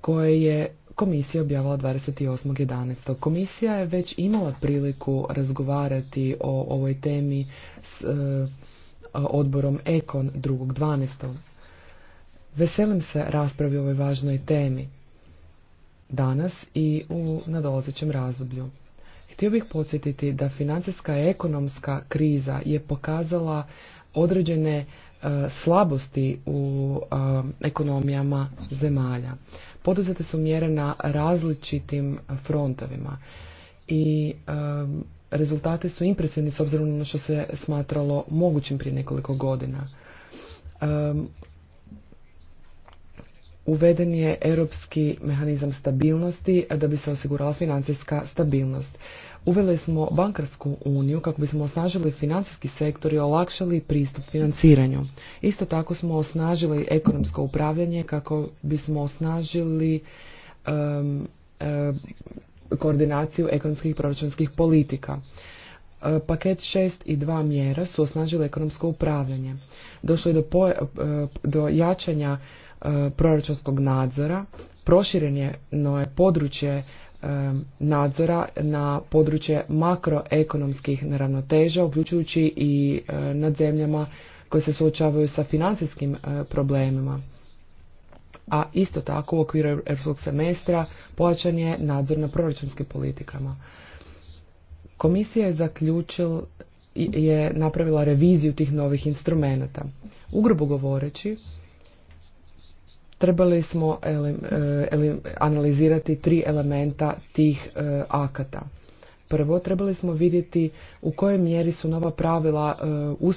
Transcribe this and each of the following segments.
koje je komisija objavila 28.11. Komisija je već imala priliku razgovarati o ovoj temi s e, odborom Ekon 2.12. Veselim se raspravi o ovoj važnoj temi danas i u nadolazećem razdoblju. Htio bih podsjetiti da financijska i ekonomska kriza je pokazala određene e, slabosti u e, ekonomijama zemalja. Poduzete su mjere na različitim frontovima i e, rezultati su impresivni s obzirom na što se smatralo mogućim prije nekoliko godina uveden je europski mehanizam stabilnosti da bi se osigurala financijska stabilnost. Uveli smo bankarsku uniju kako bismo osnažili financijski sektor i olakšali pristup financiranju. Isto tako smo osnažili ekonomsko upravljanje kako bismo osnažili koordinaciju ekonomskih i proračunskih politika. E, paket 6 i 2 mjera su osnažile ekonomsko upravljanje. Došlo je do, e, do jačanja E, proračunskog nadzora, prošireno je područje e, nadzora na područje makroekonomskih neravnoteža, uključujući i e, nad zemljama koje se suočavaju sa financijskim problemima. A isto tako u okviru europskog semestra pojačan je nadzor na proračunskim politikama. Komisija je zaključil je napravila reviziju tih novih instrumenata. Ugrubo govoreći, trebali smo e, elim, analizirati tri elementa tih e, akata. Prvo, trebali smo vidjeti u kojoj mjeri su nova pravila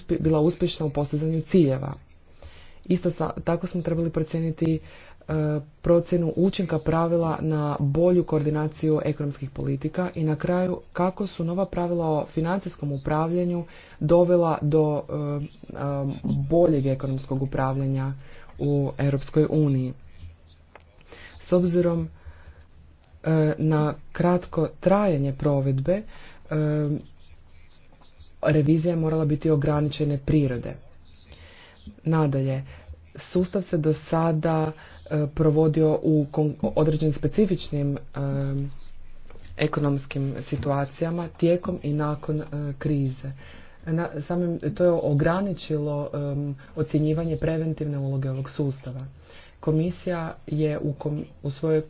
e, bila uspješna u postizanju ciljeva. Isto sa, tako smo trebali procijeniti e, procjenu učinka pravila na bolju koordinaciju ekonomskih politika i na kraju kako su nova pravila o financijskom upravljanju dovela do boljeg ekonomskog upravljanja u Europskoj uniji. S obzirom e, na kratko trajanje provedbe, e, revizija je morala biti ograničene prirode. Nadalje, sustav se do sada e, provodio u određenim specifičnim ekonomskim situacijama tijekom i nakon krize na, samim, to je ograničilo ocjenjivanje preventivne uloge ovog sustava. Komisija je u, u svojoj e,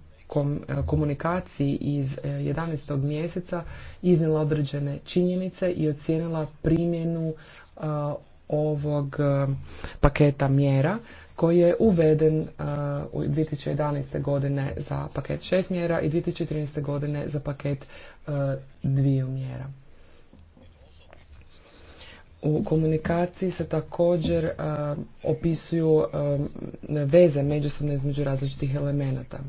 komunikaciji iz 11. E, mjeseca iznijela određene činjenice i ocijenila primjenu e, ovog paketa mjera koji je uveden uh, u 2011. godine za paket šest mjera i 2013. godine za paket dviju mjera. U komunikaciji se također opisuju veze međusobne između različitih elemenata.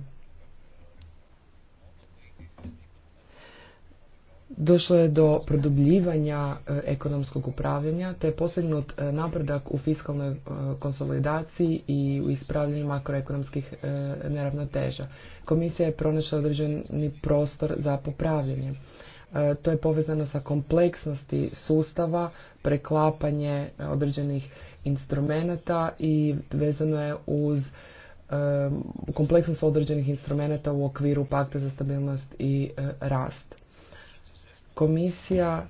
Došlo je do produbljivanja ekonomskog upravljanja, te je postignut napredak u fiskalnoj konsolidaciji i u ispravljanju makroekonomskih neravnoteža. Komisija je pronašla određeni prostor za popravljanje. E, to je povezano sa kompleksnosti sustava, preklapanje e, određenih instrumenata i vezano je uz e, kompleksnost određenih instrumenata u okviru pakta za stabilnost i rast. Komisija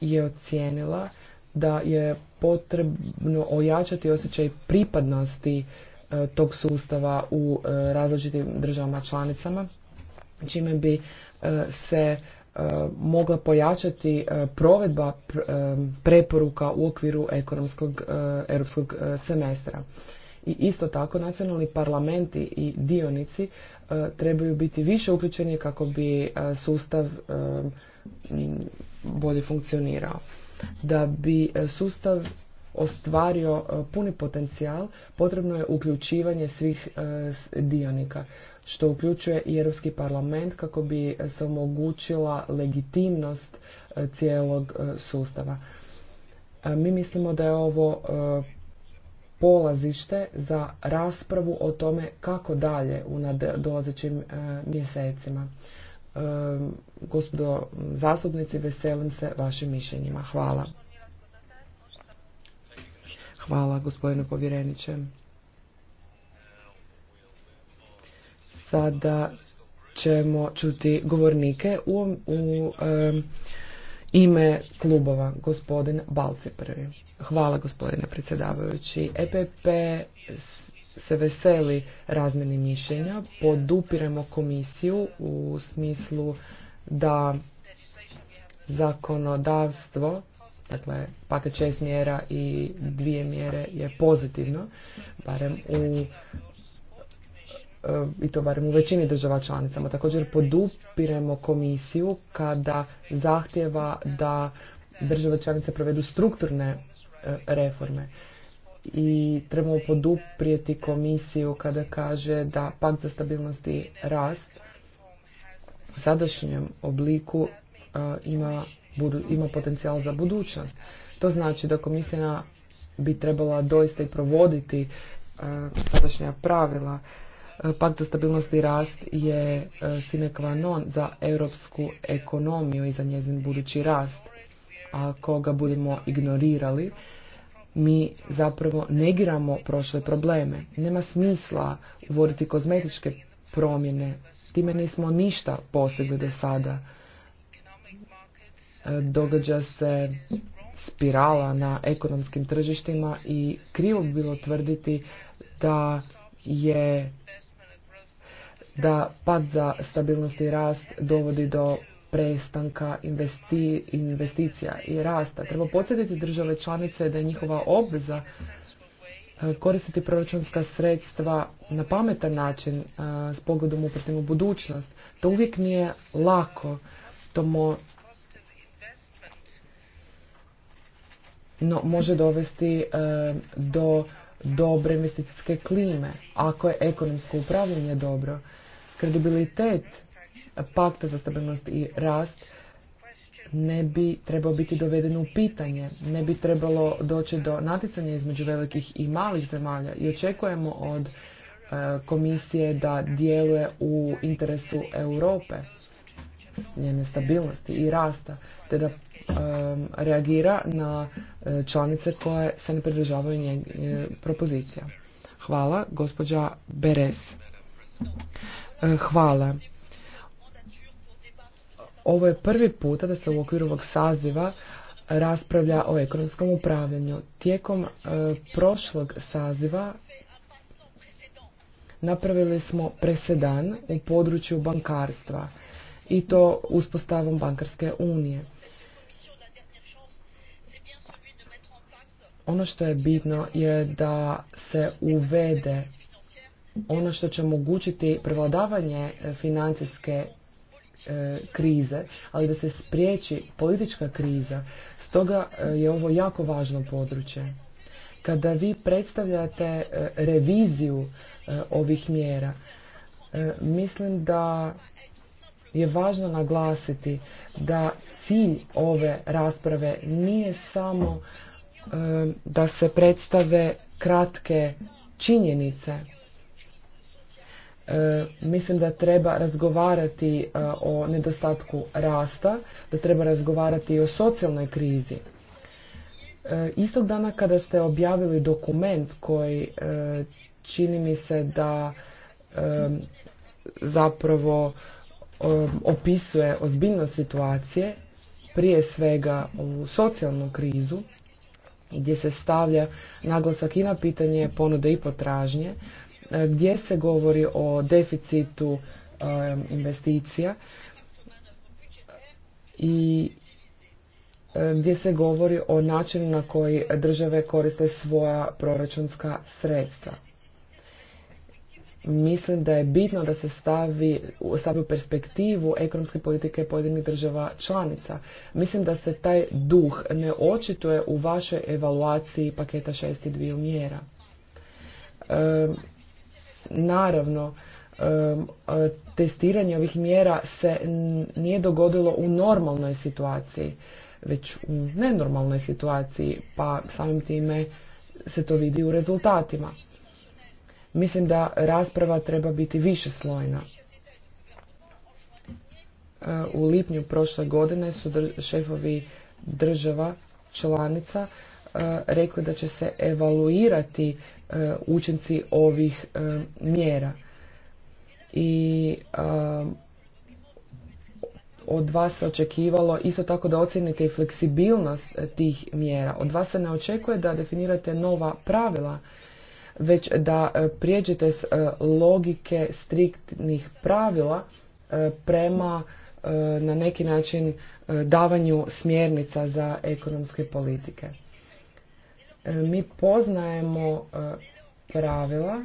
je ocijenila da je potrebno ojačati osjećaj pripadnosti tog sustava u različitim državama članicama, čime bi se Eh, mogla pojačati eh, provedba eh, preporuka u okviru ekonomskog europskog semestra. I isto tako nacionalni parlamenti i dionici trebaju biti više uključeni kako bi sustav bolje funkcionirao. Da bi sustav ostvario puni potencijal, potrebno je uključivanje svih dionika što uključuje i Europski parlament kako bi se omogućila legitimnost e, cijelog e, sustava. E, mi mislimo da je ovo polazište za raspravu o tome kako dalje u nadolazećim mjesecima. Gospodo zastupnici, veselim se vašim mišljenjima. Hvala. Hvala gospodine povjereniče. Sada ćemo čuti govornike u, u ime klubova. Gospodin Balce prvi. Hvala gospodine predsjedavajući. EPP se veseli razmjeni mišljenja. Podupiremo komisiju u smislu da zakonodavstvo dakle paket šest mjera i dvije mjere je pozitivno, barem u i to barem u većini država članicama. Također podupiremo komisiju kada zahtjeva da države članice provedu strukturne e, reforme i trebamo poduprijeti komisiju kada kaže da pakt za stabilnost rast u sadašnjem obliku e, ima, ima potencijal za budućnost. To znači da komisija bi trebala doista i provoditi e, sadašnja pravila Pakt za stabilnost i rast je e, sine qua non za europsku ekonomiju i za njezin budući rast. Ako ga budemo ignorirali, mi zapravo negiramo prošle probleme. Nema smisla uvoditi kozmetičke promjene. Time nismo ništa postigli do sada. E, događa se spirala na ekonomskim tržištima i krivo bi bilo tvrditi da je da pad za stabilnost i rast dovodi do prestanka investi, investicija i rasta. Treba podsjetiti države članice da je njihova obveza e, koristiti proračunska sredstva na pametan način e, s pogledom uprtim u budućnost. To uvijek nije lako. To mo... no, može dovesti e, do dobre investicijske klime. Ako je ekonomsko upravljanje dobro, Kredibilitet pakta za stabilnost i rast ne bi trebao biti doveden u pitanje, ne bi trebalo doći do natjecanja između velikih i malih zemalja i očekujemo od e, komisije da djeluje u interesu Europe, njene stabilnosti i rasta, te da e, reagira na e, članice koje se ne pridržavaju njenih propozicija. Hvala, gospođa Beres. E, hvala. Ovo je prvi puta da se u okviru ovog saziva raspravlja o ekonomskom upravljanju. Tijekom e, prošlog saziva napravili smo presedan u području bankarstva i to uspostavom bankarske unije. Ono što je bitno je da se uvede ono što će omogućiti prevladavanje e, financijske e, krize, ali da se spriječi politička kriza. Stoga e, je ovo jako važno područje. Kada vi predstavljate reviziju ovih mjera, mislim da je važno naglasiti da cilj ove rasprave nije samo da se predstave kratke činjenice E, mislim da treba razgovarati e, o nedostatku rasta, da treba razgovarati i o socijalnoj krizi. E, istog dana kada ste objavili dokument koji e, čini mi se da zapravo opisuje ozbiljnost situacije, prije svega u socijalnu krizu, gdje se stavlja naglasak i na pitanje ponude i potražnje, gdje se govori o deficitu investicija i gdje se govori o načinu na koji države koriste svoja proračunska sredstva. Mislim da je bitno da se stavi, u u perspektivu ekonomske politike pojedinih država članica. Mislim da se taj duh ne očituje u vašoj evaluaciji paketa šest i dviju mjera. Naravno, e, testiranje ovih mjera se nije dogodilo u normalnoj situaciji, već u nenormalnoj situaciji, pa samim time se to vidi u rezultatima. Mislim da rasprava treba biti više e, U lipnju prošle godine su šefovi država članica E, rekli da će se evaluirati e, učinci ovih e, mjera. I od vas se očekivalo isto tako da ocijenite i fleksibilnost tih mjera. Od vas se ne očekuje da definirate nova pravila, već da prijeđete s logike striktnih pravila prema na neki način davanju smjernica za ekonomske politike. E, mi poznajemo e, pravila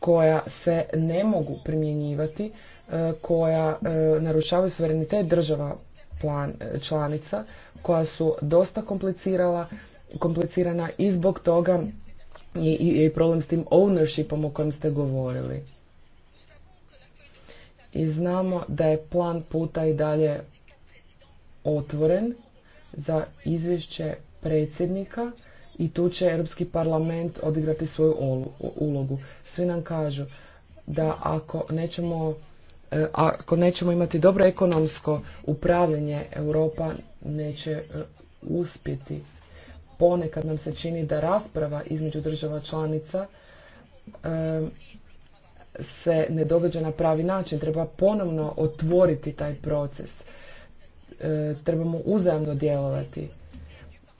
koja se ne mogu primjenjivati, e, koja narušavaju suverenitet država plan, članica, koja su dosta komplicirana i zbog toga je i problem s tim ownershipom o kojem ste govorili. I znamo da je plan puta i dalje otvoren za izvješće predsjednika i tu će Europski parlament odigrati svoju ulogu. Svi nam kažu da ako nećemo e, ako nećemo imati dobro ekonomsko upravljanje, Europa neće e, uspjeti. Ponekad nam se čini da rasprava između država članica e, se ne događa na pravi način. Treba ponovno otvoriti taj proces. E, trebamo uzajamno djelovati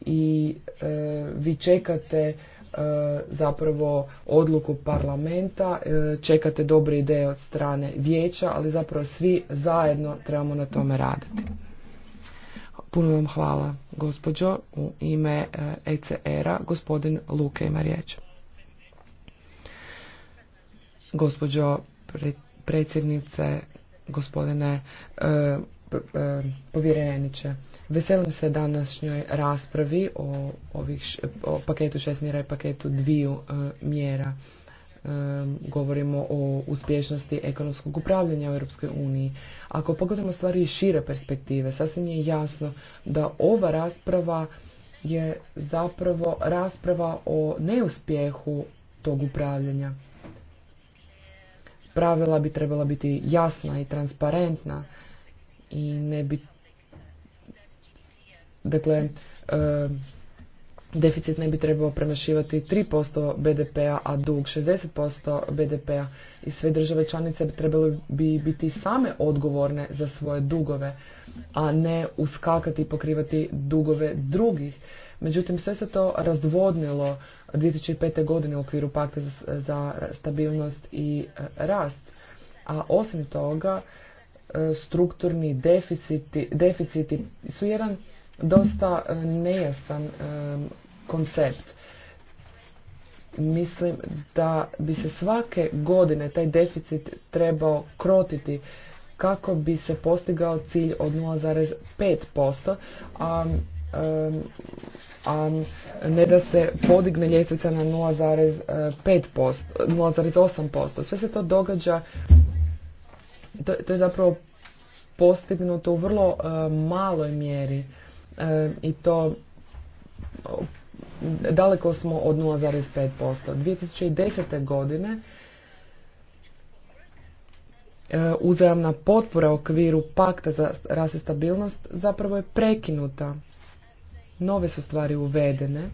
i e, vi čekate e, zapravo odluku parlamenta, čekate dobre ideje od strane vijeća, ali zapravo svi zajedno trebamo na tome raditi. Puno vam hvala, gospođo. U ime ECR-a, gospodin Luke ima riječ. Gospođo predsjednice, gospodine povjereniče. Veselim se današnjoj raspravi o, ovih, paketu šest mjera i paketu dviju e, mjera. E, govorimo o uspješnosti ekonomskog upravljanja u EU. uniji. Ako pogledamo stvari iz šire perspektive, sasvim je jasno da ova rasprava je zapravo rasprava o neuspjehu tog upravljanja. Pravila bi trebala biti jasna i transparentna i ne bi dakle e, deficit ne bi trebao premašivati 3% BDP-a, a dug 60% BDP-a i sve države članice trebale bi biti same odgovorne za svoje dugove, a ne uskakati i pokrivati dugove drugih. Međutim, sve se to razvodnilo 2005. godine u okviru pakta za, za stabilnost i e, rast. A osim toga, strukturni deficiti, deficiti su jedan dosta e, nejasan e, koncept. Mislim da bi se svake godine taj deficit trebao krotiti kako bi se postigao cilj od 0,5%, a, e, a ne da se podigne ljestvica na 0,8%. Sve se to događa to, to je zapravo postignuto u vrlo e, maloj mjeri e, i to daleko smo od 0,5%. 2010. godine e, uzajamna potpora u okviru pakta za rast stabilnost zapravo je prekinuta. Nove su stvari uvedene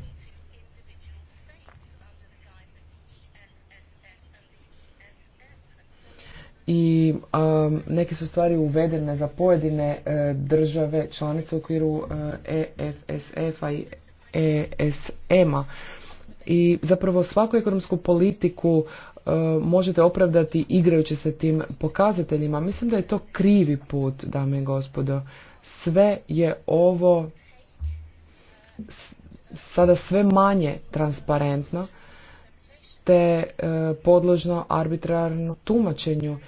i um, neke su stvari uvedene za pojedine e, države članice u okviru EFSF-a e i ESM-a. I zapravo svaku ekonomsku politiku e, možete opravdati igrajući se tim pokazateljima. Mislim da je to krivi put, dame i gospodo. Sve je ovo sada sve manje transparentno te podložno arbitrarno tumačenju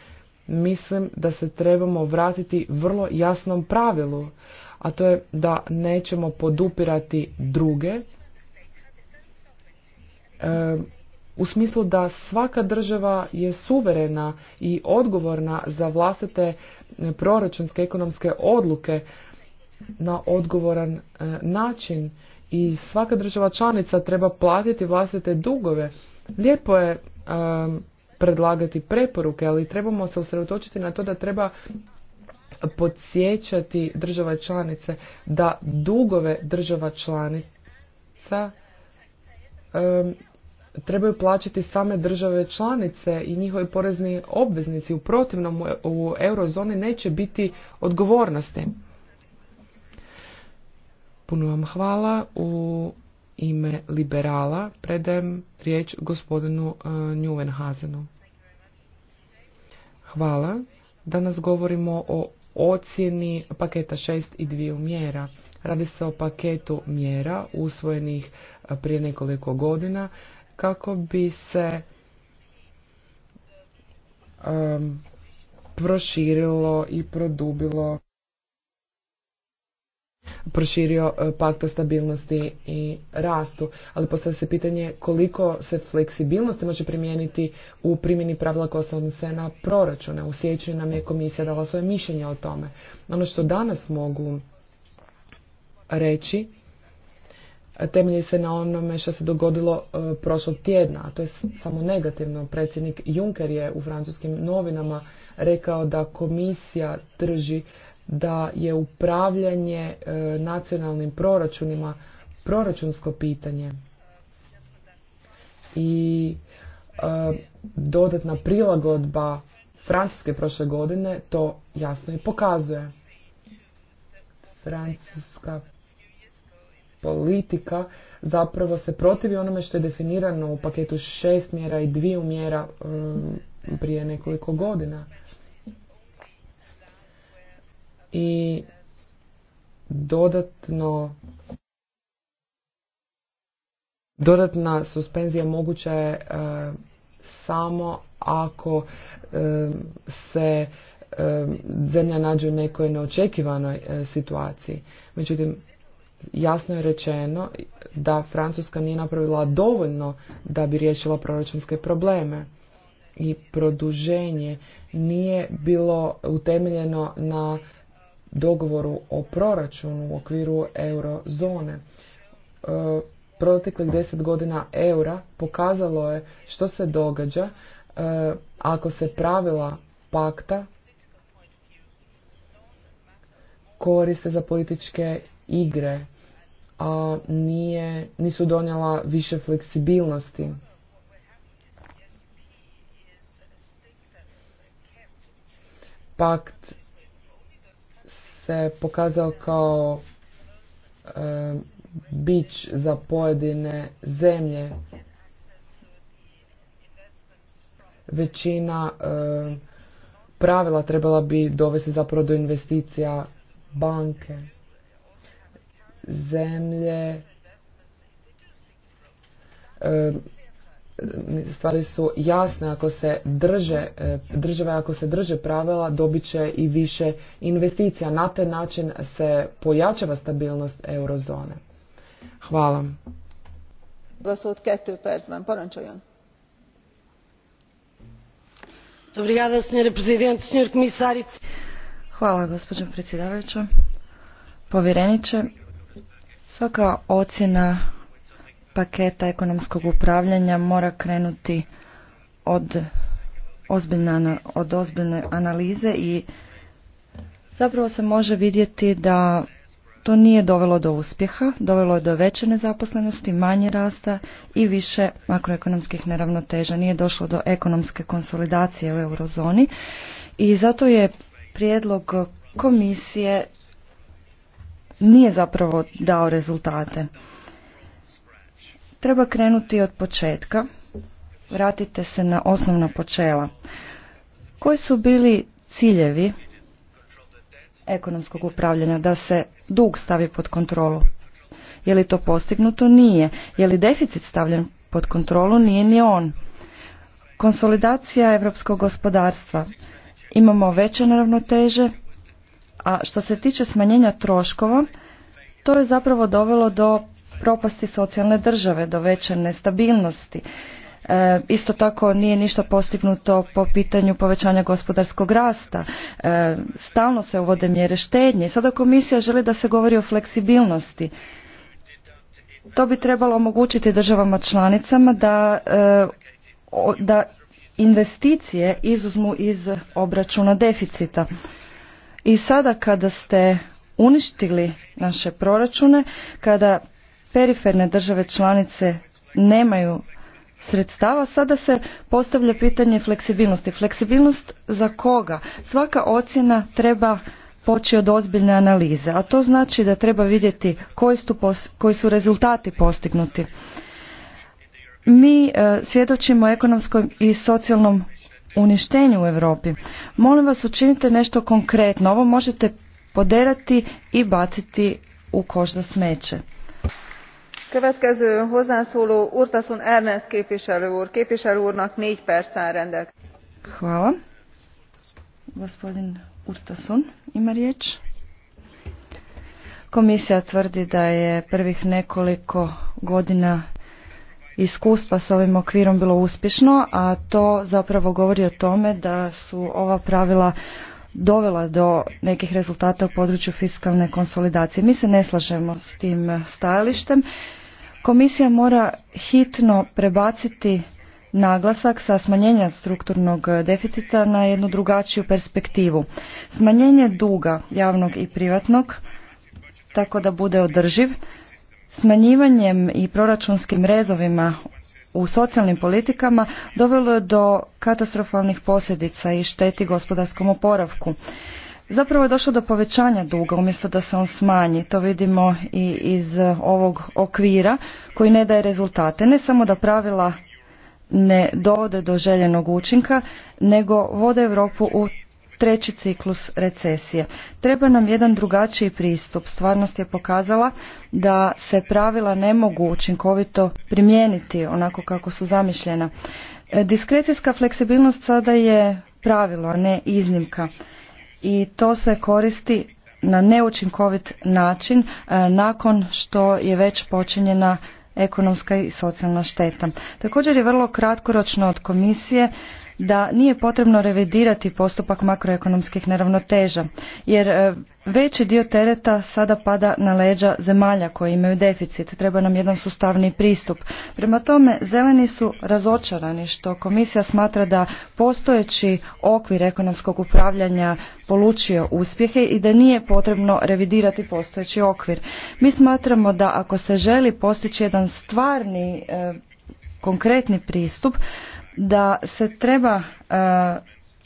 mislim da se trebamo vratiti vrlo jasnom pravilu, a to je da nećemo podupirati druge u smislu da svaka država je suverena i odgovorna za vlastite e, proračunske ekonomske odluke na odgovoran e, način i svaka država članica treba platiti vlastite dugove. Lijepo je predlagati preporuke, ali trebamo se usredotočiti na to da treba podsjećati države članice da dugove država članica um, trebaju plaćati same države članice i njihovi porezni obveznici. U protivnom u eurozoni neće biti odgovornosti. Puno vam hvala. U ime liberala predajem riječ gospodinu e, Njuvenhazenu. Hvala. Danas govorimo o ocjeni paketa 6 i dviju mjera. Radi se o paketu mjera usvojenih e, prije nekoliko godina kako bi se um, proširilo i produbilo proširio e, pakt o stabilnosti i rastu. Ali postavlja se pitanje koliko se fleksibilnost može primijeniti u primjeni pravila koja se odnose na proračune. U nam je komisija dala svoje mišljenje o tome. Ono što danas mogu reći e, temelji se na onome što se dogodilo e, prošlog tjedna, a to je samo negativno. Predsjednik Juncker je u francuskim novinama rekao da komisija drži da je upravljanje e, nacionalnim proračunima proračunsko pitanje i e, dodatna prilagodba Francuske prošle godine to jasno i pokazuje. Francuska politika zapravo se protivi onome što je definirano u paketu šest mjera i dviju mjera e, prije nekoliko godina i dodatno dodatna suspenzija moguća je e, samo ako e, se e, zemlja nađe u nekoj neočekivanoj situaciji međutim jasno je rečeno da francuska nije napravila dovoljno da bi riješila proračunske probleme i produženje nije bilo utemeljeno na dogovoru o proračunu u okviru eurozone. E, proteklih deset godina eura pokazalo je što se događa e, ako se pravila pakta koriste za političke igre, a nije, nisu donijela više fleksibilnosti. Pakt se pokazao kao e, bić za pojedine zemlje. Većina e, pravila trebala bi dovesti zapravo do investicija banke. Zemlje e, stvari su jasne, ako se drže, e, države ako se drže pravila dobit će i više investicija. Na taj način se pojačava stabilnost eurozone. Hvala. Hvala, gospođo predsjedavajuća. Povjereniče, svaka ocjena paketa ekonomskog upravljanja mora krenuti od ozbiljne, od ozbiljne analize i zapravo se može vidjeti da to nije dovelo do uspjeha, dovelo je do veće nezaposlenosti, manje rasta i više makroekonomskih neravnoteža. Nije došlo do ekonomske konsolidacije u eurozoni i zato je prijedlog komisije nije zapravo dao rezultate. Treba krenuti od početka. Vratite se na osnovna počela. Koji su bili ciljevi ekonomskog upravljanja da se dug stavi pod kontrolu? Je li to postignuto? Nije. Je li deficit stavljen pod kontrolu? Nije ni on. Konsolidacija europskog gospodarstva. Imamo veće naravnoteže, a što se tiče smanjenja troškova, to je zapravo dovelo do propasti socijalne države, do veće nestabilnosti. E, isto tako nije ništa postignuto po pitanju povećanja gospodarskog rasta. E, stalno se uvode mjere štednje. Sada komisija želi da se govori o fleksibilnosti. To bi trebalo omogućiti državama članicama da, e, da investicije izuzmu iz obračuna deficita. I sada kada ste uništili naše proračune, kada periferne države članice nemaju sredstava, sada se postavlja pitanje fleksibilnosti. Fleksibilnost za koga? Svaka ocjena treba poći od ozbiljne analize, a to znači da treba vidjeti koji su, koji su rezultati postignuti. Mi e, svjedočimo ekonomskom i socijalnom uništenju u Europi. Molim vas učinite nešto konkretno. Ovo možete poderati i baciti u koš smeće. Komisija tvrdi da je prvih nekoliko godina iskustva s ovim okvirom bilo uspješno, a to zapravo govori o tome da su ova pravila dovela do nekih rezultata u području fiskalne konsolidacije. Mi se ne slažemo s tim stajalištem Komisija mora hitno prebaciti naglasak sa smanjenja strukturnog deficita na jednu drugačiju perspektivu. Smanjenje duga javnog i privatnog tako da bude održiv, smanjivanjem i proračunskim rezovima u socijalnim politikama dovelo je do katastrofalnih posljedica i šteti gospodarskom oporavku. Zapravo je došlo do povećanja duga umjesto da se on smanji. To vidimo i iz e, ovog okvira koji ne daje rezultate. Ne samo da pravila ne dovode do željenog učinka, nego vode Europu u treći ciklus recesije. Treba nam jedan drugačiji pristup. Stvarnost je pokazala da se pravila ne mogu učinkovito primijeniti onako kako su zamišljena. E, diskrecijska fleksibilnost sada je pravilo, a ne iznimka i to se koristi na neučinkovit način e, nakon što je već počinjena ekonomska i socijalna šteta. Također je vrlo kratkoročno od komisije da nije potrebno revidirati postupak makroekonomskih neravnoteža, jer e, veći dio tereta sada pada na leđa zemalja koje imaju deficit. Treba nam jedan sustavni pristup. Prema tome, zeleni su razočarani što komisija smatra da postojeći okvir ekonomskog upravljanja polučio uspjehe i da nije potrebno revidirati postojeći okvir. Mi smatramo da ako se želi postići jedan stvarni e, konkretni pristup da se treba, e,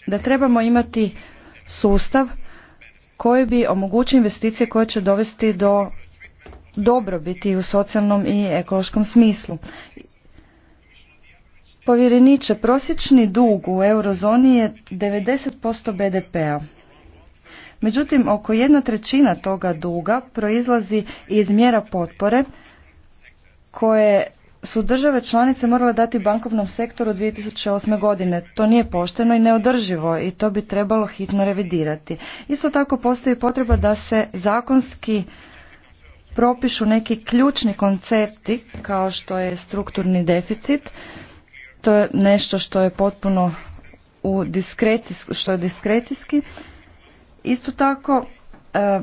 da trebamo imati sustav koji bi omogućio investicije koje će dovesti do dobrobiti u socijalnom i ekološkom smislu. Povjereniče, prosječni dug u eurozoni je 90% BDP-a. Međutim, oko jedna trećina toga duga proizlazi iz mjera potpore koje su države članice morale dati bankovnom sektoru 2008. godine. To nije pošteno i neodrživo i to bi trebalo hitno revidirati. Isto tako postoji potreba da se zakonski propišu neki ključni koncepti kao što je strukturni deficit. To je nešto što je potpuno u što je diskrecijski. Isto tako e,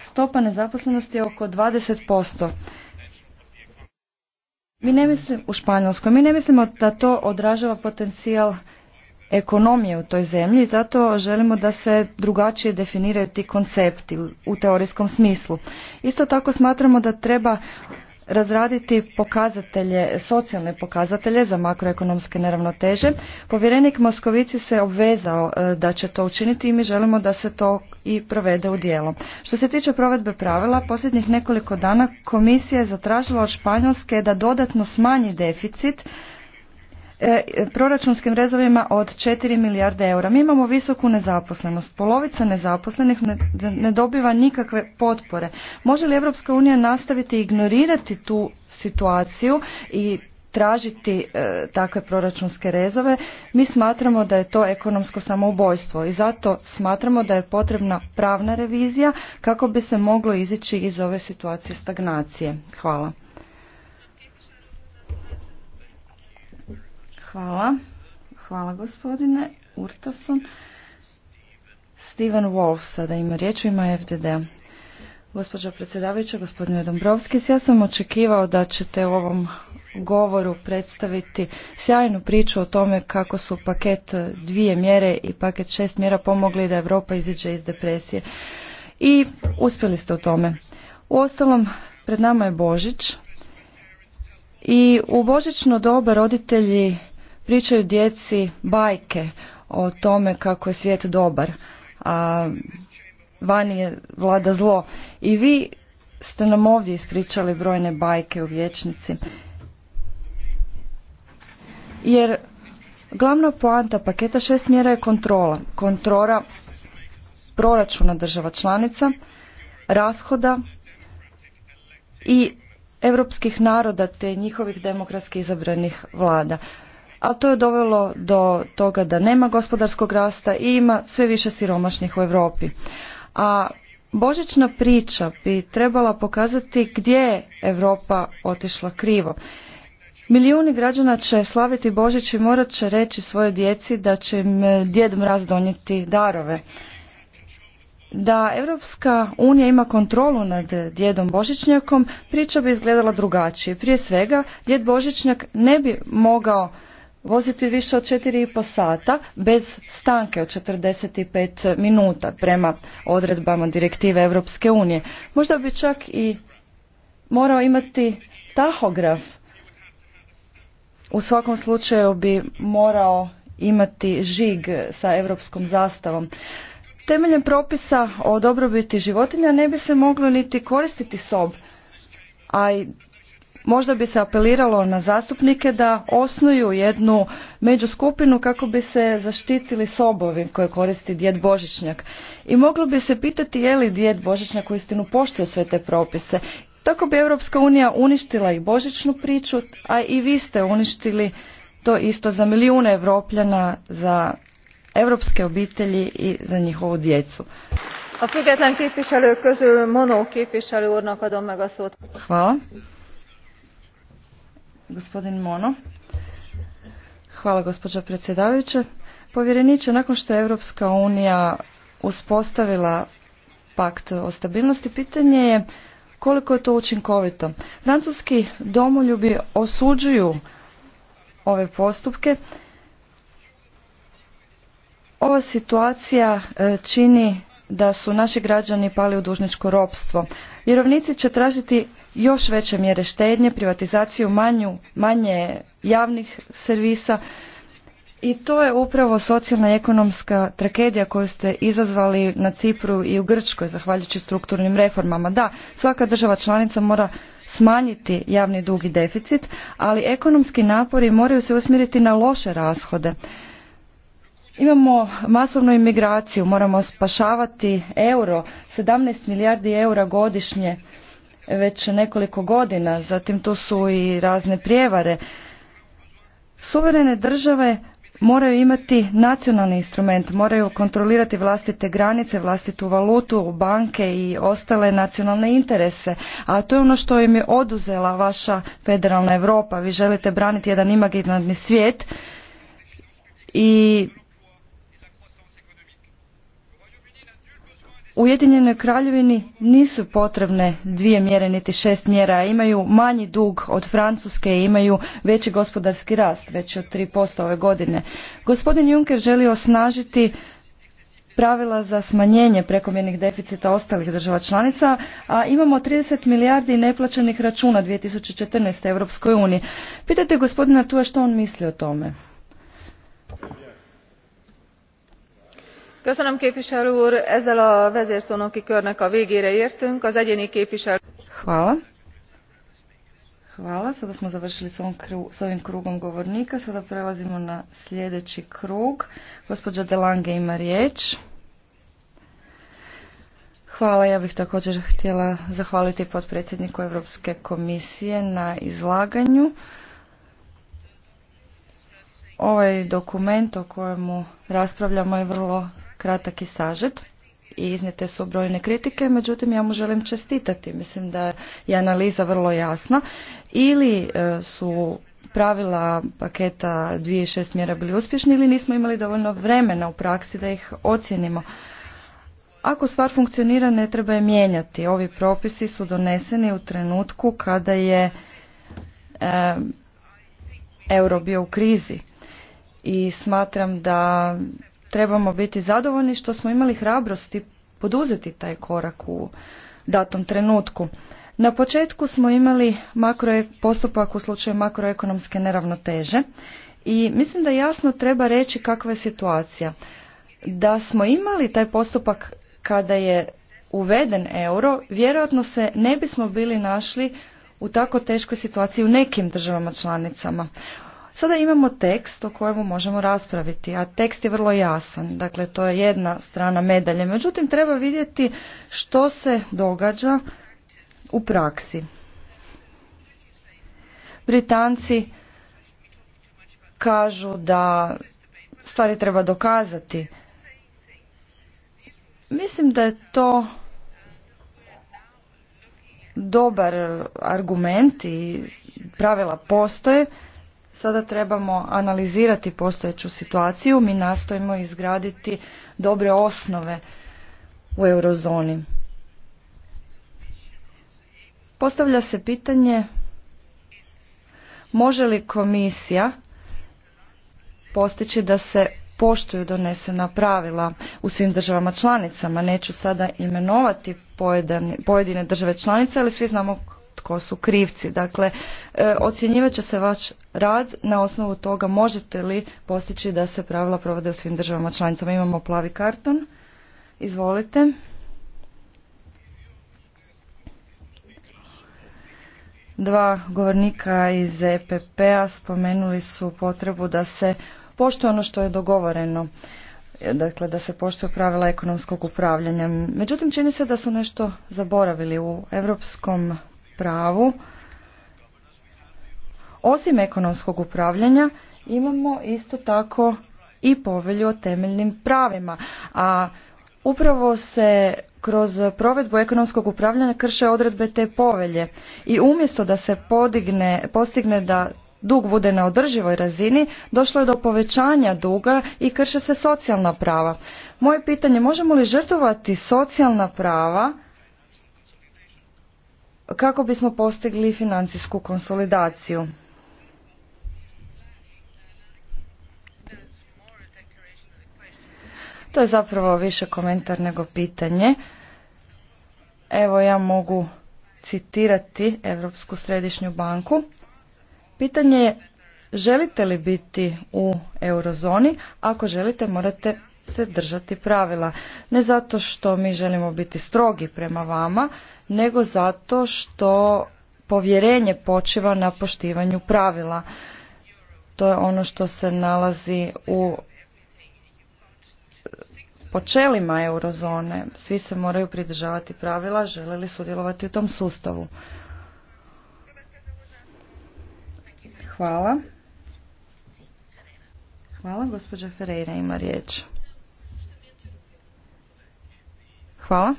stopa nezaposlenosti je oko 20%. Mi ne mislim, u Španjolskoj, mi ne mislimo da to odražava potencijal ekonomije u toj zemlji zato želimo da se drugačije definiraju ti koncepti u teorijskom smislu. Isto tako smatramo da treba razraditi pokazatelje, socijalne pokazatelje za makroekonomske neravnoteže. Povjerenik Moskovici se obvezao e, da će to učiniti i mi želimo da se to i provede u dijelo. Što se tiče provedbe pravila, posljednjih nekoliko dana komisija je zatražila od Španjolske da dodatno smanji deficit E, proračunskim rezovima od 4 milijarde eura. Mi imamo visoku nezaposlenost. Polovica nezaposlenih ne, dobiva nikakve potpore. Može li Europska unija nastaviti ignorirati tu situaciju i tražiti e, takve proračunske rezove, mi smatramo da je to ekonomsko samoubojstvo i zato smatramo da je potrebna pravna revizija kako bi se moglo izići iz ove situacije stagnacije. Hvala. Hvala. Hvala gospodine Urtason. Steven Wolf sada ima riječ u ima FDD. Gospođo predsjedavajuća, gospodine Dombrovski, ja sam očekivao da ćete u ovom govoru predstaviti sjajnu priču o tome kako su paket dvije mjere i paket šest mjera pomogli da Europa iziđe iz depresije. I uspjeli ste u tome. Uostalom, pred nama je Božić i u božićno doba roditelji pričaju djeci bajke o tome kako je svijet dobar, a vani je vlada zlo. I vi ste nam ovdje ispričali brojne bajke u vječnici. Jer glavna poanta paketa šest mjera je kontrola. Kontrola proračuna država članica, rashoda i europskih naroda te njihovih demokratski izabranih vlada ali to je dovelo do toga da nema gospodarskog rasta i ima sve više siromašnih u Europi. A božićna priča bi trebala pokazati gdje je Europa otišla krivo. Milijuni građana će slaviti Božić i morat će reći svoje djeci da će im e, djed mraz donijeti darove. Da Europska unija ima kontrolu nad djedom Božićnjakom, priča bi izgledala drugačije. Prije svega, djed Božićnjak ne bi mogao voziti više od 4,5 sata bez stanke od 45 minuta prema odredbama direktive Europske unije. Možda bi čak i morao imati tahograf. U svakom slučaju bi morao imati žig sa europskom zastavom. Temeljem propisa o dobrobiti životinja ne bi se moglo niti koristiti sob, a i možda bi se apeliralo na zastupnike da osnuju jednu međuskupinu kako bi se zaštitili sobovi koje koristi djed Božićnjak. I moglo bi se pitati je li djed u istinu poštio sve te propise. Tako bi Europska unija uništila i Božičnu priču, a i vi ste uništili to isto za milijune Evropljana, za europske obitelji i za njihovu djecu. Hvala. Gospodin Mono. Hvala gospođa predsjedavajuća. Povjereniče, nakon što je Europska unija uspostavila pakt o stabilnosti, pitanje je koliko je to učinkovito. Francuski domoljubi osuđuju ove postupke. Ova situacija e, čini da su naši građani pali u dužničko ropstvo. Vjerovnici će tražiti još veće mjere štednje, privatizaciju manju, manje javnih servisa i to je upravo socijalna i ekonomska tragedija koju ste izazvali na Cipru i u Grčkoj zahvaljujući strukturnim reformama. Da, svaka država članica mora smanjiti javni dug i deficit, ali ekonomski napori moraju se usmjeriti na loše rashode. Imamo masovnu imigraciju, moramo spašavati euro, 17 milijardi eura godišnje već nekoliko godina, zatim tu su i razne prijevare. Suverene države moraju imati nacionalni instrument, moraju kontrolirati vlastite granice, vlastitu valutu, banke i ostale nacionalne interese. A to je ono što im je oduzela vaša federalna Europa. Vi želite braniti jedan imaginarni svijet i Ujedinjenoj kraljevini nisu potrebne dvije mjere niti šest mjera, imaju manji dug od Francuske i imaju veći gospodarski rast, već od 3% ove godine. Gospodin Juncker želi osnažiti pravila za smanjenje prekomjernih deficita ostalih država članica, a imamo 30 milijardi neplaćenih računa 2014. Europskoj uniji. Pitajte gospodina Tua što on misli o tome. Hvala. Hvala. Sada smo završili s, s ovim krugom govornika. Sada prelazimo na sljedeći krug. Gospođa Delange ima riječ. Hvala. Ja bih također htjela zahvaliti potpredsjedniku Europske komisije na izlaganju. Ovaj dokument o kojemu raspravljamo je vrlo kratak i sažet i iznijete su brojne kritike, međutim ja mu želim čestitati. Mislim da je analiza vrlo jasna. Ili e, su pravila paketa 2.6 mjera bili uspješni ili nismo imali dovoljno vremena u praksi da ih ocjenimo. Ako stvar funkcionira, ne treba je mijenjati. Ovi propisi su doneseni u trenutku kada je e, euro bio u krizi. I smatram da trebamo biti zadovoljni što smo imali hrabrosti poduzeti taj korak u datom trenutku. Na početku smo imali makro, e- postupak u slučaju makroekonomske neravnoteže i mislim da jasno treba reći kakva je situacija. Da smo imali taj postupak kada je uveden euro, vjerojatno se ne bismo bili našli u tako teškoj situaciji u nekim državama članicama. Sada imamo tekst o kojemu možemo raspraviti, a tekst je vrlo jasan, dakle to je jedna strana medalje. Međutim, treba vidjeti što se događa u praksi. Britanci kažu da stvari treba dokazati. Mislim da je to dobar argument i pravila postoje. Sada trebamo analizirati postojeću situaciju, mi nastojimo izgraditi dobre osnove u eurozoni. Postavlja se pitanje može li komisija postići da se poštuju donesena pravila u svim državama članicama. Neću sada imenovati pojedine države članice, ali svi znamo tko su krivci. Dakle, e, ocjenjivat će se vaš rad, na osnovu toga možete li postići da se pravila provode u svim državama članicama. Imamo plavi karton, izvolite. Dva govornika iz EPP-a spomenuli su potrebu da se poštuje ono što je dogovoreno dakle da se poštuju pravila ekonomskog upravljanja. Međutim, čini se da su nešto zaboravili u europskom pravu osim ekonomskog upravljanja imamo isto tako i povelju o temeljnim pravima, a upravo se kroz provedbu ekonomskog upravljanja krše odredbe te povelje i umjesto da se podigne, postigne da dug bude na održivoj razini, došlo je do povećanja duga i krše se socijalna prava. Moje pitanje, možemo li žrtvovati socijalna prava kako bismo postigli financijsku konsolidaciju. To je zapravo više komentar nego pitanje. Evo ja mogu citirati Europsku središnju banku. Pitanje je želite li biti u eurozoni? Ako želite morate se držati pravila. Ne zato što mi želimo biti strogi prema vama, nego zato što povjerenje počiva na poštivanju pravila. To je ono što se nalazi u počelima eurozone. Svi se moraju pridržavati pravila, žele li sudjelovati u tom sustavu. Hvala. Hvala, gospođa Ferreira ima riječ. Hvala.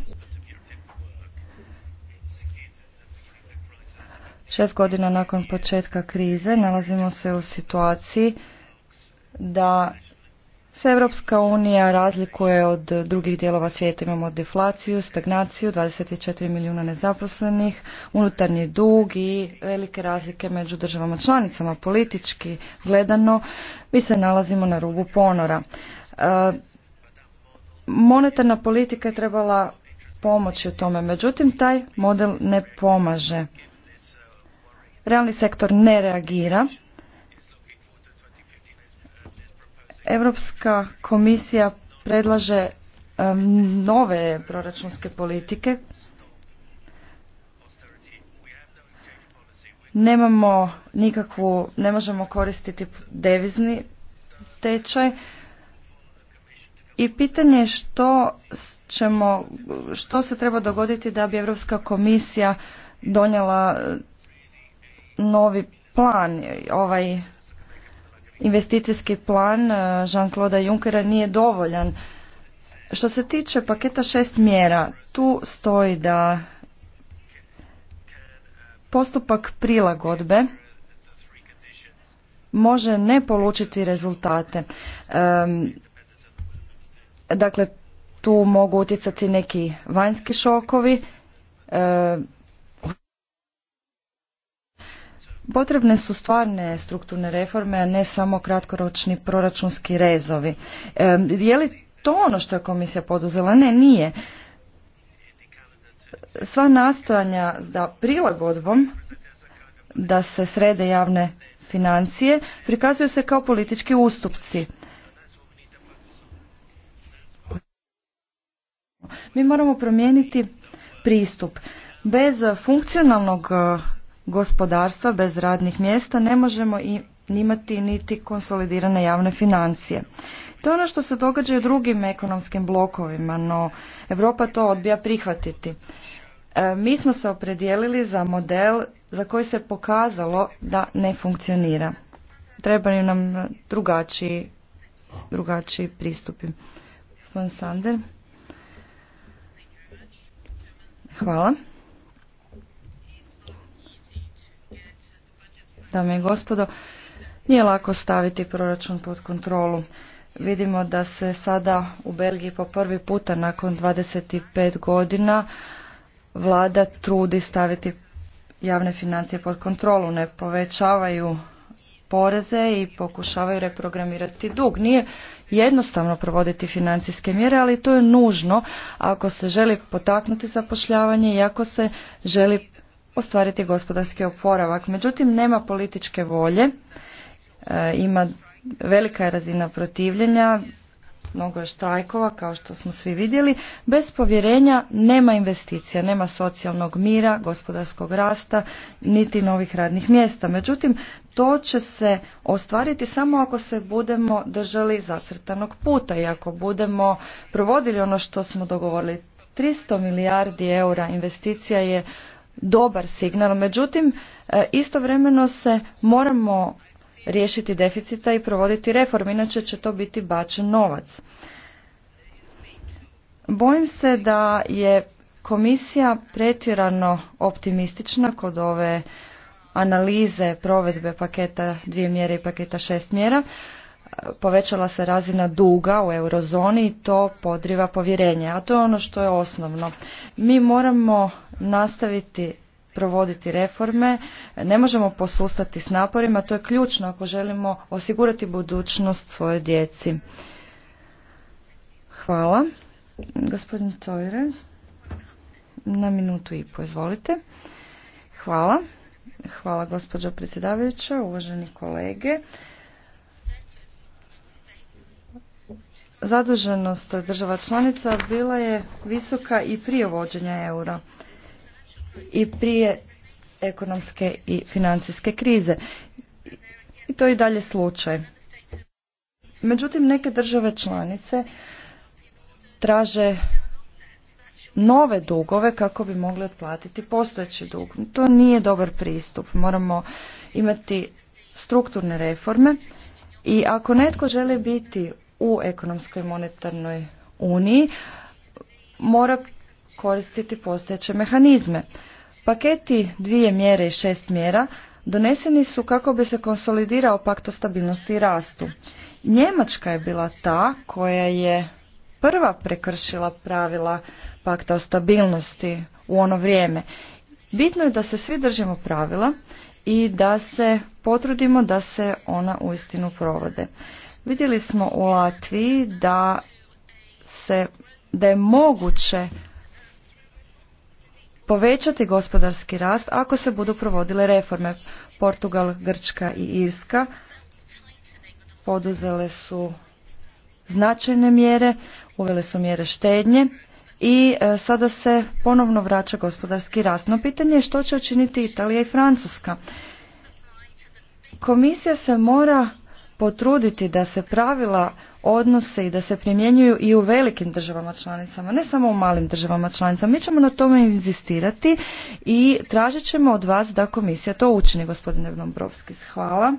Šest godina nakon početka krize nalazimo se u situaciji da se Evropska unija razlikuje od drugih dijelova svijeta. Imamo deflaciju, stagnaciju, 24 milijuna nezaposlenih, unutarnji dug i velike razlike među državama članicama. Politički gledano mi se nalazimo na rubu ponora. E, monetarna politika je trebala pomoći u tome, međutim taj model ne pomaže. Realni sektor ne reagira. Europska komisija predlaže nove proračunske politike. Nemamo nikakvu, ne možemo koristiti devizni tečaj. I pitanje je što, ćemo, što se treba dogoditi da bi Europska komisija donijela e, novi plan, ovaj investicijski plan e, Jean-Claude Junckera nije dovoljan. Što se tiče paketa šest mjera, tu stoji da postupak prilagodbe može ne polučiti rezultate. Dakle, tu mogu utjecati neki vanjski šokovi. E, potrebne su stvarne strukturne reforme, a ne samo kratkoročni proračunski rezovi. E, je li to ono što je komisija poduzela? Ne, nije. Sva nastojanja da prilagodbom da se srede javne financije prikazuju se kao politički ustupci Mi moramo promijeniti pristup. Bez funkcionalnog e, gospodarstva, bez radnih mjesta ne možemo i imati niti konsolidirane javne financije. To je ono što se događa i u drugim ekonomskim blokovima, no Europa to odbija prihvatiti. E, mi smo se opredijelili za model za koji se pokazalo da ne funkcionira. Trebaju nam e, drugačiji, drugačiji pristupi. Gospodin Sander. Hvala. Dame i gospodo, nije lako staviti proračun pod kontrolu. Vidimo da se sada u Belgiji po prvi puta nakon 25 godina vlada trudi staviti javne financije pod kontrolu, ne povećavaju poreze i pokušavaju reprogramirati dug. Nije jednostavno provoditi financijske mjere, ali to je nužno ako se želi potaknuti zapošljavanje i ako se želi ostvariti gospodarski oporavak. Međutim, nema političke volje, e, ima velika je razina protivljenja, mnogo je štrajkova kao što smo svi vidjeli. Bez povjerenja nema investicija, nema socijalnog mira, gospodarskog rasta, niti novih radnih mjesta. Međutim, to će se ostvariti samo ako se budemo držali zacrtanog puta i ako budemo provodili ono što smo dogovorili. 300 milijardi eura investicija je dobar signal, međutim e, istovremeno se moramo riješiti deficita i provoditi reforme, inače će to biti bačen novac. Bojim se da je komisija pretjerano optimistična kod ove analize provedbe paketa dvije mjere i paketa šest mjera. Povećala se razina duga u eurozoni i to podriva povjerenje, a to je ono što je osnovno. Mi moramo nastaviti provoditi reforme, ne možemo posustati s naporima, to je ključno ako želimo osigurati budućnost svoje djeci. Hvala. Gospodin Tojre, na minutu i po, izvolite. Hvala. Hvala gospođo predsjedavajuća, uvaženi kolege. Zaduženost država članica bila je visoka i prije vođenja eura i prije ekonomske i financijske krize. I to je i dalje slučaj. Međutim, neke države članice traže nove dugove kako bi mogli otplatiti postojeći dug. To nije dobar pristup. Moramo imati strukturne reforme i ako netko želi biti u ekonomskoj monetarnoj uniji, mora koristiti postojeće mehanizme. Paketi dvije mjere i šest mjera doneseni su kako bi se konsolidirao pakt o stabilnosti i rastu. Njemačka je bila ta koja je prva prekršila pravila pakta o stabilnosti u ono vrijeme. Bitno je da se svi držimo pravila i da se potrudimo da se ona uistinu provode. Vidjeli smo u Latviji da se da je moguće povećati gospodarski rast ako se budu provodile reforme. Portugal, Grčka i Irska poduzele su značajne mjere, uvele su mjere štednje i e, sada se ponovno vraća gospodarski rast. No pitanje je što će učiniti Italija i Francuska. Komisija se mora potruditi da se pravila odnose i da se primjenjuju i u velikim državama članicama, ne samo u malim državama članicama. Mi ćemo na tome inzistirati i tražit ćemo od vas da komisija to učini, gospodine Dombrovski. Hvala.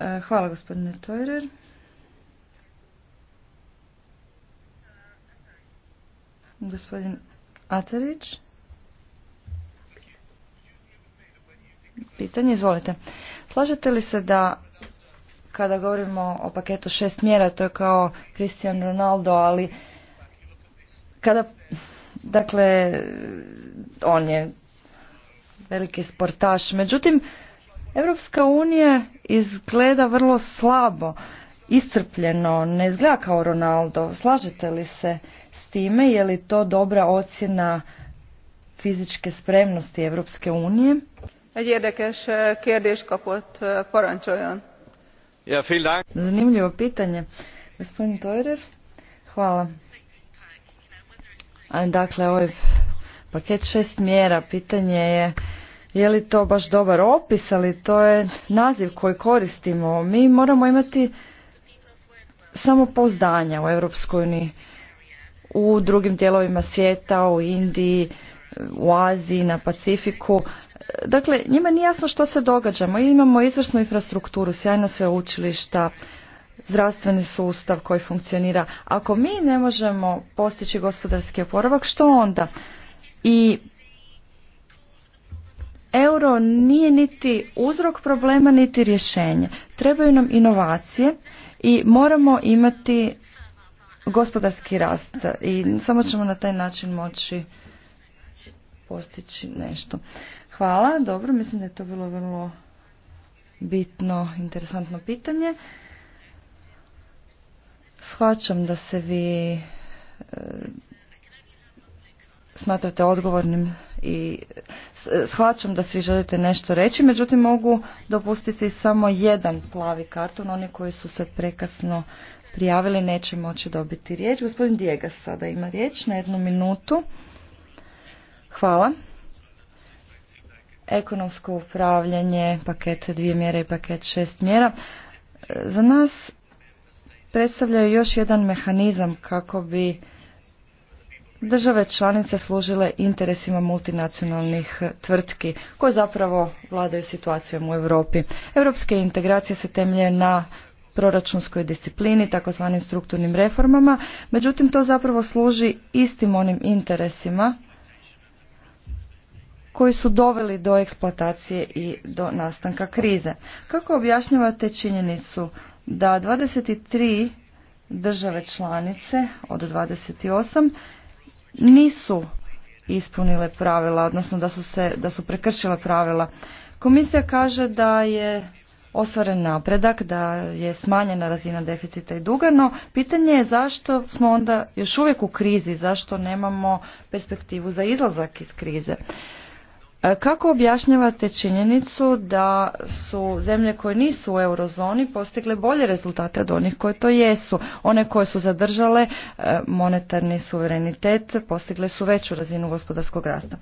E, hvala, gospodine Tojrer. Gospodin Atarić. Pitanje, izvolite. Slažete li se da kada govorimo o paketu šest mjera, to je kao Cristian Ronaldo, ali kada, dakle, on je veliki sportaš. Međutim, Europska unija izgleda vrlo slabo, iscrpljeno, ne izgleda kao Ronaldo. Slažete li se s time? Je li to dobra ocjena fizičke spremnosti Europske unije? Eh, Zanimljivo pitanje. Gospodin Tojrer, hvala. Dakle, ovaj paket šest mjera, pitanje je je li to baš dobar opis, ali to je naziv koji koristimo. Mi moramo imati samo pozdanja u Europskoj uniji, u drugim dijelovima svijeta, u Indiji, u Aziji, na Pacifiku dakle, njima nije jasno što se događa. imamo izvrsnu infrastrukturu, sjajna učilišta, zdravstveni sustav koji funkcionira. Ako mi ne možemo postići gospodarski oporavak, što onda? I euro nije niti uzrok problema, niti rješenje. Trebaju nam inovacije i moramo imati gospodarski rast i samo ćemo na taj način moći postići nešto. Hvala, dobro, mislim da je to bilo vrlo bitno, interesantno pitanje. Shvaćam da se vi e, smatrate odgovornim i e, shvaćam da svi želite nešto reći, međutim mogu dopustiti samo jedan plavi karton, oni koji su se prekasno prijavili neće moći dobiti riječ. Gospodin Dijegas sada ima riječ na jednu minutu. Hvala ekonomsko upravljanje, paket dvije mjere i paket šest mjera, e, za nas predstavljaju još jedan mehanizam kako bi države članice služile interesima multinacionalnih tvrtki koje zapravo vladaju situacijom u Europi. Europske integracije se temelje na proračunskoj disciplini, takozvanim strukturnim reformama, međutim to zapravo služi istim onim interesima koji su doveli do eksploatacije i do nastanka krize. Kako objašnjavate činjenicu da 23 države članice od 28 nisu ispunile pravila, odnosno da su, se, da su prekršile pravila. Komisija kaže da je ostvaren napredak, da je smanjena razina deficita i duga, no pitanje je zašto smo onda još uvijek u krizi, zašto nemamo perspektivu za izlazak iz krize. E, kako objašnjavate činjenicu da su zemlje koje nisu u eurozoni postigle bolje rezultate od onih koje to jesu? One koje su zadržale e, monetarni suverenitet postigle su veću razinu gospodarskog rasta.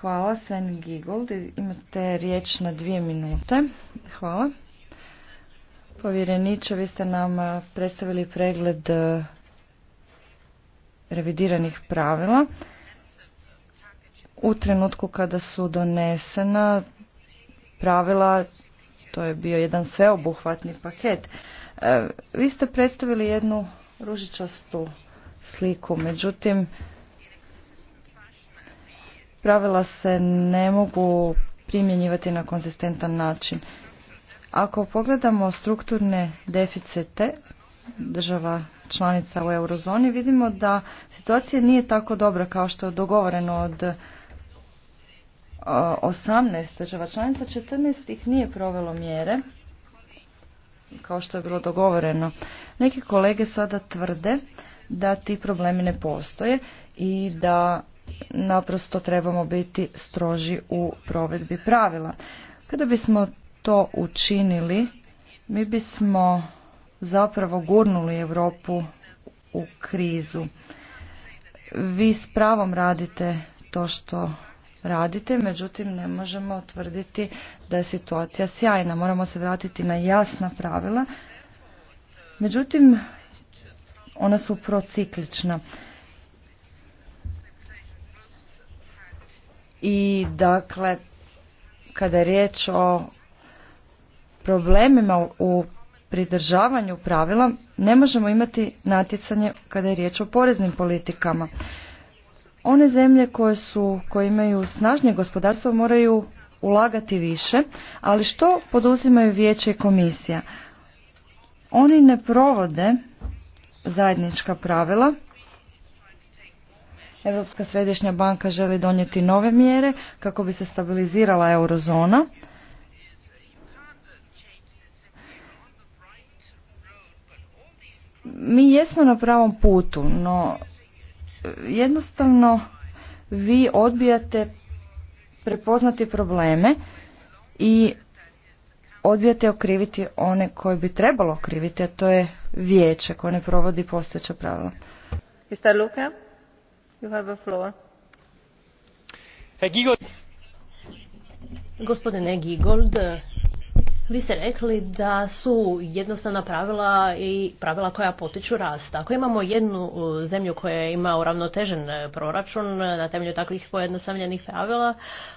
Hvala, Sven Gigold. Imate riječ na dvije minute. Hvala. Povjereniče, vi ste nam predstavili pregled e, revidiranih pravila u trenutku kada su donesena pravila, to je bio jedan sveobuhvatni paket. E, vi ste predstavili jednu ružičastu sliku, međutim, pravila se ne mogu primjenjivati na konzistentan način. Ako pogledamo strukturne deficite država članica u eurozoni, vidimo da situacija nije tako dobra kao što je dogovoreno od 18 država članica, 14 ih nije provelo mjere, kao što je bilo dogovoreno. Neki kolege sada tvrde da ti problemi ne postoje i da naprosto trebamo biti stroži u provedbi pravila. Kada bismo to učinili, mi bismo zapravo gurnuli Europu u krizu. Vi s pravom radite to što raditi, međutim ne možemo tvrditi da je situacija sjajna. Moramo se vratiti na jasna pravila. Međutim, ona su prociklična. I dakle, kada je riječ o problemima u pridržavanju pravila, ne možemo imati natjecanje kada je riječ o poreznim politikama one zemlje koje su koje imaju snažnije gospodarstvo moraju ulagati više, ali što poduzimaju vijeće i komisija? Oni ne provode zajednička pravila. Europska središnja banka želi donijeti nove mjere kako bi se stabilizirala eurozona. Mi jesmo na pravom putu, no jednostavno vi odbijate prepoznati probleme i odbijate okriviti one koje bi trebalo okriviti, a to je vijeće koje ne provodi postojeća pravila. Mr. Luka, you have a floor. Gospodine Gigold, vi ste rekli da su jednostavna pravila i pravila koja potiču rast. Ako imamo jednu uh, zemlju koja ima uravnotežen uh, proračun uh, na temelju takvih pojednostavljenih pravila,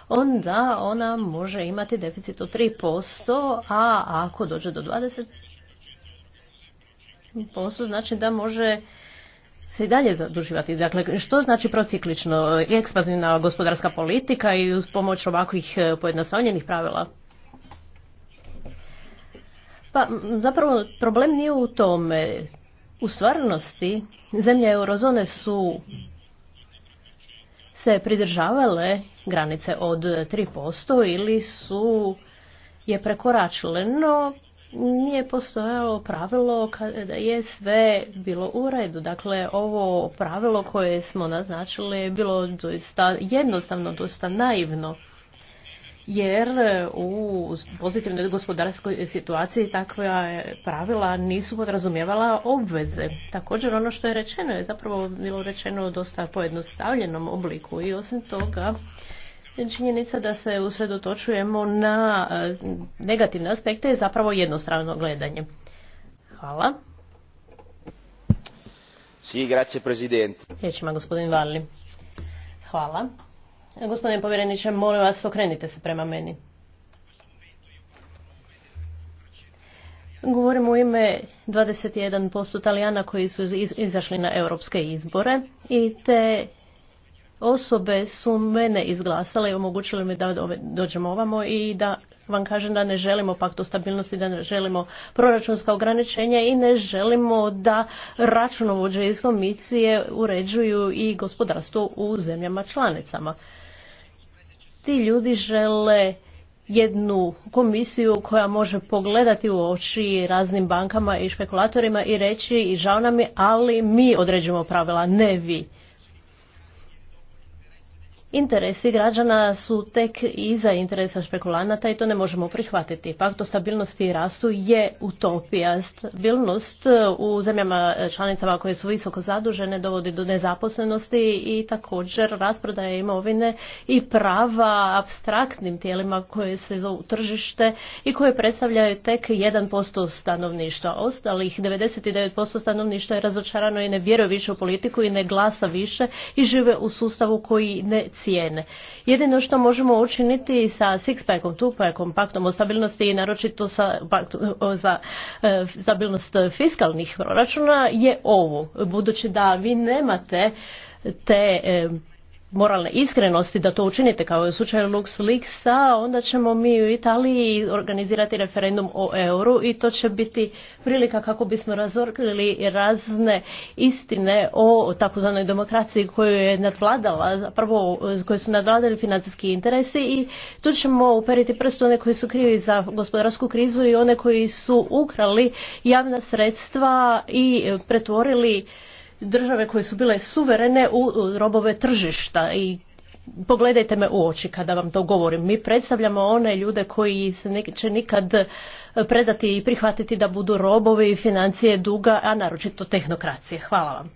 onda ona može imati deficit od 3%, a ako dođe do 20%, znači da može se i dalje zaduživati. Dakle, što znači prociklično i ekspanzivna gospodarska politika i uz pomoć ovakvih pojednostavljenih pravila? Pa zapravo problem nije u tome. U stvarnosti zemlje eurozone su se pridržavale granice od 3% ili su je prekoračile, no nije postojalo pravilo kada je sve bilo u redu. Dakle, ovo pravilo koje smo naznačili je bilo doista jednostavno, dosta naivno jer e, u pozitivnoj gospodarskoj situaciji takva pravila nisu podrazumijevala obveze. Također ono što je rečeno je zapravo bilo rečeno u dosta pojednostavljenom obliku i osim toga činjenica da se usredotočujemo na e, negativne aspekte je zapravo jednostrano gledanje. Hvala. Sì, grazie Presidente. gospodin Valli. Hvala. Gospodine povjereniče, molim vas, okrenite se prema meni. Govorim u ime 21% Italijana koji su izašli na europske izbore i te osobe su mene izglasale i omogućile mi da dođemo ovamo i da vam kažem da ne želimo paktu stabilnosti, da ne želimo proračunska ograničenja i ne želimo da računovođe iz komisije uređuju i gospodarstvo u zemljama članicama ti ljudi žele jednu komisiju koja može pogledati u oči raznim bankama i špekulatorima i reći žao nam je, ali mi određujemo pravila, ne vi. Interesi građana su tek iza interesa špekulanata i to ne možemo prihvatiti. Pakt o stabilnosti i rastu je utopija. Stabilnost e, u zemljama e, članicama koje su visoko zadužene dovodi do nezaposlenosti i također rasprodaje imovine i prava abstraktnim tijelima koje se zovu tržište i koje predstavljaju tek 1% stanovništva. Ostalih 99% stanovništva je razočarano i ne vjeruje više u politiku i ne glasa više i žive u sustavu koji ne cijene. Jedino što možemo učiniti sa six-packom, two-packom, paktom o stabilnosti i naročito sa za e, stabilnost fiskalnih proračuna je ovo. Budući da vi nemate te e, moralne iskrenosti da to učinite kao je u slučaju LuxLeaksa, onda ćemo mi u Italiji organizirati referendum o euru i to će biti prilika kako bismo razorklili razne istine o takozvanoj demokraciji koju je nadvladala, zapravo koju su nadvladali financijski interesi i tu ćemo uperiti prst one koji su krivi za gospodarsku krizu i one koji su ukrali javna sredstva i pretvorili države koje su bile suverene u robove tržišta i pogledajte me u oči kada vam to govorim. Mi predstavljamo one ljude koji se neće nikad predati i prihvatiti da budu robovi financije duga, a naročito tehnokracije. Hvala vam.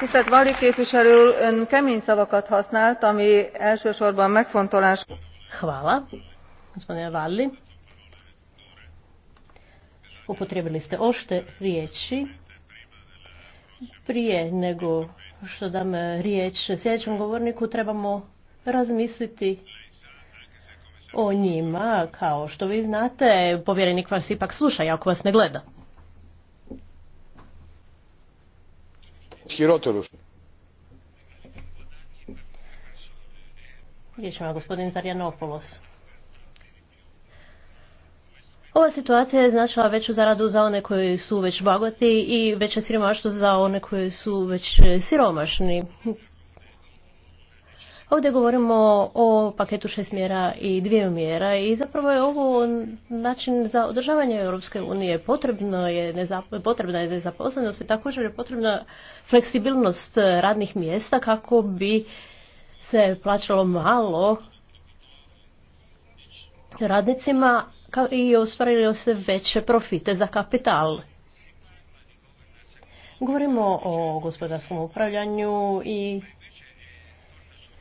Tisztelt Vali képviselő ön kemény szavakat használt, ami elsősorban megfontolás. Hvala, gospodine Valli. Upotrebili ste ošte riječi, prije nego što dam e, riječ sljedećem govorniku trebamo razmisliti o njima. Kao što vi znate, povjerenik vas ipak sluša, ako vas ne gleda. Riječ ima gospodin Zarjanopoulos. Ova situacija je značila veću zaradu za one koji su već bagati i veće siromaštvo za one koji su već siromašni. Ovdje govorimo o paketu šest mjera i dvije mjera i zapravo je ovo način za održavanje Europske unije. Potrebno je potrebna je nezaposlenost i također je potrebna fleksibilnost radnih mjesta kako bi se plaćalo malo radnicima, i ostvarilo se veće profite za kapital. Govorimo o gospodarskom upravljanju i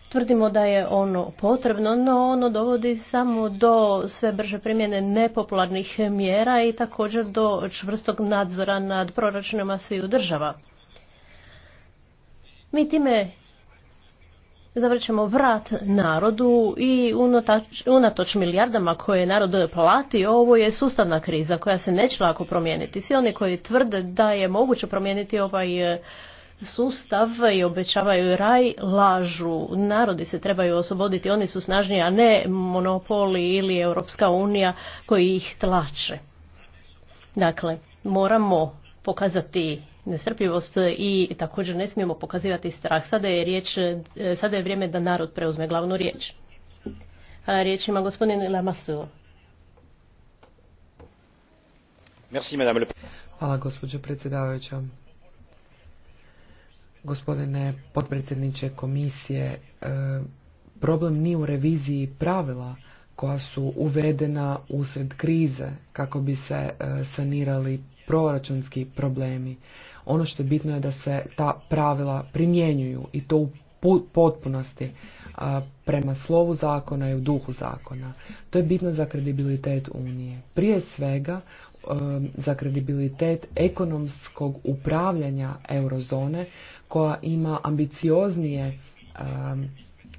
tvrdimo da je ono potrebno, no ono dovodi samo do sve brže primjene nepopularnih mjera i također do čvrstog nadzora nad proračunima sviju država. Mi time zavrćemo vrat narodu i unatoč milijardama koje je narod plati, ovo je sustavna kriza koja se neće lako promijeniti. Svi oni koji tvrde da je moguće promijeniti ovaj e, sustav i obećavaju raj, lažu. Narodi se trebaju osloboditi, oni su snažniji, a ne monopoli ili Europska unija koji ih tlače. Dakle, moramo pokazati nestrpljivost i također ne smijemo pokazivati strah. Sada je, riječ, e, sada je vrijeme da narod preuzme glavnu riječ. Riječ ima gospodin Lamassu. Hvala gospođo predsjedavajuća. Gospodine potpredsjedniče komisije, e, problem nije u reviziji pravila koja su uvedena usred krize kako bi se e, sanirali proračunski problemi. Ono što je bitno je da se ta pravila primjenjuju i to u potpunosti prema slovu zakona i u duhu zakona. To je bitno za kredibilitet Unije. Prije svega e, za kredibilitet ekonomskog upravljanja eurozone koja ima ambicioznije e,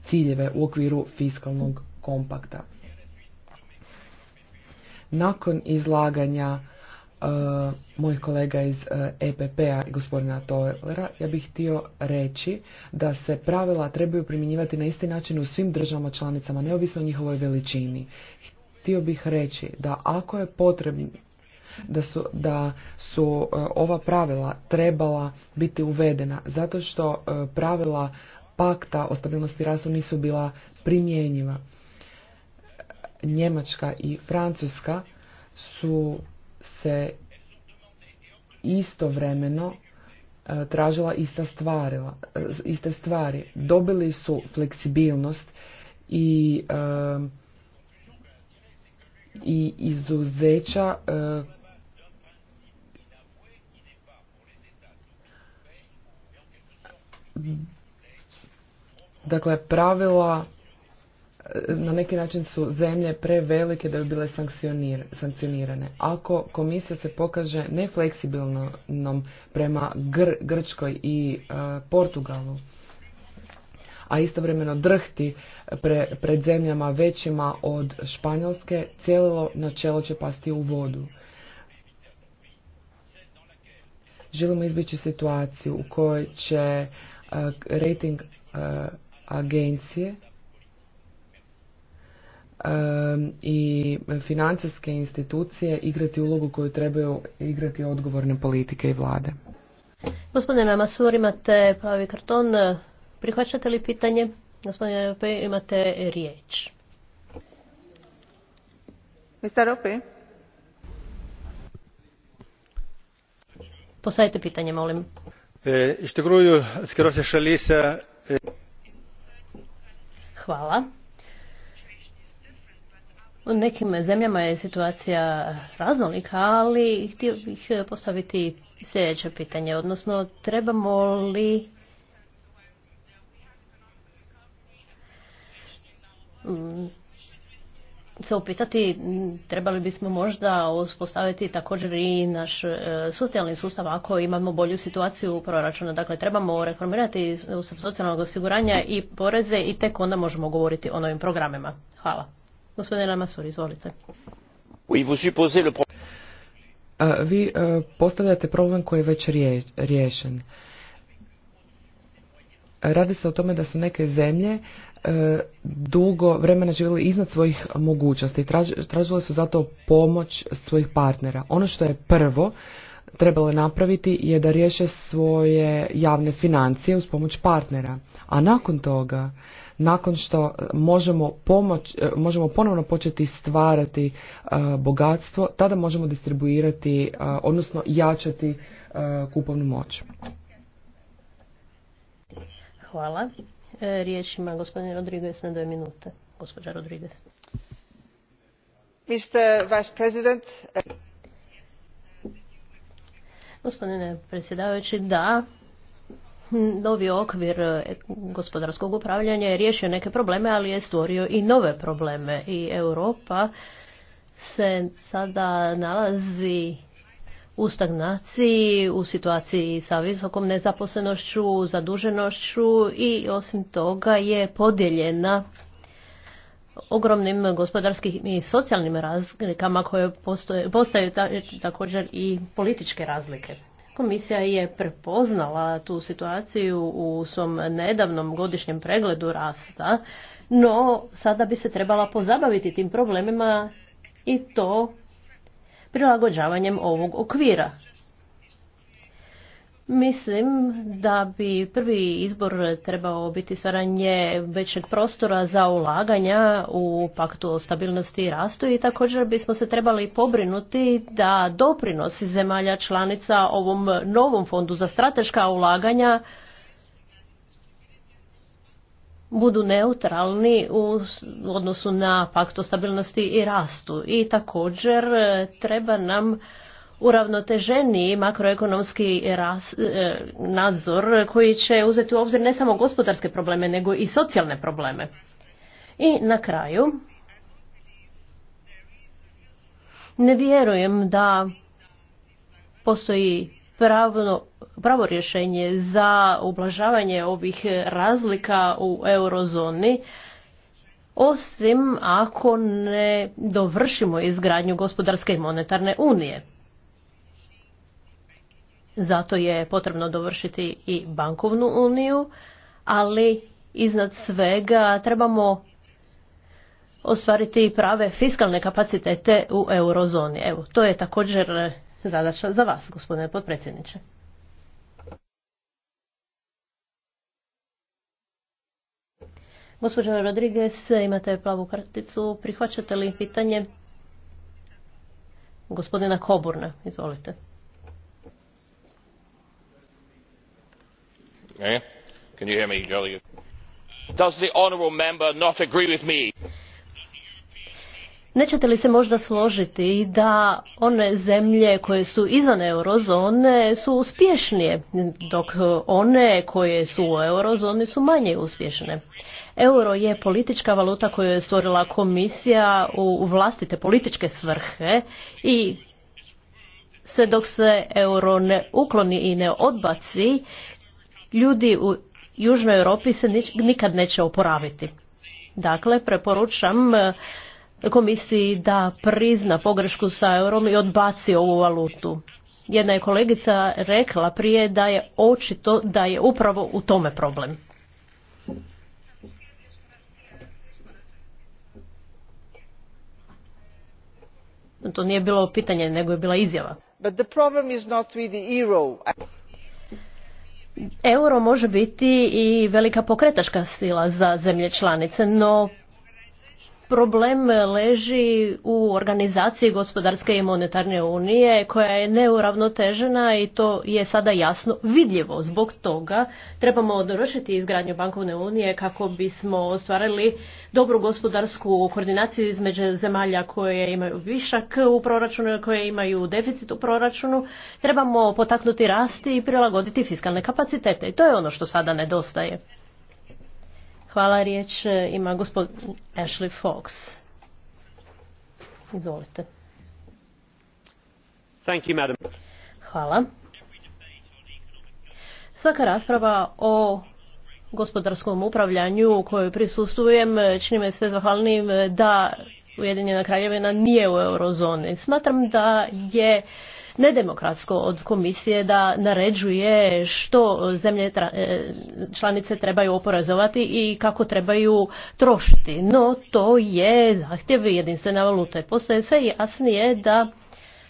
ciljeve u okviru fiskalnog kompakta. Nakon izlaganja uh, mojih kolega iz EPP-a i gospodina Toilera, ja bih htio reći da se pravila trebaju primjenjivati na isti način u svim državama članicama, neovisno o njihovoj veličini. Htio bih reći da ako je potrebno da su, da su ova pravila trebala biti uvedena zato što pravila pakta o stabilnosti rastu nisu bila primjenjiva. Njemačka i Francuska su se istovremeno e, tražila ista stvarila, e, iste stvari. Dobili su fleksibilnost i, e, i izuzeća dakle pravila na neki način su zemlje prevelike da bi bile sankcionirane. Ako komisija se pokaže nefleksibilnom prema Gr Grčkoj i e, Portugalu, a istovremeno drhti pred zemljama većima od Španjolske, cijelo načelo će pasti u vodu. Želimo izbjeći situaciju u kojoj će e, rating e, agencije i financijske institucije igrati ulogu koju trebaju igrati odgovorne politike i vlade. Gospodine Masur, imate pravi karton. Prihvaćate li pitanje? Gospodine Europe, imate riječ. Mr. Europe? Postavite pitanje, molim. što e, iš se e, Hvala. U nekim zemljama je situacija raznolika, ali htio bih postaviti sljedeće pitanje, odnosno trebamo li mm, se upitati trebali bismo možda uspostaviti također i naš e, socijalni sustav ako imamo bolju situaciju u proračunu. Dakle, trebamo reformirati socijalnog osiguranja i poreze i tek onda možemo govoriti o novim programima. Hvala. Gospodine izvolite. Vi e, postavljate problem koji je već riješen. Radi se o tome da su neke zemlje e, dugo vremena živjeli iznad svojih mogućnosti i tražile su zato pomoć svojih partnera. Ono što je prvo trebalo napraviti je da riješe svoje javne financije uz pomoć partnera, a nakon toga nakon što e, možemo, pomoć, e, možemo ponovno početi stvarati e, bogatstvo, tada možemo distribuirati, odnosno jačati kupovnu moć. Hvala. Riječ ima gospodin Rodriguez na dve minute. Gospođa Rodriguez. Mr. Vice President. Gospodine predsjedavajući, da, novi okvir e, gospodarskog upravljanja je riješio neke probleme, ali je stvorio i nove probleme. I Europa se sada nalazi u stagnaciji, u situaciji sa visokom nezaposlenošću, zaduženošću i osim toga je podijeljena ogromnim gospodarskim i socijalnim razlikama koje postoje, postaju također i političke razlike. Komisija je prepoznala tu situaciju u svom nedavnom godišnjem pregledu rasta, no sada bi se trebala pozabaviti tim problemima i to prilagođavanjem ovog okvira. Mislim da bi prvi izbor trebao biti stvaranje većeg prostora za ulaganja u paktu o stabilnosti i rastu i također bismo se trebali pobrinuti da doprinosi zemalja članica ovom novom fondu za strateška ulaganja budu neutralni u odnosu na pakt o stabilnosti i rastu. I također treba nam uravnoteženiji makroekonomski e, nadzor koji će uzeti u obzir ne samo gospodarske probleme nego i socijalne probleme. I na kraju ne vjerujem da postoji pravo rješenje za ublažavanje ovih razlika u eurozoni osim ako ne dovršimo izgradnju gospodarske i monetarne unije. Zato je potrebno dovršiti i bankovnu uniju, ali iznad svega trebamo ostvariti prave fiskalne kapacitete u eurozoni. Evo, to je također zadaća za vas, gospodine potpredsjedniče. Gospođo Rodriguez, imate plavu karticu. Prihvaćate li pitanje? Gospodina Koburna, izvolite. Nećete li se možda složiti da one zemlje koje su izvan eurozone su uspješnije, dok one koje su u eurozoni su manje uspješne? Euro je politička valuta koju je stvorila komisija u vlastite političke svrhe i sve dok se euro ne ukloni i ne odbaci, ljudi u Južnoj Europi se nikad neće oporaviti. Dakle, preporučam e, komisiji da prizna pogrešku sa eurom i odbaci ovu valutu. Jedna je kolegica rekla prije da je očito da je upravo u tome problem. To nije bilo pitanje, nego je bila izjava. But problem is not with euro može biti i velika pokretačka sila za zemlje članice, no problem leži u organizaciji gospodarske i monetarne unije koja je neuravnotežena i to je sada jasno vidljivo. Zbog toga trebamo dovršiti izgradnju bankovne unije kako bismo ostvarili dobru gospodarsku koordinaciju između zemalja koje imaju višak u proračunu, i koje imaju deficit u proračunu. Trebamo potaknuti rasti i prilagoditi fiskalne kapacitete i to je ono što sada nedostaje. Hvala, riječ ima gospodin Ashley Fox. Izvolite. Hvala. Svaka rasprava o gospodarskom upravljanju u kojoj prisustujem čini me sve zahvalnim da Ujedinjena kraljevina nije u eurozoni. Smatram da je nedemokratsko od komisije da naređuje što zemlje e, članice trebaju oporezovati i kako trebaju trošiti. No to je zahtjev jedinstvene valute. Postoje sve jasnije da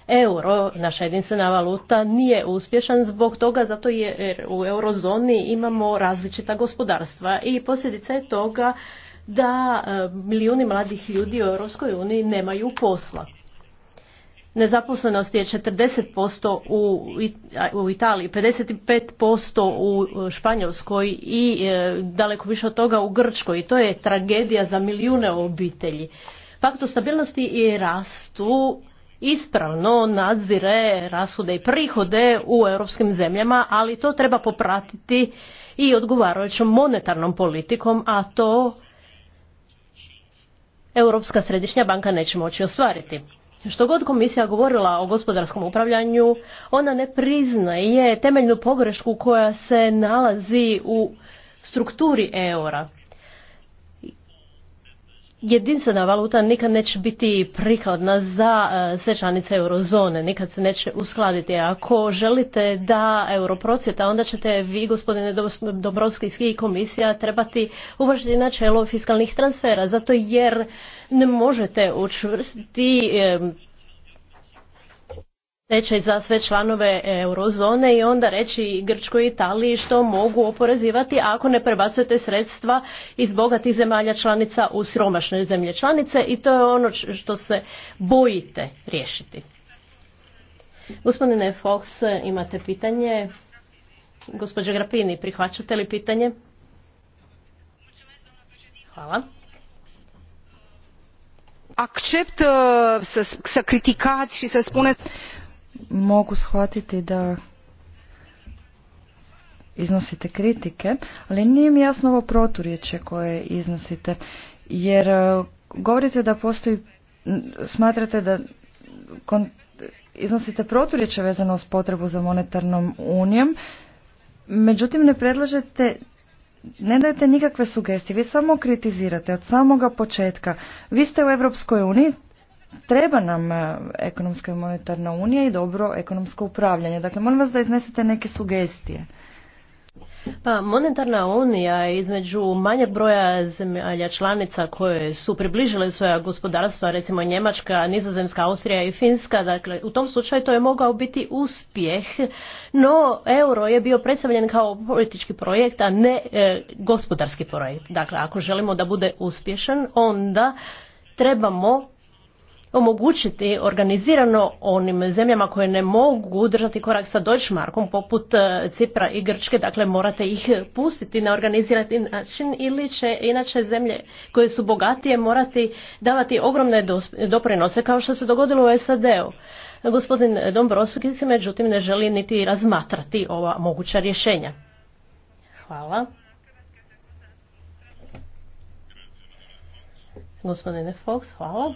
euro, naša jedinstvena valuta, nije uspješan zbog toga zato jer u eurozoni imamo različita gospodarstva i posljedica je toga da e, milijuni mladih ljudi u Europskoj uniji nemaju posla. Nezaposlenost je 40% u Italiji, 55% u e, Španjolskoj i e, daleko više od toga u Grčkoj. I to je tragedija za milijune obitelji. Pakt o stabilnosti i rastu ispravno nadzire rasude i prihode u europskim zemljama, ali to treba popratiti i odgovarajućom monetarnom politikom, a to Europska središnja banka neće moći ostvariti. Što god komisija govorila o gospodarskom upravljanju, ona ne priznaje temeljnu pogrešku koja se nalazi u strukturi eura jedinstvena valuta nikad neće biti prikladna za e, sve članice eurozone, nikad se neće uskladiti. Ako želite da euro onda ćete vi, gospodine Dobrovski i komisija, trebati uvažiti načelo fiskalnih transfera, zato jer ne možete učvrstiti e, tečaj za sve članove eurozone i onda reći Grčkoj i Italiji što mogu oporezivati ako ne prebacujete sredstva iz bogatih zemalja članica u siromašne zemlje članice i to je ono što se bojite riješiti. Gospodine Fox, imate pitanje. Gospođa Grapini, prihvaćate li pitanje? Hvala accept uh, să criticați și să spune mogu shvatiti da iznosite kritike, ali nije mi jasno ovo proturječe koje iznosite, jer e, govorite da postoji, smatrate da iznosite proturječe vezano s potrebu za monetarnom unijom, međutim ne predlažete ne dajete nikakve sugestije, vi samo kritizirate od samoga početka. Vi ste u Europskoj uniji, treba nam e, ekonomska i monetarna unija i dobro ekonomsko upravljanje. Dakle, molim vas da iznesete neke sugestije. Pa, monetarna unija između manjeg broja zemalja članica koje su približile svoja gospodarstva, recimo Njemačka, Nizozemska, Austrija i Finska, dakle u tom slučaju to je mogao biti uspjeh, no euro je bio predstavljen kao politički projekt, a ne e, gospodarski projekt. Dakle, ako želimo da bude uspješan, onda trebamo omogućiti organizirano onim zemljama koje ne mogu držati korak sa Deutschmarkom poput e, Cipra i Grčke, dakle morate ih pustiti na organizirati način ili će inače zemlje koje su bogatije morati davati ogromne doprinose kao što se dogodilo u SAD-u. Gospodin Dombrovski se međutim ne želi niti razmatrati ova moguća rješenja. Hvala. Gospodine Fox, hvala.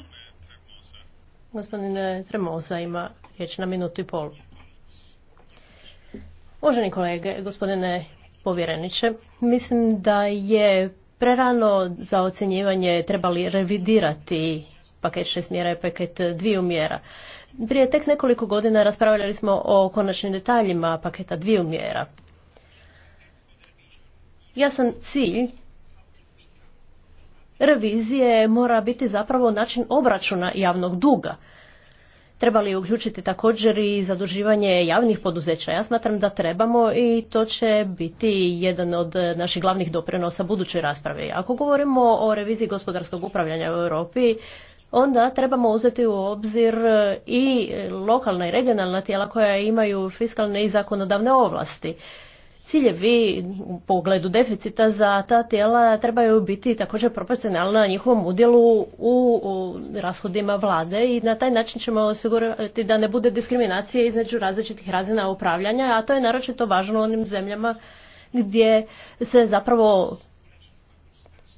Gospodine eh, Tremosa ima riječ na minutu i pol. Uvaženi kolege, gospodine povjereniče, mislim da je prerano za ocjenjivanje trebali revidirati paket šest mjera i paket dviju mjera. Prije tek nekoliko godina raspravljali smo o konačnim detaljima paketa dviju mjera. Jasan cilj revizije mora biti zapravo način obračuna javnog duga. Treba li uključiti također i zaduživanje javnih poduzeća? Ja smatram da trebamo i to će biti jedan od naših glavnih doprinosa budućoj raspravi. Ako govorimo o reviziji gospodarskog upravljanja u Europi, onda trebamo uzeti u obzir i lokalna i regionalna tijela koja imaju fiskalne i zakonodavne ovlasti. Ciljevi u pogledu deficita za ta tijela trebaju biti također proporcionalna njihovom udjelu u rashodima vlade i na taj način ćemo osigurati da ne bude diskriminacije između različitih razina upravljanja, a to je naročito važno u onim zemljama gdje se zapravo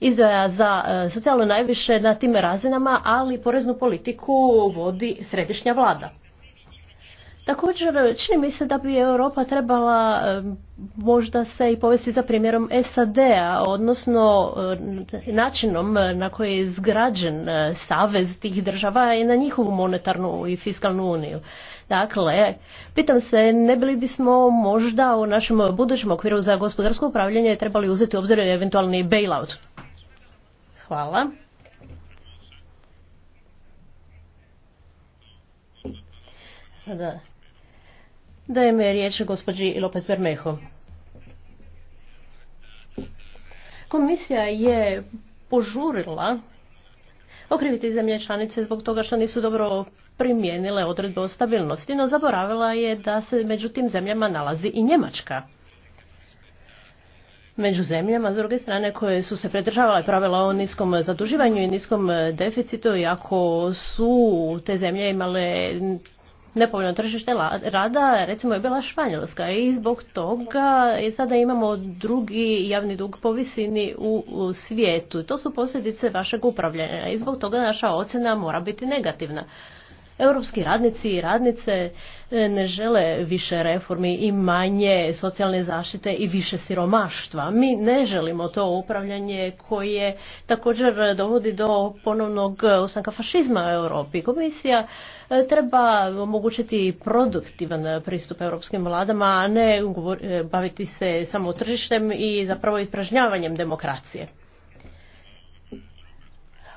izdvaja za e, socijalno najviše na tim razinama, ali poreznu politiku vodi središnja vlada. Također, čini mi se da bi Europa trebala e, možda se i povesti za primjerom SAD-a, odnosno e, načinom na koji je izgrađen e, savez tih država i na njihovu monetarnu i fiskalnu uniju. Dakle, pitam se, ne bili bismo možda u našem budućem okviru za gospodarsko upravljanje trebali uzeti u obzir eventualni bailout? Hvala. Sada Dajem riječ gospođi Lopez Bermejo. Komisija je požurila okriviti zemlje članice zbog toga što nisu dobro primijenile odredbe o stabilnosti, no zaboravila je da se među tim zemljama nalazi i Njemačka. Među zemljama, s druge strane, koje su se predržavale pravila o niskom zaduživanju i niskom deficitu, iako su te zemlje imale nepovoljno tržište rada, recimo je bila Španjolska i zbog toga i sada imamo drugi javni dug po visini u, u svijetu. To su posljedice vašeg upravljanja i zbog toga naša ocjena mora biti negativna. Europski radnici i radnice e, ne žele više reformi i manje socijalne zaštite i više siromaštva. Mi ne želimo to upravljanje koje također dovodi do ponovnog ostanka fašizma u Europi. Komisija e, treba omogućiti produktivan pristup europskim vladama, a ne e, baviti se samo tržištem i zapravo ispražnjavanjem demokracije.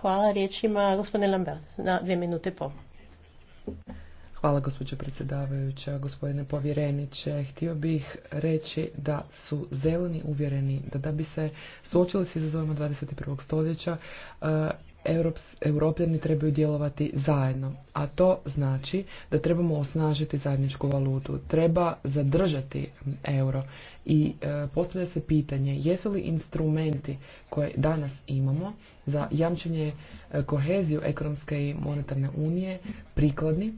Hvala riječima gospodine Lambert na dvije minute po. Hvala gospođo predsjedavajuća, gospodine povjereniče. Htio bih reći da su zeleni uvjereni da da bi se suočili s izazovima 21. stoljeća europljani trebaju djelovati zajedno, a to znači da trebamo osnažiti zajedničku valutu, treba zadržati euro i e, postavlja se pitanje jesu li instrumenti koje danas imamo za jamčenje e, koheziju ekonomske i monetarne unije prikladni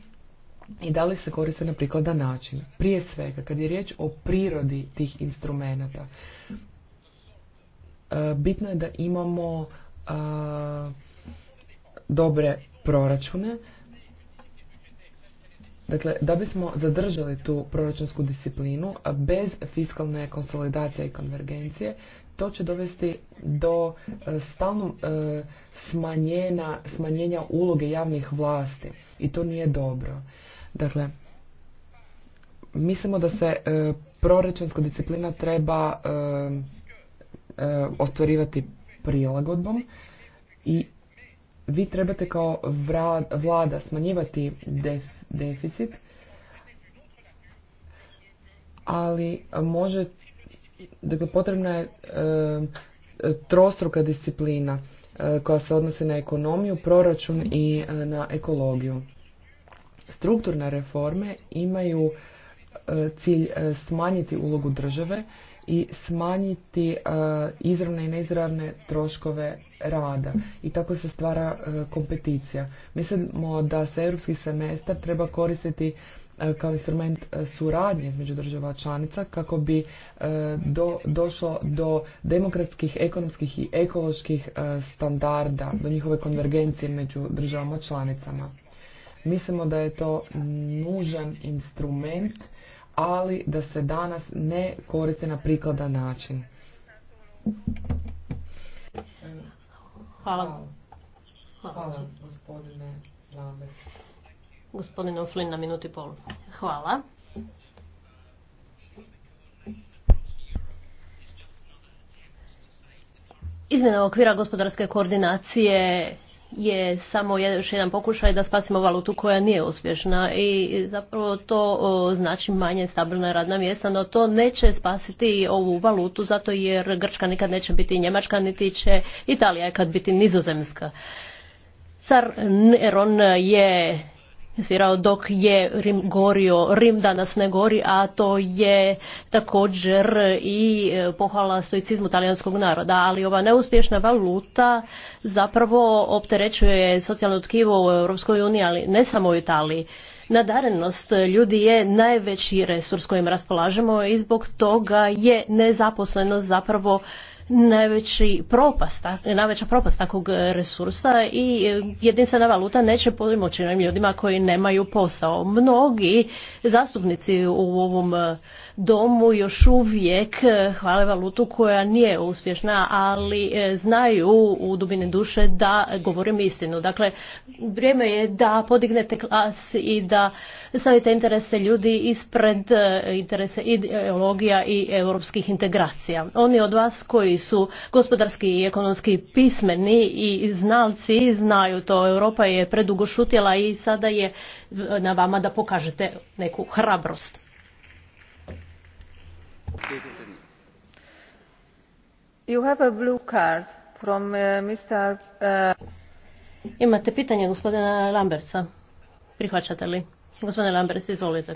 i da li se koriste na prikladan način. Prije svega, kad je riječ o prirodi tih instrumenata, e, bitno je da imamo dobre proračune. Dakle, da bismo zadržali tu proračunsku disciplinu bez fiskalne konsolidacije i konvergencije, to će dovesti do e, stalno e, smanjenja uloge javnih vlasti i to nije dobro. Dakle, mislimo da se e, proračunska disciplina treba ostvarivati prilagodbom i vi trebate kao vlada smanjivati deficit, ali može, dakle potrebna je e, trostruka disciplina e, koja se odnosi na ekonomiju, proračun i e, na ekologiju. Strukturne reforme imaju cilj smanjiti ulogu države i smanjiti e, izravne i neizravne troškove rada i tako se stvara e, kompeticija. Mislimo da se europski semestar treba koristiti e, kao instrument suradnje između država članica kako bi do, došlo do demokratskih, ekonomskih i ekoloških standarda, do njihove konvergencije među državama članicama. Mislimo da je to nužan instrument ali da se danas ne koriste na prikladan način. Hvala. Hvala, gospodine Lambert. Gospodine Oflin na minuti pol. Hvala. Izmjena okvira gospodarske koordinacije je samo još jedan pokušaj da spasimo valutu koja nije uspješna i zapravo to znači manje stabilna radna mjesta, no to neće spasiti ovu valutu zato jer Grčka nikad neće biti Njemačka, niti će Italija kad biti Nizozemska. Car Neron je svirao dok je Rim gorio. Rim danas ne gori, a to je također i e, pohvala stoicizmu talijanskog naroda. Ali ova neuspješna valuta zapravo opterećuje socijalno tkivo u EU, uniji, ali ne samo u Italiji. Nadarenost ljudi je najveći resurs kojim raspolažemo i zbog toga je nezaposlenost zapravo najveći propast, najveća propast takvog e, resursa i e, jedinstvena valuta neće pomoći ljudima koji nemaju posao. Mnogi zastupnici u ovom e, domu još uvijek e, hvale valutu koja nije uspješna, ali e, znaju u dubine duše da govorim istinu. Dakle, vrijeme je da podignete klas i da stavite interese ljudi ispred e, interese ideologija i europskih integracija. Oni od vas koji su gospodarski i ekonomski pismeni i znalci znaju to. Europa je predugo šutjela i sada je na vama da pokažete neku hrabrost. You have blue card from, uh, uh, Imate pitanje gospodina Lambertsa. Prihvaćate li? Gospodine Lamberts, izvolite.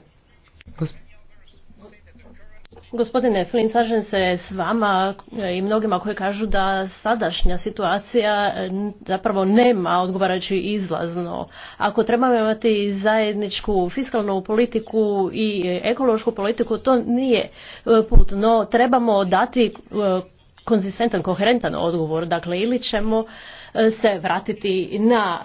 Gospodine Flynn, slažem se s vama e, i mnogima koji kažu da sadašnja situacija e, zapravo nema odgovarajući izlazno. Ako trebamo imati zajedničku fiskalnu politiku i e, ekološku politiku, to nije put, no trebamo dati konzistentan, koherentan odgovor. Dakle, ili ćemo se vratiti na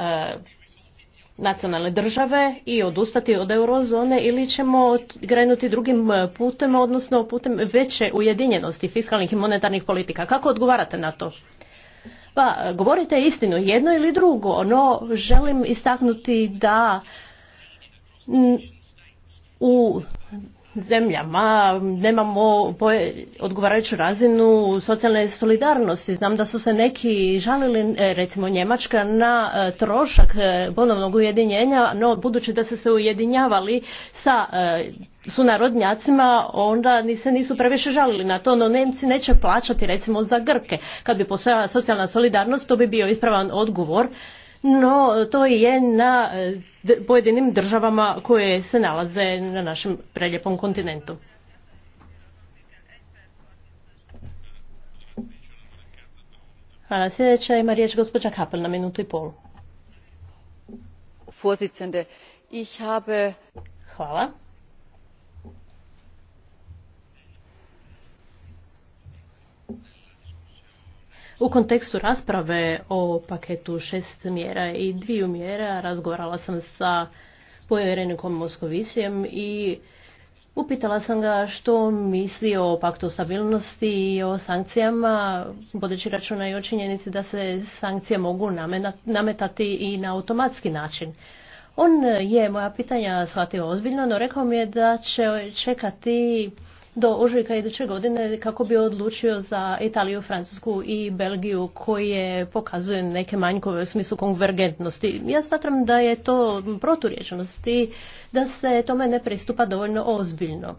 nacionalne države i odustati od eurozone ili ćemo krenuti drugim e, putem, odnosno putem veće ujedinjenosti fiskalnih i monetarnih politika. Kako odgovarate na to? Pa, govorite istinu, jedno ili drugo, no želim istaknuti da u zemljama, nemamo odgovarajuću razinu socijalne solidarnosti. Znam da su se neki žalili, e, recimo Njemačka, na e, trošak e, ponovnog ujedinjenja, no budući da su se ujedinjavali sa sunarodnjacima, onda ni se nisu previše žalili na to, no Nemci neće plaćati recimo za Grke. Kad bi postojala socijalna solidarnost, to bi bio ispravan odgovor no to je na e, pojedinim državama koje se nalaze na našem preljepom kontinentu. Hvala. Sljedeća ima riječ gospođa Kapel na minutu i pol. Hvala. U kontekstu rasprave o paketu šest mjera i dviju mjera razgovarala sam sa povjerenikom Moskovisijem i upitala sam ga što misli o paktu stabilnosti i o sankcijama, vodeći računa i o činjenici da se sankcije mogu nametati i na automatski način. On je moja pitanja shvatio ozbiljno, no rekao mi je da će čekati do ožujka iduće godine kako bi odlučio za Italiju, Francusku i Belgiju koje pokazuje neke manjkove u smislu konvergentnosti. Ja smatram da je to proturječnost i da se tome ne pristupa dovoljno ozbiljno.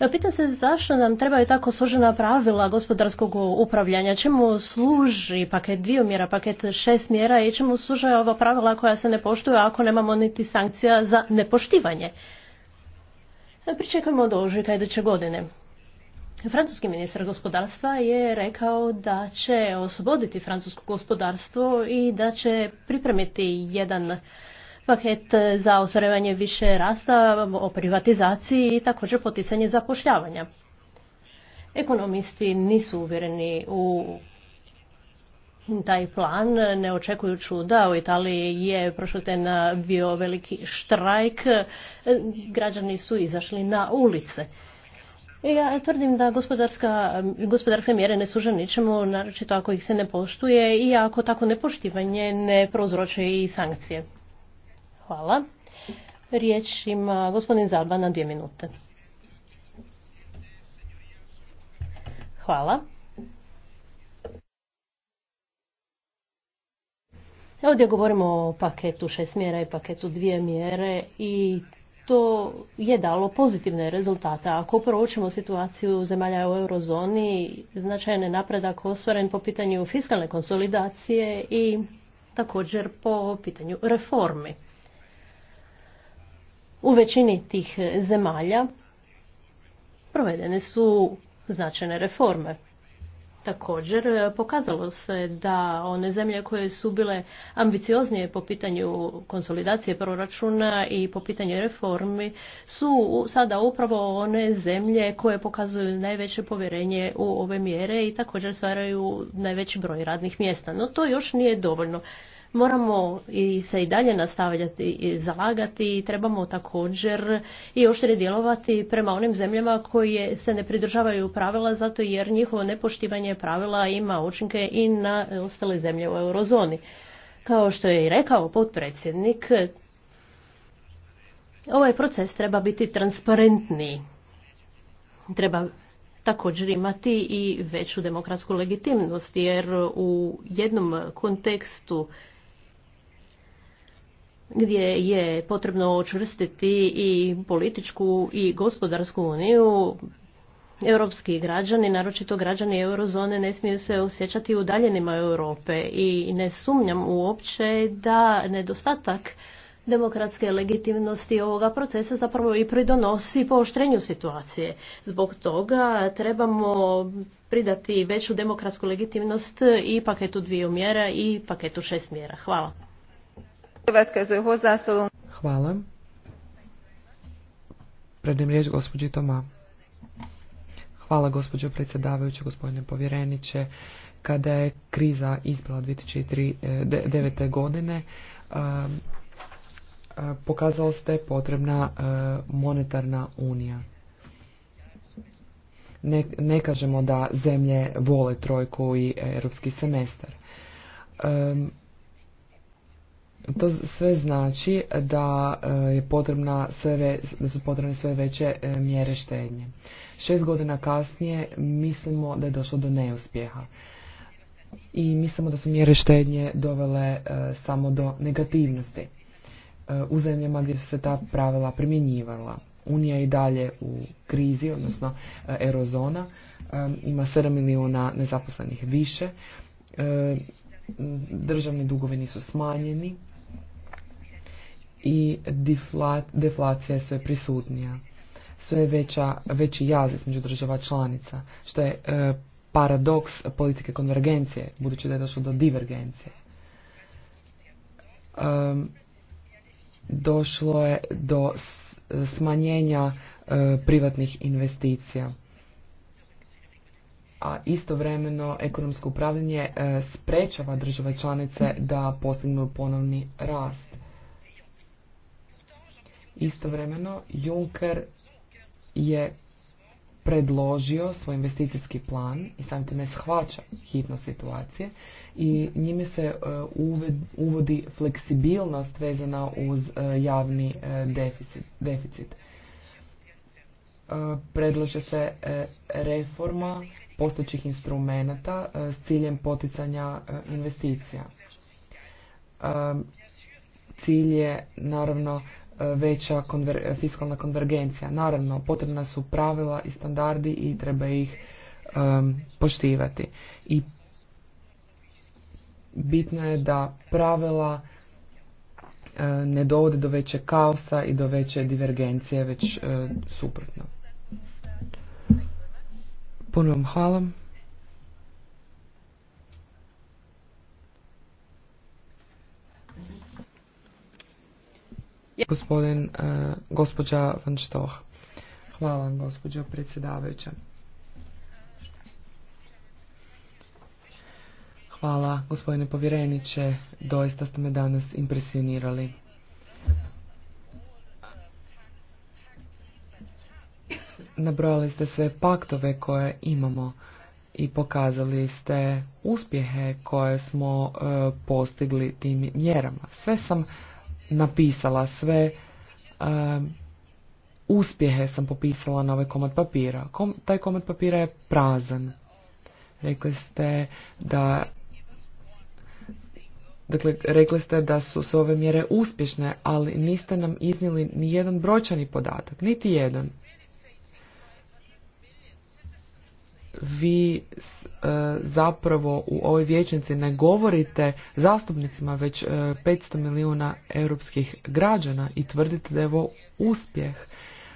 E, pitam se zašto nam trebaju tako složena pravila gospodarskog upravljanja, čemu služi paket dvije mjera, paket šest mjera i čemu služe ova pravila koja se ne poštuju ako nemamo niti sankcija za nepoštivanje. E, Pričekujemo do ožujka iduće godine. Francuski ministar gospodarstva je rekao da će osloboditi francusko gospodarstvo i da će pripremiti jedan paket za osvarevanje više rasta o privatizaciji i također poticanje zapošljavanja. Ekonomisti nisu uvjereni u taj plan, ne očekuju čuda. U Italiji je prošlo ten bio veliki štrajk, građani su izašli na ulice. Ja tvrdim da gospodarske mjere ne služe ničemu, naročito ako ih se ne poštuje i ako tako nepoštivanje ne prouzroče i sankcije. Hvala. Riječ ima gospodin Zalba na dvije minute. Hvala. Ovdje govorimo o paketu šest mjera i paketu dvije mjere i to je dalo pozitivne rezultate. Ako proučimo situaciju zemalja u eurozoni, značajan je napredak ostvaren po pitanju fiskalne konsolidacije i također po pitanju reformi. U većini tih zemalja provedene su značajne reforme. Također, e, pokazalo se da one zemlje koje su bile ambicioznije po pitanju konsolidacije proračuna i po pitanju reformi su sada upravo one zemlje koje pokazuju najveće povjerenje u ove mjere i također stvaraju najveći broj radnih mjesta. No to još nije dovoljno moramo i se i dalje nastavljati i zalagati i trebamo također i oštrije djelovati prema onim zemljama koje se ne pridržavaju pravila zato jer njihovo nepoštivanje pravila ima učinke i na ostale zemlje u eurozoni. Kao što je i rekao potpredsjednik, ovaj proces treba biti transparentniji. Treba također imati i veću demokratsku legitimnost jer u jednom kontekstu gdje je potrebno očvrstiti i političku i gospodarsku uniju. Europski građani, naročito građani eurozone, ne smiju se osjećati udaljenima Europe i ne sumnjam uopće da nedostatak demokratske legitimnosti ovoga procesa zapravo i pridonosi pooštrenju situacije. Zbog toga trebamo pridati veću demokratsku legitimnost i paketu dviju mjera i paketu šest mjera. Hvala. Hvala. predem riječ gospođi Toma. Hvala gospođo predsjedavajući, gospodine povjereniče. Kada je kriza izbila 2009. E, godine, e, e, pokazalo ste potrebna monetarna unija. Ne, kažemo da zemlje vole trojku i europski semestar. To sve znači da e, je potrebna sve, da su potrebne sve veće e, mjere štednje. Šest godina kasnije mislimo da je došlo do neuspjeha. I mislimo da su mjere štednje dovele e, samo do negativnosti u zemljama gdje su se ta pravila primjenjivala. Unija je i dalje u krizi, odnosno eurozona, ima 7 milijuna nezaposlenih više, državni dugovi nisu smanjeni, i deflacija je sve prisutnija. Sve je veća, veći jaz između država članica, što je e, paradoks politike konvergencije, budući da je došlo do divergencije. E, došlo je do smanjenja e, privatnih investicija. A istovremeno ekonomsko upravljanje sprečava države članice da postignu ponovni rast Istovremeno, Juncker je predložio svoj investicijski plan i sam time shvaća hitno situacije i njime se e, uvodi fleksibilnost vezana uz e, javni e, deficit. deficit. Predlaže se reforma postojećih instrumenata s ciljem poticanja investicija. Cilj je naravno veća fiskalna konvergencija. Naravno, potrebna su pravila i standardi i treba ih poštivati. I bitno je da pravila ne dovode do veće kaosa i do veće divergencije, već suprotno. Puno vam hvala. Gospodin, e, gospođa Van Štoh. Hvala, gospođo predsjedavajuća. Hvala, gospodine povjereniče. Doista ste me danas impresionirali. Nabrojali ste sve paktove koje imamo i pokazali ste uspjehe koje smo e, postigli tim mjerama. Sve sam napisala sve uspjehe sam popisala na ovaj komad papira. Kom, taj komad papira je prazan. Rekli ste da Dakle, rekli ste da su sve ove mjere uspješne, ali niste nam iznijeli ni jedan brojčani podatak, niti jedan. vi e, zapravo u ovoj vječnici ne govorite zastupnicima već 500 e, milijuna europskih građana i tvrdite da je ovo uspjeh.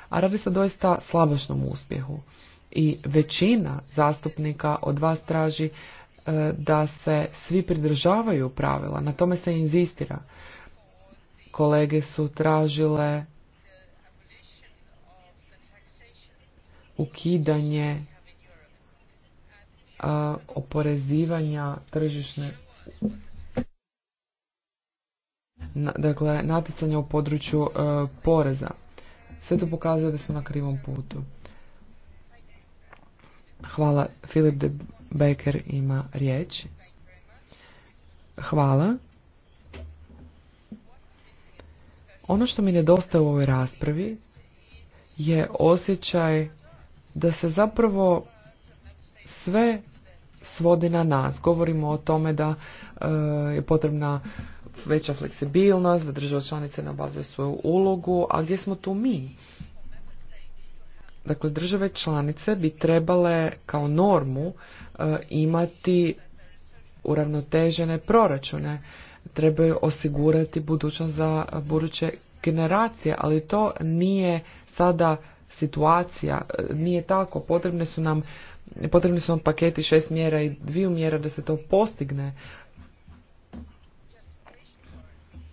A radi se doista slabašnom uspjehu. I većina zastupnika od vas traži e, da se svi pridržavaju pravila. Na tome se inzistira. Kolege su tražile ukidanje oporezivanja tržišne dakle natjecanja u području e, poreza. Sve to pokazuje da smo na krivom putu. Hvala. Filip de Becker ima riječ. Hvala. Ono što mi nedostaje u ovoj raspravi je osjećaj da se zapravo sve svodi na nas. Govorimo o tome da e, je potrebna veća fleksibilnost, da država članice nabavljaju svoju ulogu, a gdje smo tu mi? Dakle, države članice bi trebale kao normu e, imati uravnotežene proračune, trebaju osigurati budućnost za buduće generacije, ali to nije sada situacija, e, nije tako, potrebne su nam potrebni su vam paketi šest mjera i dviju mjera da se to postigne.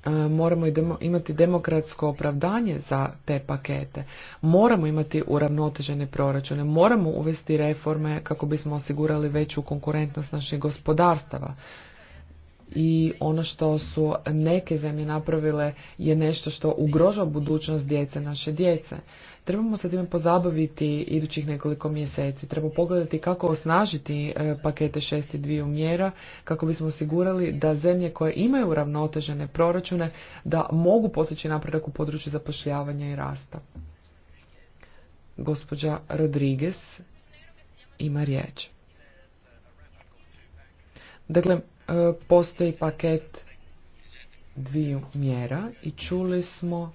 E, moramo imati demokratsko opravdanje za te pakete. Moramo imati uravnotežene proračune. Moramo uvesti reforme kako bismo osigurali veću konkurentnost naših gospodarstava. I ono što su neke zemlje napravile je nešto što ugrožava budućnost djece, naše djece. Trebamo se time pozabaviti idućih nekoliko mjeseci. Treba pogledati kako osnažiti e, pakete i dviju mjera, kako bismo osigurali da zemlje koje imaju uravnotežene proračune, da mogu postići napredak u području zapošljavanja i rasta. Gospođa Rodriguez ima riječ. Dakle, e, postoji paket dviju mjera i čuli smo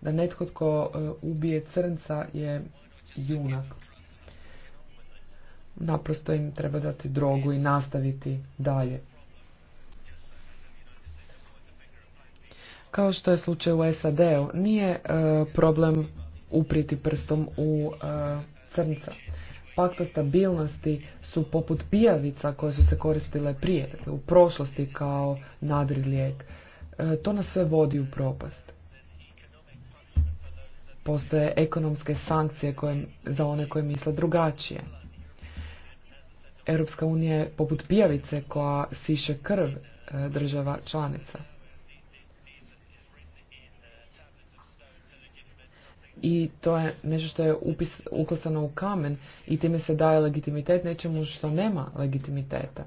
da netko tko e, ubije crnca je junak. Naprosto im treba dati drogu i nastaviti dalje. Kao što je slučaj u SAD-u, nije e, problem upriti prstom u e, crnca. stabilnosti su poput pijavica koje su se koristile prije, dakle u prošlosti kao nadri e, to nas sve vodi u propast postoje ekonomske sankcije koje, za one koje misle drugačije. Europska unija je poput pijavice koja siše krv e, država članica. I to je nešto što je upis uklacano u kamen i time se daje legitimitet nečemu što nema legitimiteta.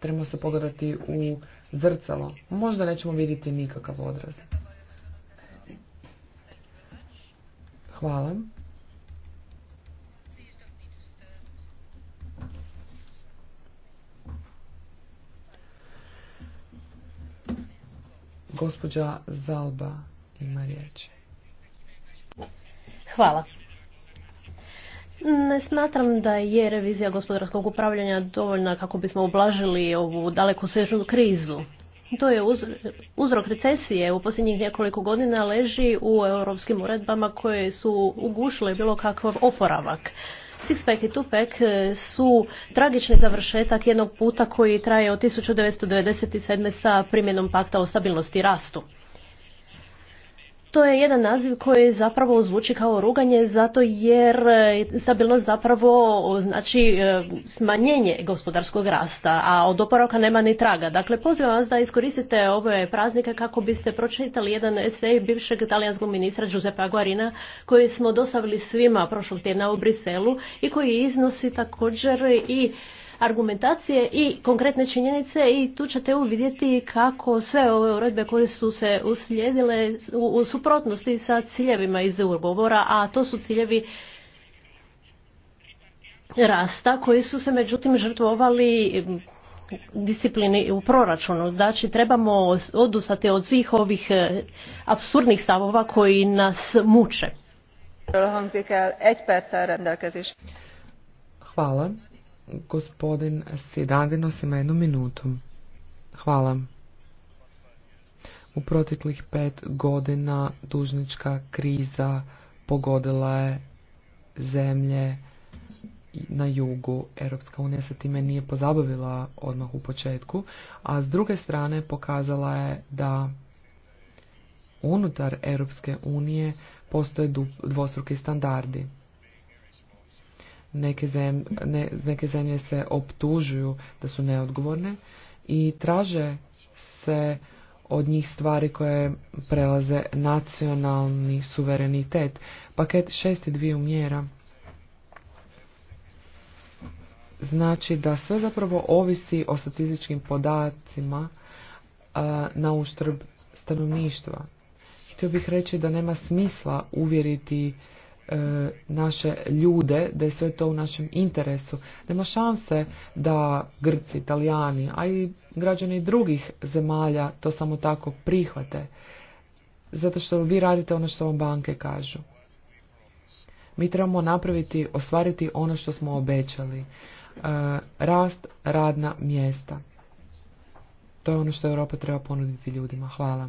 Trebamo se pogledati u zrcalo. Možda nećemo vidjeti nikakav odraz. Hvala. Gospođa Zalba ima riječ. Hvala. Ne smatram da je revizija gospodarskog upravljanja dovoljna kako bismo ublažili ovu daleku sežnu krizu. To je uzrok recesije u posljednjih nekoliko godina leži u europskim uredbama koje su ugušile bilo kakav oporavak. Sixpack i Tupac e, su tragični završetak jednog puta koji traje od 1997. sa primjenom pakta o stabilnosti i rastu to je jedan naziv koji zapravo zvuči kao ruganje zato jer e, stabilnost zapravo znači e, smanjenje gospodarskog rasta, a od oporavka nema ni traga. Dakle, pozivam vas da iskoristite ove praznike kako biste pročitali jedan esej bivšeg talijanskog ministra Giuseppe Aguarina, koji smo dostavili svima prošlog tjedna u Briselu i koji iznosi također i argumentacije i konkretne činjenice i tu ćete uvidjeti kako sve ove uredbe koje su se uslijedile u, suprotnosti sa ciljevima iz ugovora, a to su ciljevi rasta koji su se međutim žrtvovali disciplini u proračunu. Znači trebamo odustati od svih ovih e, apsurdnih stavova koji nas muče. Hvala. Gospodin Sidavinos ima jednu minutu. Hvala. U proteklih pet godina dužnička kriza pogodila je zemlje na jugu. Europska unija se time nije pozabavila odmah u početku, a s druge strane pokazala je da unutar Europske unije postoje dvostruki standardi. Neke zemlje, zemlje se optužuju da su neodgovorne i traže se od njih stvari koje prelaze nacionalni suverenitet. Paket šest i dviju mjera znači da sve zapravo ovisi o statističkim podacima a, na uštrb stanovništva. Htio bih reći da nema smisla uvjeriti E, naše ljude, da je sve to u našem interesu. Nema šanse da Grci, Italijani, a i građani drugih zemalja to samo tako prihvate. Zato što vi radite ono što vam banke kažu. Mi trebamo napraviti, ostvariti ono što smo obećali. E, rast radna mjesta. To je ono što Europa treba ponuditi ljudima. Hvala.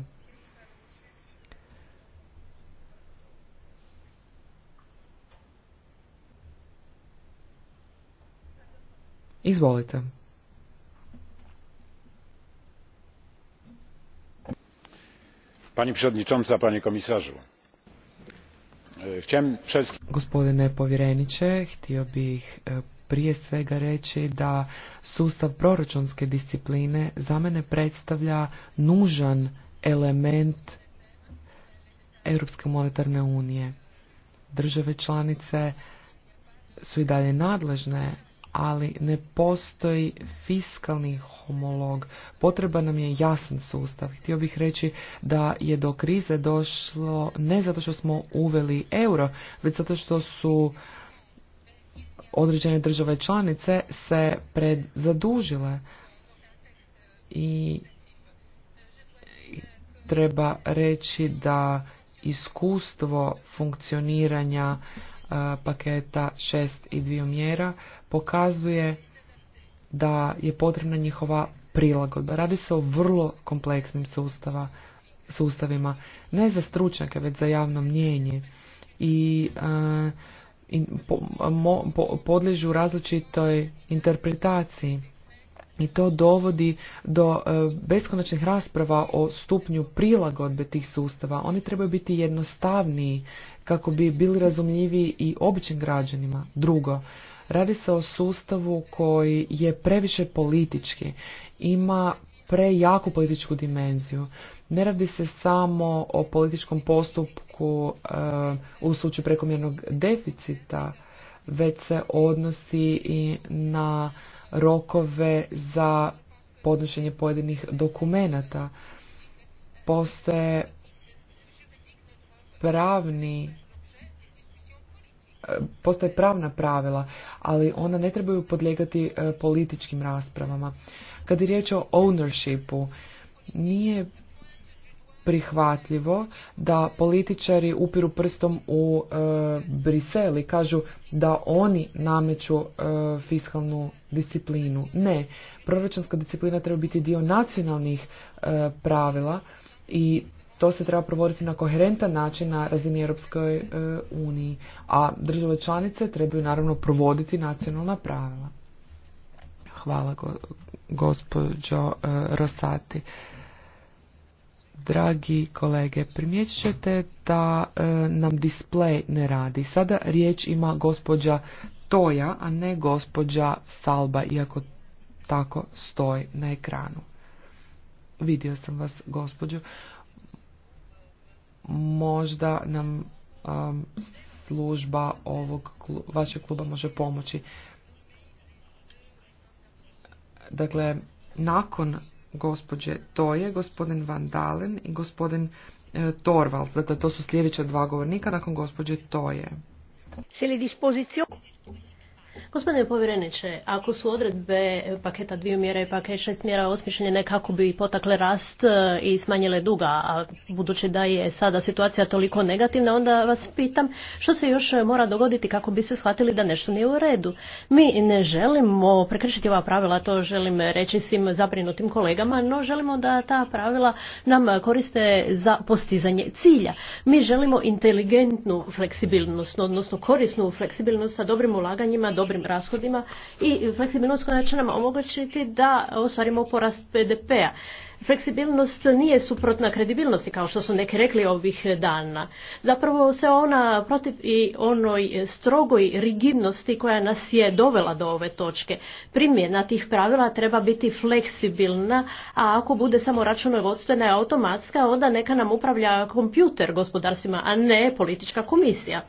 Izvolite. Pani przewodnicząca, panie komisarzu. E, Gospodine povjereniče, htio bih e, prije svega reći da sustav proračunske discipline za mene predstavlja nužan element Europske monetarne unije. Države članice su i dalje nadležne ali ne postoji fiskalni homolog. Potreba nam je jasan sustav. Htio bih reći da je do krize došlo ne zato što smo uveli euro, već zato što su određene države članice se predzadužile i treba reći da iskustvo funkcioniranja paketa šest i 2 mjera pokazuje da je potrebna njihova prilagodba. Radi se o vrlo kompleksnim sustava, sustavima, ne za stručnjake, već za javno mnjenje i, i podliježu različitoj interpretaciji i to dovodi do e, beskonačnih rasprava o stupnju prilagodbe tih sustava. Oni trebaju biti jednostavniji kako bi bili razumljiviji i običnim građanima. Drugo, radi se o sustavu koji je previše politički, ima prejaku političku dimenziju. Ne radi se samo o političkom postupku e, u slučaju prekomjernog deficita, već se odnosi i na rokove za podnošenje pojedinih dokumenata. Postoje pravni postoje pravna pravila, ali ona ne trebaju podlijegati e, političkim raspravama. Kad je riječ o ownershipu, nije prihvatljivo da političari upiru prstom u e, Brisel i kažu da oni nameću e, fiskalnu disciplinu. Ne, proračunska disciplina treba biti dio nacionalnih e, pravila i to se treba provoditi na koherentan način na razini Europskoj e, uniji, a države članice trebaju naravno provoditi nacionalna pravila. Hvala go, gospođo Rosati. Dragi kolege, primijetit ćete da e, nam display ne radi. Sada riječ ima gospođa Toja, a ne gospođa Salba, iako tako stoji na ekranu. Vidio sam vas, gospođo. Možda nam služba ovog vašeg kluba može pomoći. Dakle, nakon gospođe Toje, gospodin Van Dalen i gospodin e, Torvalds. Dakle, to su sljedeća dva govornika nakon gospođe Toje. Gospodine povjereniče, ako su odredbe paketa dvije mjere i paket šest mjera osmišljene kako bi potakle rast e, i smanjile duga, a budući da je sada situacija toliko negativna, onda vas pitam što se još mora dogoditi kako bi se shvatili da nešto nije u redu. Mi ne želimo prekršiti ova pravila, to želim reći svim zabrinutim kolegama, no želimo da ta pravila nam koriste za postizanje cilja. Mi želimo inteligentnu fleksibilnost, odnosno korisnu fleksibilnost sa dobrim ulaganjima dobrim rashodima i fleksibilnost koja će nam omogućiti da ostvarimo porast pdp a p-a. Fleksibilnost nije suprotna kredibilnosti, kao što su neki rekli ovih dana. Zapravo se ona protiv i onoj strogoj rigidnosti koja nas je dovela do ove točke. Primjena tih pravila treba biti fleksibilna, a ako bude samo računovodstvena i automatska, onda neka nam upravlja kompjuter gospodarstvima, a ne politička komisija.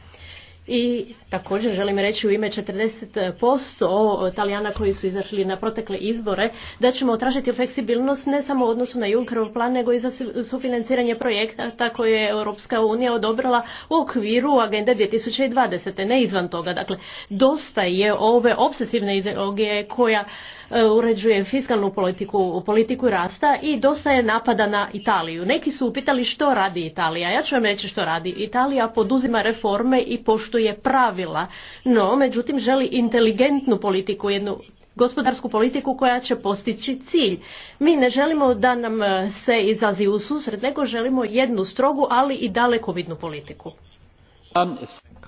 I također želim reći u ime 40% Talijana koji su izašli na protekle izbore da ćemo tražiti fleksibilnost ne samo u odnosu na Junckerov plan nego i za sufinanciranje projekta koje je Europska unija odobrila u okviru agende 2020. ne izvan toga. Dakle, dosta je ove obsesivne ideologije koja E, uređuje fiskalnu politiku, politiku rasta i dosta je napada na Italiju. Neki su upitali što radi Italija. Ja ću vam reći što radi. Italija poduzima reforme i poštuje pravila, no međutim želi inteligentnu politiku, jednu gospodarsku politiku koja će postići cilj. Mi ne želimo da nam e, se izazi u susret, nego želimo jednu strogu, ali i dalekovidnu politiku.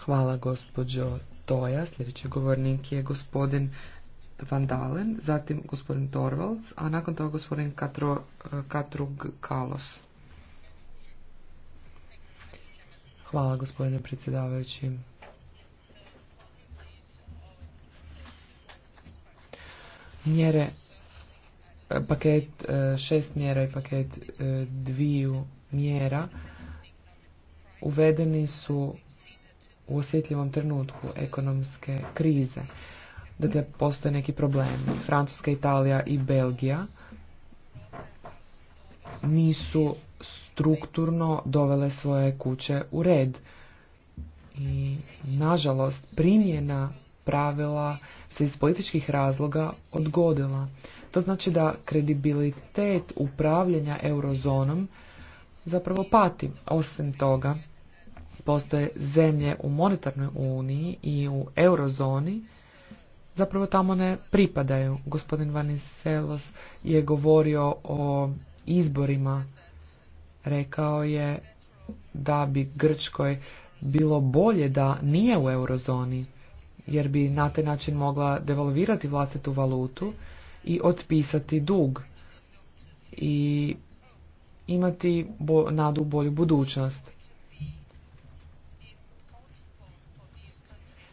Hvala gospođo Toja. Sljedeći govornik je gospodin Van zatim gospodin Torvalds, a nakon toga gospodin eh, Katrug Kalos. Hvala gospodine predsjedavajući. Mjere, eh, paket eh, šest mjera i paket dviju mjera uvedeni su u osjetljivom trenutku ekonomske krize dakle postoje neki problemi. Francuska, Italija i Belgija nisu strukturno dovele svoje kuće u red. I nažalost primjena pravila se iz političkih razloga odgodila. To znači da kredibilitet upravljanja eurozonom zapravo pati. Osim toga, postoje zemlje u monetarnoj uniji i u eurozoni zapravo tamo ne pripadaju. Gospodin Vaniselos je govorio o izborima. Rekao je da bi Grčkoj bilo bolje da nije u eurozoni, jer bi na taj način mogla devalvirati vlastitu valutu i otpisati dug i imati nadu bolju budućnost.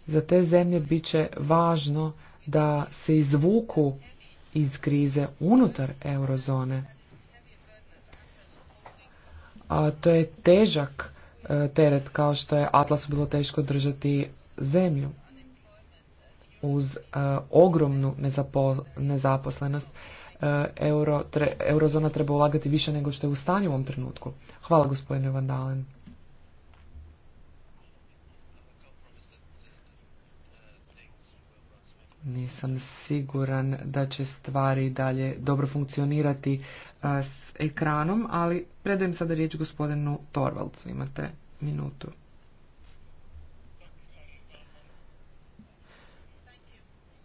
Za te zemlje bit će važno da se izvuku iz krize unutar eurozone. A to je težak e, teret kao što je Atlasu bilo teško držati zemlju uz e, ogromnu nezaposlenost. E, eurozona treba ulagati više nego što je u stanju u ovom trenutku. Hvala gospodine Vandalen. Nisam siguran da će stvari dalje dobro funkcionirati e, s ekranom, ali predajem sada riječ gospodinu Torvalcu. Imate minutu.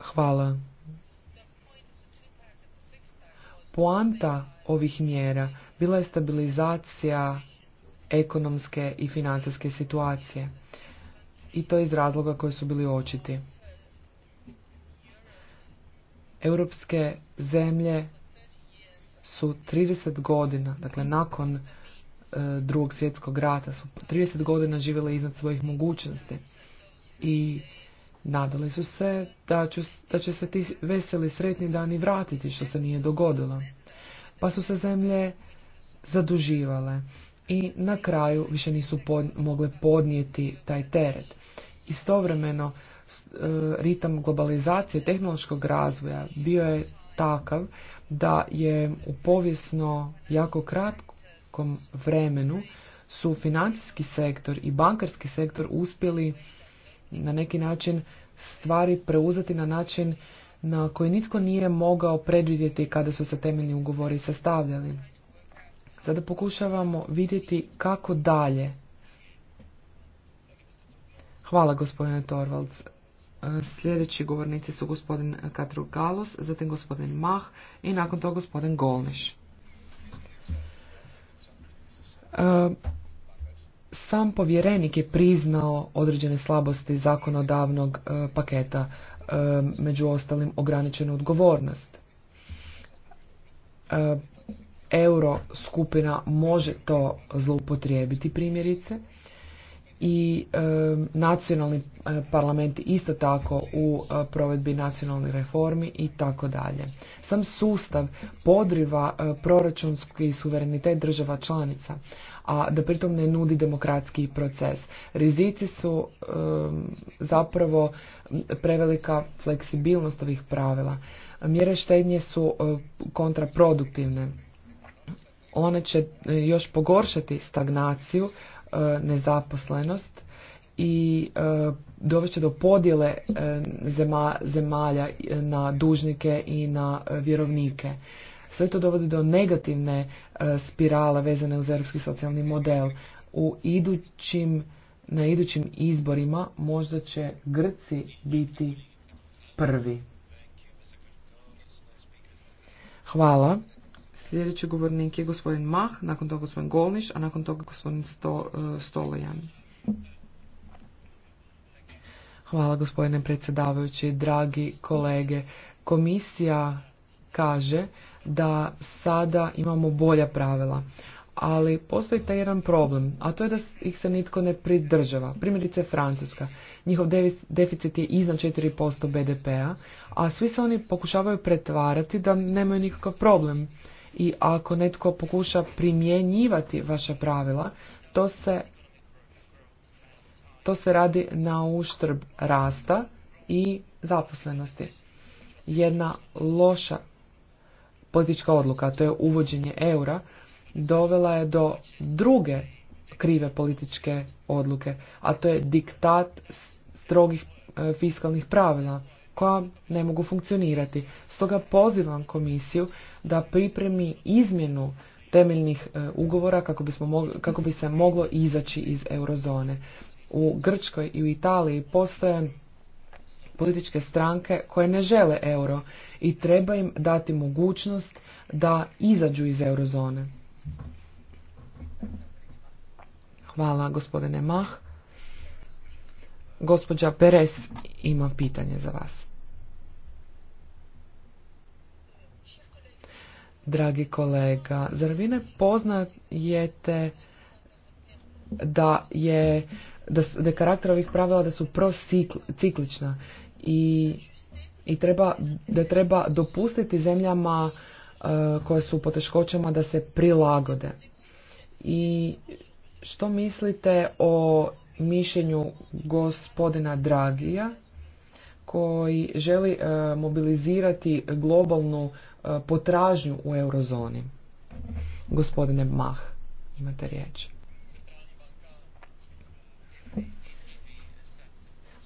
Hvala. Poanta ovih mjera bila je stabilizacija ekonomske i financijske situacije. I to iz razloga koje su bili očiti. Europske zemlje su 30 godina, dakle nakon e, drugog svjetskog rata, su 30 godina živjele iznad svojih mogućnosti i nadali su se da, ću, da će se ti veseli sretni dani vratiti što se nije dogodilo. Pa su se zemlje zaduživale i na kraju više nisu mogle podnijeti taj teret. Istovremeno E, ritam globalizacije tehnološkog razvoja bio je takav da je u povijesno jako kratkom vremenu su financijski sektor i bankarski sektor uspjeli na neki način stvari preuzeti na način na koji nitko nije mogao predvidjeti kada su se temeljni ugovori sastavljali. Sada pokušavamo vidjeti kako dalje. Hvala gospodine Torvalds. Sljedeći govornici su gospodin Katru Kalos, zatim gospodin Mah i nakon toga gospodin Golniš. E, sam povjerenik je priznao određene slabosti zakonodavnog e, paketa, e, među ostalim ograničenu odgovornost. Euro skupina može to zloupotrijebiti primjerice i e, nacionalni e, parlamenti isto tako u e, provedbi nacionalnih reformi i tako dalje. Sam sustav podriva proračunski suverenitet država članica, a da pritom ne nudi demokratski proces. Rizici su zapravo prevelika fleksibilnost ovih pravila. Mjere štednje su kontraproduktivne. One će još pogoršati stagnaciju, E, nezaposlenost i e, dovešće do podjele e, zemalja na dužnike i na vjerovnike. Sve to dovodi do negativne spirale vezane uz europski socijalni model. U idućim, na idućim izborima možda će Grci biti prvi. Hvala. Sljedeći govornik je gospodin Mah, nakon toga gospodin Golniš, a nakon toga gospodin Sto, e, Stolojan. Hvala gospodine predsjedavajući, dragi kolege. Komisija kaže da sada imamo bolja pravila, ali postoji taj jedan problem, a to je da ih se nitko ne pridržava. Primjerice Francuska, njihov deficit je iznad 4% BDP-a, a svi se oni pokušavaju pretvarati da nemaju nikakav problem i ako netko pokuša primjenjivati vaša pravila, to se, to se radi na uštrb rasta i zaposlenosti. Jedna loša politička odluka, to je uvođenje eura, dovela je do druge krive političke odluke, a to je diktat strogih e, fiskalnih pravila koja ne mogu funkcionirati. Stoga pozivam komisiju da pripremi izmjenu temeljnih e, ugovora kako, kako bi se moglo izaći iz eurozone. U Grčkoj i u Italiji postoje političke stranke koje ne žele euro i treba im dati mogućnost da izađu iz eurozone. Hvala gospodine Mah. Gospođa Perez ima pitanje za vas. Dragi kolega, zar vi ne poznajete da je da, da karakter ovih pravila da su prociklična i, i treba, da treba dopustiti zemljama e, koje su u poteškoćama da se prilagode. I što mislite o mišljenju gospodina Dragija koji želi e, mobilizirati globalnu e, potražnju u eurozoni. Gospodine Mah, imate riječ.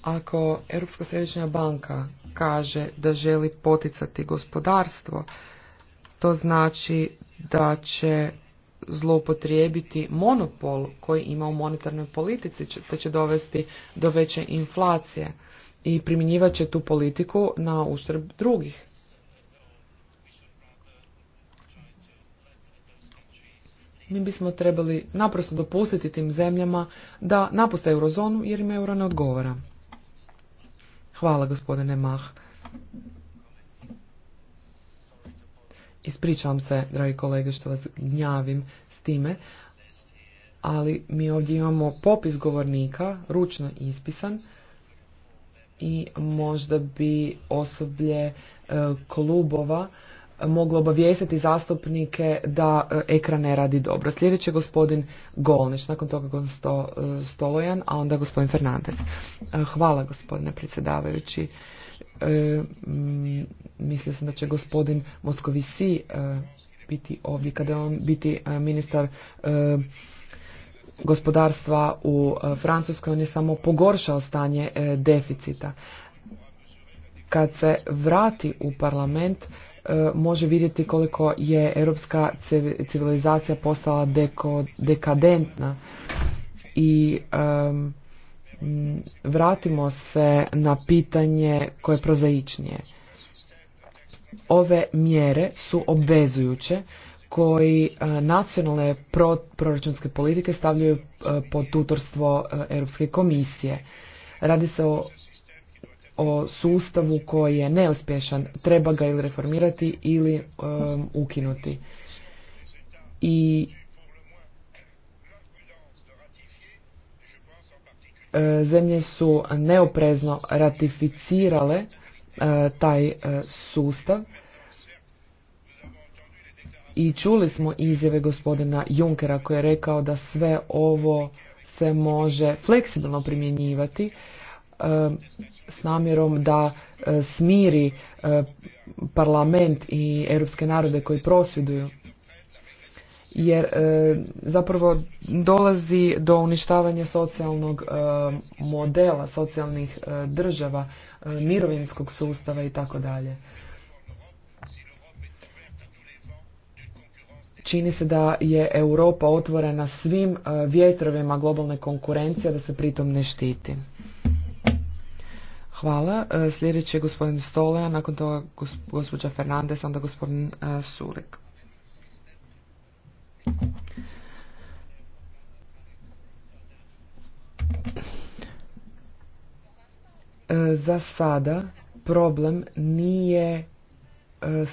Ako Europska središnja banka kaže da želi poticati gospodarstvo, to znači da će zloupotrijebiti monopol koji ima u monetarnoj politici, te će dovesti do veće inflacije i primjenjivat će tu politiku na uštrb drugih. Mi bismo trebali naprosto dopustiti tim zemljama da napuste eurozonu jer im euro ne odgovara. Hvala gospodine Mah. Ispričavam se, dragi kolege, što vas gnjavim s time, ali mi ovdje imamo popis govornika, ručno ispisan, i možda bi osoblje e, klubova moglo obavijestiti zastupnike da e, ekran ne radi dobro. Sljedeći gospodin Golnić, nakon toga gospodin e, Stolojan, a onda gospodin Fernandez. E, hvala gospodine predsjedavajući. mislio sam da će gospodin Moskovisi biti ovdje kada je on biti ministar gospodarstva u Francuskoj. On je samo pogoršao stanje deficita. Kad se vrati u parlament E, može vidjeti koliko je europska civilizacija postala deko, dekadentna i vratimo se na pitanje koje je prozaičnije. Ove mjere su obvezujuće koji e, nacionalne proračunske politike stavljaju e, pod tutorstvo Europske komisije. Radi se o o sustavu koji je neuspješan, treba ga ili reformirati ili ukinuti. I e, zemlje su neoprezno ratificirale e, taj e, sustav i čuli smo izjave gospodina Junkera koji je rekao da sve ovo se može fleksibilno primjenjivati Eh, s namjerom da eh, smiri eh, parlament i europske narode koji prosvjeduju jer zapravo dolazi do uništavanja socijalnog modela, socijalnih država, mirovinskog sustava i tako dalje. čini se da je Europa otvorena svim vjetrovima globalne konkurencije, da se pritom ne štiti. Hvala. E, sljedeći je gospodin Stole, nakon toga gospođa Fernandez, onda gospodin e, Sulik. E, za sada problem nije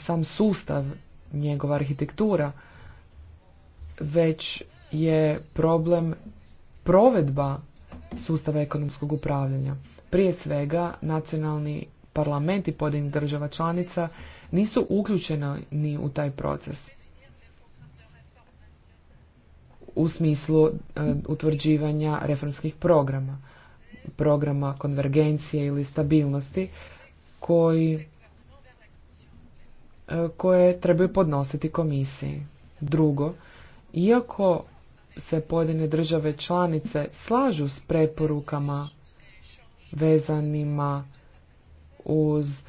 sam sustav, njegova arhitektura, već je problem provedba sustava ekonomskog upravljanja. Prije svega, nacionalni parlamenti pojedinih država članica nisu uključeni ni u taj proces u smislu e, utvrđivanja reformskih programa, programa konvergencije ili stabilnosti koji e, koje trebaju podnositi komisiji. Drugo, iako se pojedine države članice slažu s preporukama vezanima uz e,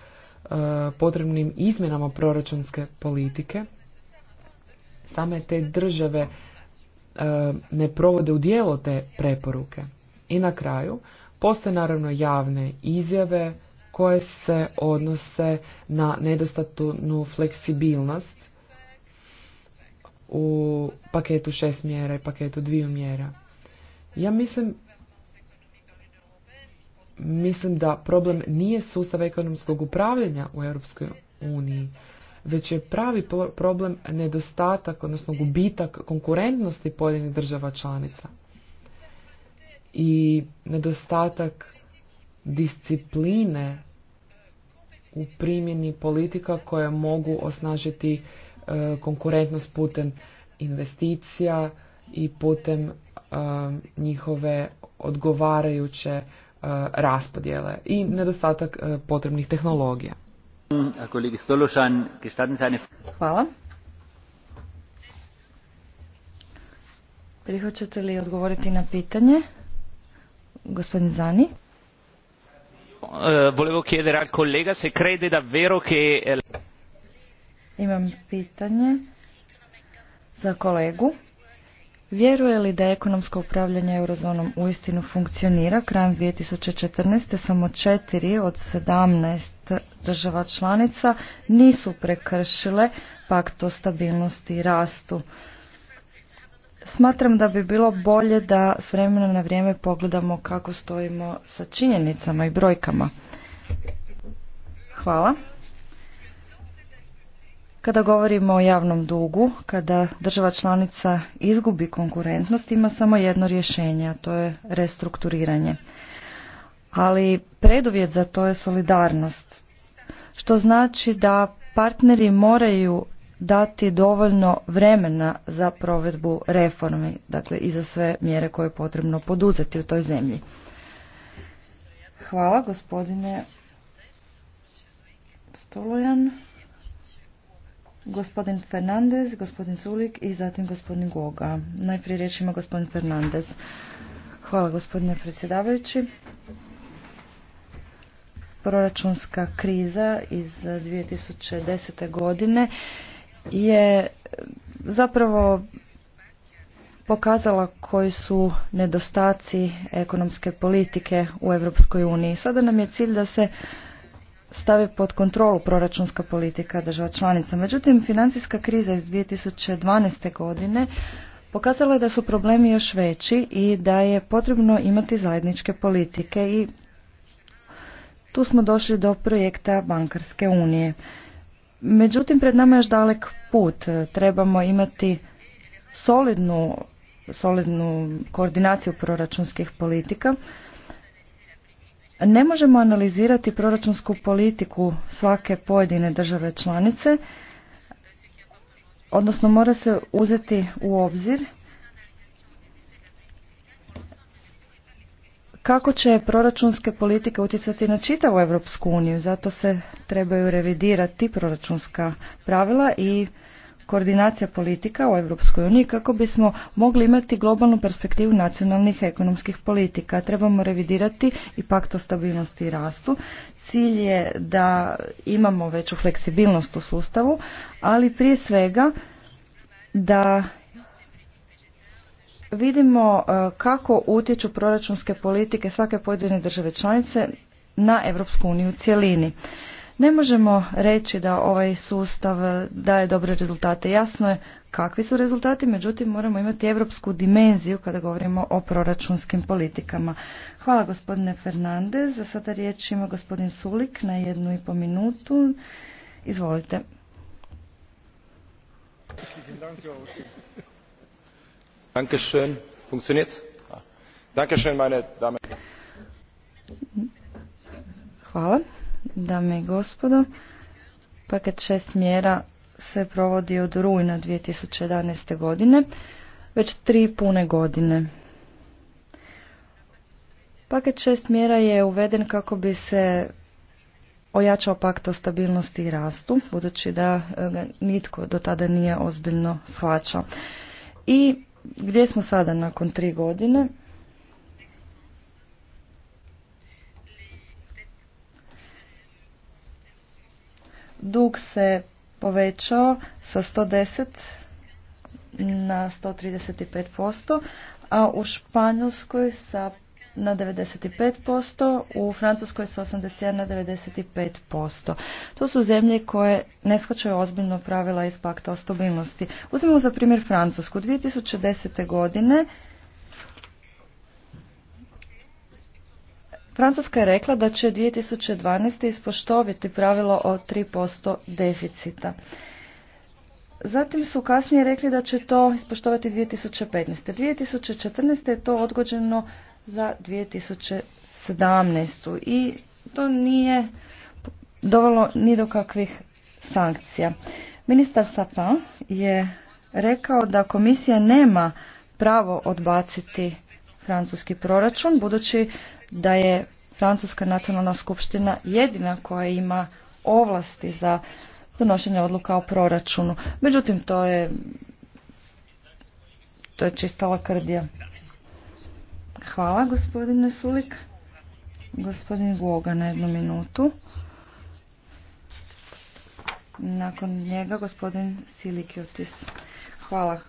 potrebnim izmjenama proračunske politike. Same te države e, ne provode u dijelo te preporuke. I na kraju, postoje naravno javne izjave koje se odnose na nedostatnu fleksibilnost u paketu šest mjera i paketu dviju mjera. Ja mislim mislim da problem nije sustav ekonomskog upravljanja u Europskoj uniji, već je pravi problem nedostatak, odnosno gubitak konkurentnosti pojedinih država članica i nedostatak discipline u primjeni politika koje mogu osnažiti e, konkurentnost putem investicija i putem e, njihove odgovarajuće E, raspodjele i nedostatak e, potrebnih tehnologija. Hvala. Prihoćete li odgovoriti na pitanje? Gospodin Zani. E, volevo chiedere al collega se crede davvero che... Eh, Imam pitanje za kolegu. Vjeruje li da ekonomsko upravljanje eurozonom uistinu funkcionira? Krajem 2014. samo četiri od 17 država članica nisu prekršile pakt o stabilnosti i rastu. Smatram da bi bilo bolje da s vremena na vrijeme pogledamo kako stojimo sa činjenicama i brojkama. Hvala. Kada govorimo o javnom dugu, kada država članica izgubi konkurentnost, ima samo jedno rješenje, a to je restrukturiranje. Ali preduvjet za to je solidarnost, što znači da partneri moraju dati dovoljno vremena za provedbu reformi, dakle i za sve mjere koje je potrebno poduzeti u toj zemlji. Hvala gospodine Stolojan gospodin Fernandez, gospodin Zulik i zatim gospodin Goga. Najprije riječ ima gospodin Fernandez. Hvala gospodine predsjedavajući. Proračunska kriza iz 2010. godine je zapravo pokazala koji su nedostaci ekonomske politike u Europskoj uniji. Sada nam je cilj da se stave pod kontrolu proračunska politika država članica. Međutim, financijska kriza iz 2012. godine pokazala je da su problemi još veći i da je potrebno imati zajedničke politike i tu smo došli do projekta Bankarske unije. Međutim, pred nama je još dalek put. Trebamo imati solidnu, solidnu koordinaciju proračunskih politika ne možemo analizirati proračunsku politiku svake pojedine države članice, odnosno mora se uzeti u obzir kako će proračunske politike utjecati na čitavu Europsku uniju. Zato se trebaju revidirati proračunska pravila i koordinacija politika u Europskoj uniji kako bismo mogli imati globalnu perspektivu nacionalnih ekonomskih politika. Trebamo revidirati i pakt o stabilnosti i rastu. Cilj je da imamo veću fleksibilnost u sustavu, ali prije svega da vidimo e, kako utječu proračunske politike svake pojedine države članice na Europsku uniju u cjelini. Ne možemo reći da ovaj sustav daje dobre rezultate. Jasno je kakvi su rezultati, međutim moramo imati europsku dimenziju kada govorimo o proračunskim politikama. Hvala gospodine Fernandez. Za sada riječ ima gospodin Sulik na jednu i po minutu. Izvolite. Ah. Hvala. Dame i gospodo, paket šest mjera se provodi od rujna 2011. godine, već tri pune godine. Paket šest mjera je uveden kako bi se ojačao pakt o stabilnosti i rastu, budući da e, ga nitko do tada nije ozbiljno shvaćao. I gdje smo sada nakon tri godine? Dug se povećao sa 110 na 135%, a u Španjolskoj sa na 95%, u Francuskoj sa 81 na 95%. To su zemlje koje ne shvaćaju ozbiljno pravila iz pakta o stabilnosti. Uzmimo za primjer Francusku. 2010. godine Francuska je rekla da će 2012. ispoštoviti pravilo o 3% deficita. Zatim su kasnije rekli da će to ispoštovati 2015. 2014. je to odgođeno za 2017. I to nije dovelo ni do kakvih sankcija. Ministar Sapin je rekao da komisija nema pravo odbaciti francuski proračun, budući da je Francuska nacionalna skupština jedina koja ima ovlasti za donošenje odluka o proračunu. Međutim, to je to je čista lakrdija. Hvala, gospodine Sulik. Gospodin Goga na jednu minutu. Nakon njega gospodin Silikiotis. Hvala,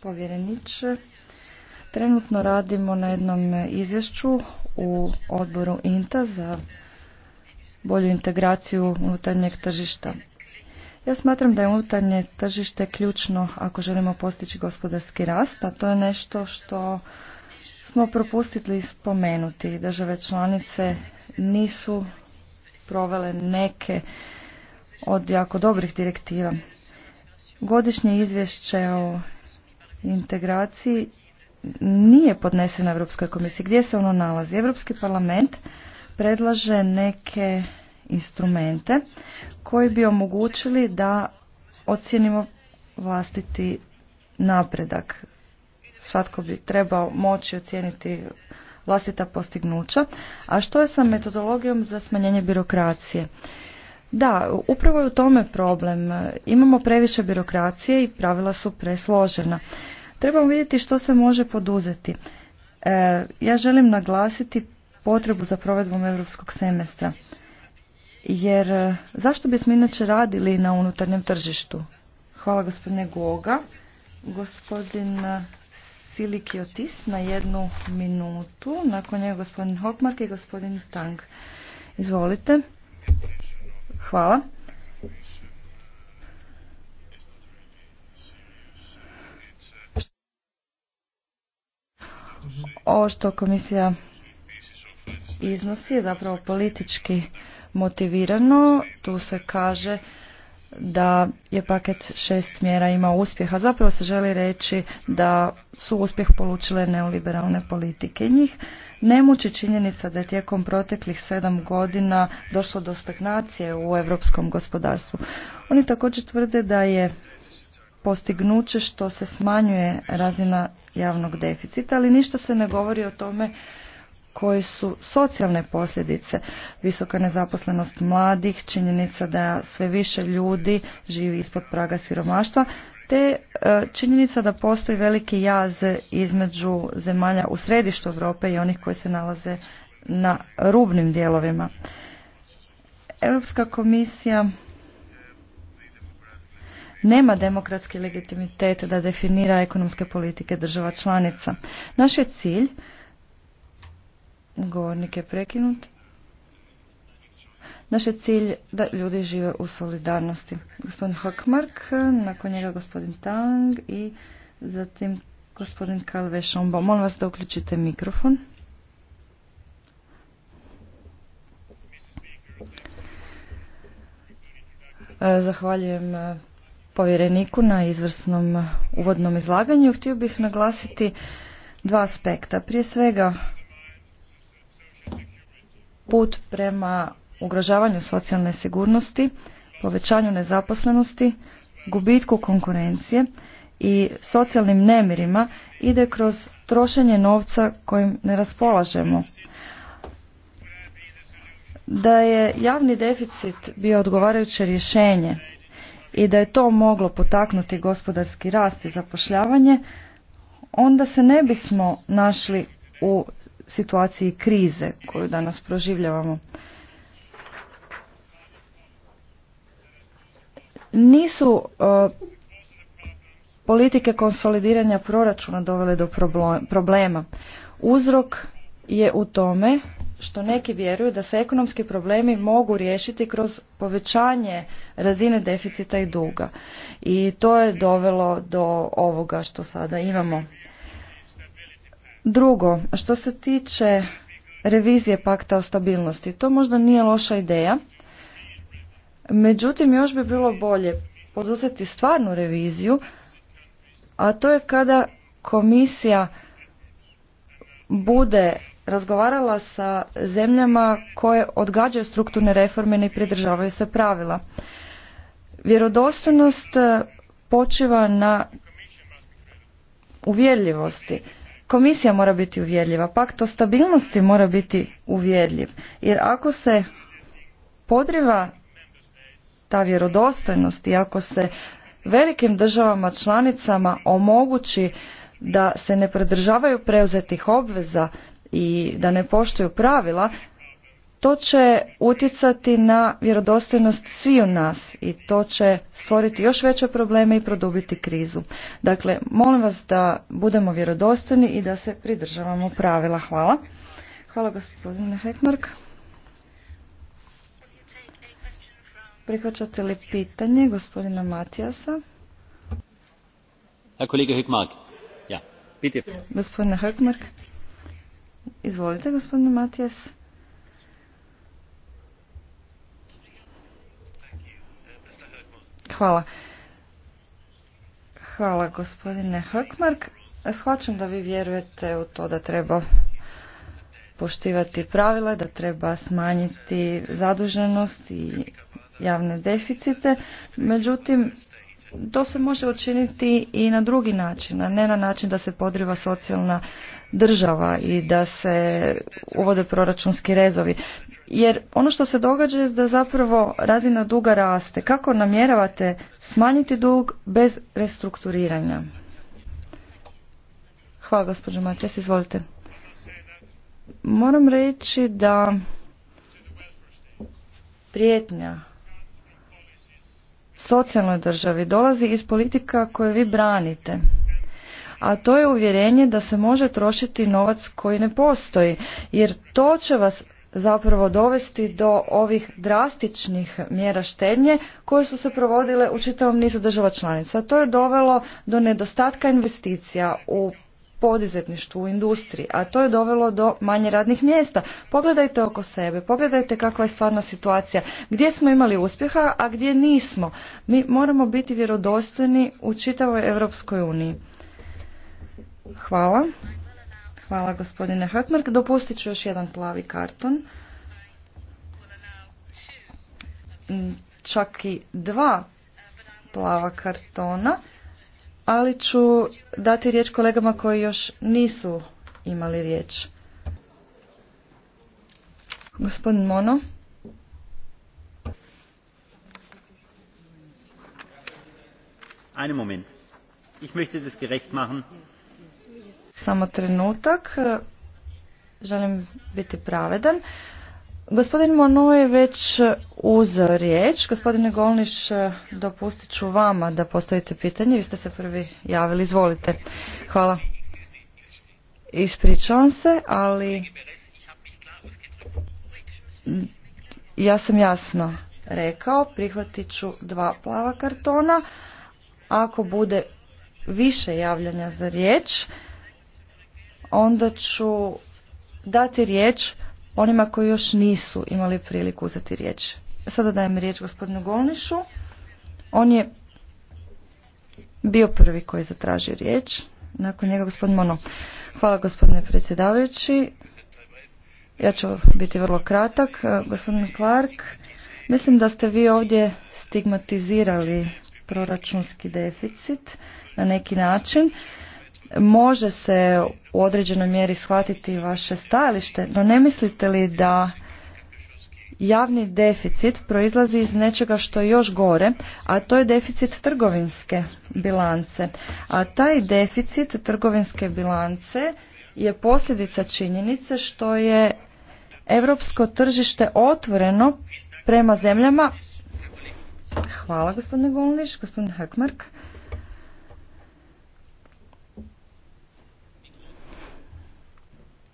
povjereniče. Trenutno radimo na jednom izvješću u odboru INTA za bolju integraciju unutarnjeg tržišta. Ja smatram da je unutarnje tržište ključno ako želimo postići gospodarski rast, a to je nešto što smo propustili spomenuti. Države članice nisu provele neke od jako dobrih direktiva. Godišnje izvješće o integraciji nije podneseno Europskoj komisiji. Gdje se ono nalazi? Europski parlament predlaže neke instrumente koji bi omogućili da ocijenimo vlastiti napredak. Svatko bi trebao moći ocijeniti vlastita postignuća. A što je sa metodologijom za smanjenje birokracije? Da, upravo je u tome problem. Imamo previše birokracije i pravila su presložena. Trebamo vidjeti što se može poduzeti. E, ja želim naglasiti potrebu za provedbom europskog semestra. Jer e, zašto bismo inače radili na unutarnjem tržištu? Hvala gospodine Goga. Gospodin e, Silikiotis na jednu minutu. Nakon njega gospodin Hokmark i gospodin Tang. Izvolite. Hvala. Ovo što komisija iznosi je zapravo politički motivirano. Tu se kaže da je paket šest mjera imao uspjeha. Zapravo se želi reći da su uspjeh polučile neoliberalne politike njih. Ne muči činjenica da je tijekom proteklih sedam godina došlo do stagnacije u europskom gospodarstvu. Oni također tvrde da je postignuće što se smanjuje razina javnog deficita, ali ništa se ne govori o tome koje su socijalne posljedice, visoka nezaposlenost mladih, činjenica da sve više ljudi živi ispod praga siromaštva, te e, činjenica da postoji veliki jaz između zemalja u središtu Europe i onih koji se nalaze na rubnim dijelovima. Europska komisija nema demokratski legitimitet da definira ekonomske politike država članica. Naš je cilj, govornik je prekinut, naš je cilj da ljudi žive u solidarnosti. Gospodin Hockmark, nakon njega gospodin Tang i zatim gospodin Kalve Šombo. Molim vas da uključite mikrofon. Zahvaljujem povjereniku na izvrsnom uvodnom izlaganju. Htio bih naglasiti dva aspekta. Prije svega put prema ugrožavanju socijalne sigurnosti, povećanju nezaposlenosti, gubitku konkurencije i socijalnim nemirima ide kroz trošenje novca kojim ne raspolažemo. Da je javni deficit bio odgovarajuće rješenje i da je to moglo potaknuti gospodarski rast i zapošljavanje, onda se ne bismo našli u situaciji krize koju danas proživljavamo. Nisu e, politike konsolidiranja proračuna dovele do problema. Uzrok je u tome što neki vjeruju da se ekonomski problemi mogu riješiti kroz povećanje razine deficita i duga. I to je dovelo do ovoga što sada imamo. Drugo, što se tiče revizije pakta o stabilnosti, to možda nije loša ideja. Međutim, još bi bilo bolje poduzeti stvarnu reviziju, a to je kada komisija bude razgovarala sa zemljama koje odgađaju strukturne reforme i ne pridržavaju se pravila. Vjerodostojnost e, počiva na uvjerljivosti. Komisija mora biti uvjerljiva, pak to stabilnosti mora biti uvjerljiv. Jer ako se podriva ta vjerodostojnost i ako se velikim državama članicama omogući da se ne pridržavaju preuzetih obveza i da ne poštuju pravila, to će utjecati na vjerodostojnost sviju nas i to će stvoriti još veće probleme i produbiti krizu. Dakle, molim vas da budemo vjerodostojni i da se pridržavamo pravila. Hvala. Hvala gospodine Hekmark. Prihvaćate li pitanje gospodina Matijasa? Kolega Hekmark. Ja, Gospodine Hekmark. Izvolite, gospodine Matijas. Hvala. Hvala, gospodine Hökmark. Shvaćam da vi vjerujete u to da treba poštivati pravila, da treba smanjiti zaduženost i javne deficite. Međutim, to se može učiniti i na drugi način, a ne na način da se podriva socijalna država i da se uvode proračunski rezovi. Jer ono što se događa je da zapravo razina duga raste. Kako namjeravate smanjiti dug bez restrukturiranja? Hvala gospođo Matijas, izvolite. Moram reći da prijetnja socijalnoj državi dolazi iz politika koje vi branite a to je uvjerenje da se može trošiti novac koji ne postoji, jer to će vas zapravo dovesti do ovih drastičnih mjera štednje koje su se provodile u čitavom nizu država članica. To je dovelo do nedostatka investicija u poduzetništvu, u industriji, a to je dovelo do manje radnih mjesta. Pogledajte oko sebe, pogledajte kakva je stvarna situacija, gdje smo imali uspjeha, a gdje nismo. Mi moramo biti vjerodostojni u čitavoj Europskoj uniji. Hvala. Hvala gospodine Hökmark. Dopustit ću još jedan plavi karton. Mm, čak i dva plava kartona, ali ću dati riječ kolegama koji još nisu imali riječ. Gospodin Mono. Einen Moment. Ich möchte das gerecht machen. Samo trenutak. Želim biti pravedan. Gospodin Mono je već uzeo riječ. Gospodine Golniš, dopustit ću vama da postavite pitanje. Vi ste se prvi javili. Izvolite. Hvala. Ispričavam se, ali ja sam jasno rekao, prihvatit ću dva plava kartona. Ako bude više javljanja za riječ, onda ću dati riječ onima koji još nisu imali priliku uzeti riječ. Sada dajem riječ gospodinu Golnišu. On je bio prvi koji je zatražio riječ. Nakon njega gospodin Mono. Hvala gospodine predsjedavajući. Ja ću biti vrlo kratak. Gospodin Clark, mislim da ste vi ovdje stigmatizirali proračunski deficit na neki način može se u određenoj mjeri shvatiti vaše stajalište, no ne mislite li da javni deficit proizlazi iz nečega što je još gore, a to je deficit trgovinske bilance. A taj deficit trgovinske bilance je posljedica činjenice što je europsko tržište otvoreno prema zemljama Hvala gospodine Golniš, gospodine Hakmark.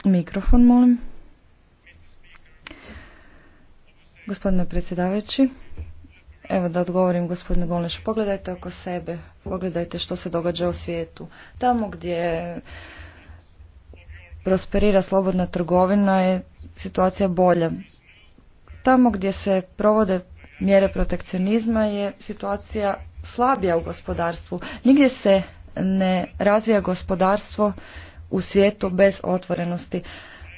Mikrofon, molim. Gospodine predsjedavajući, evo da odgovorim gospodine Golnešu. pogledajte oko sebe, pogledajte što se događa u svijetu. Tamo gdje prosperira slobodna trgovina je situacija bolja. Tamo gdje se provode mjere protekcionizma je situacija slabija u gospodarstvu. Nigdje se ne razvija gospodarstvo u svijetu bez otvorenosti.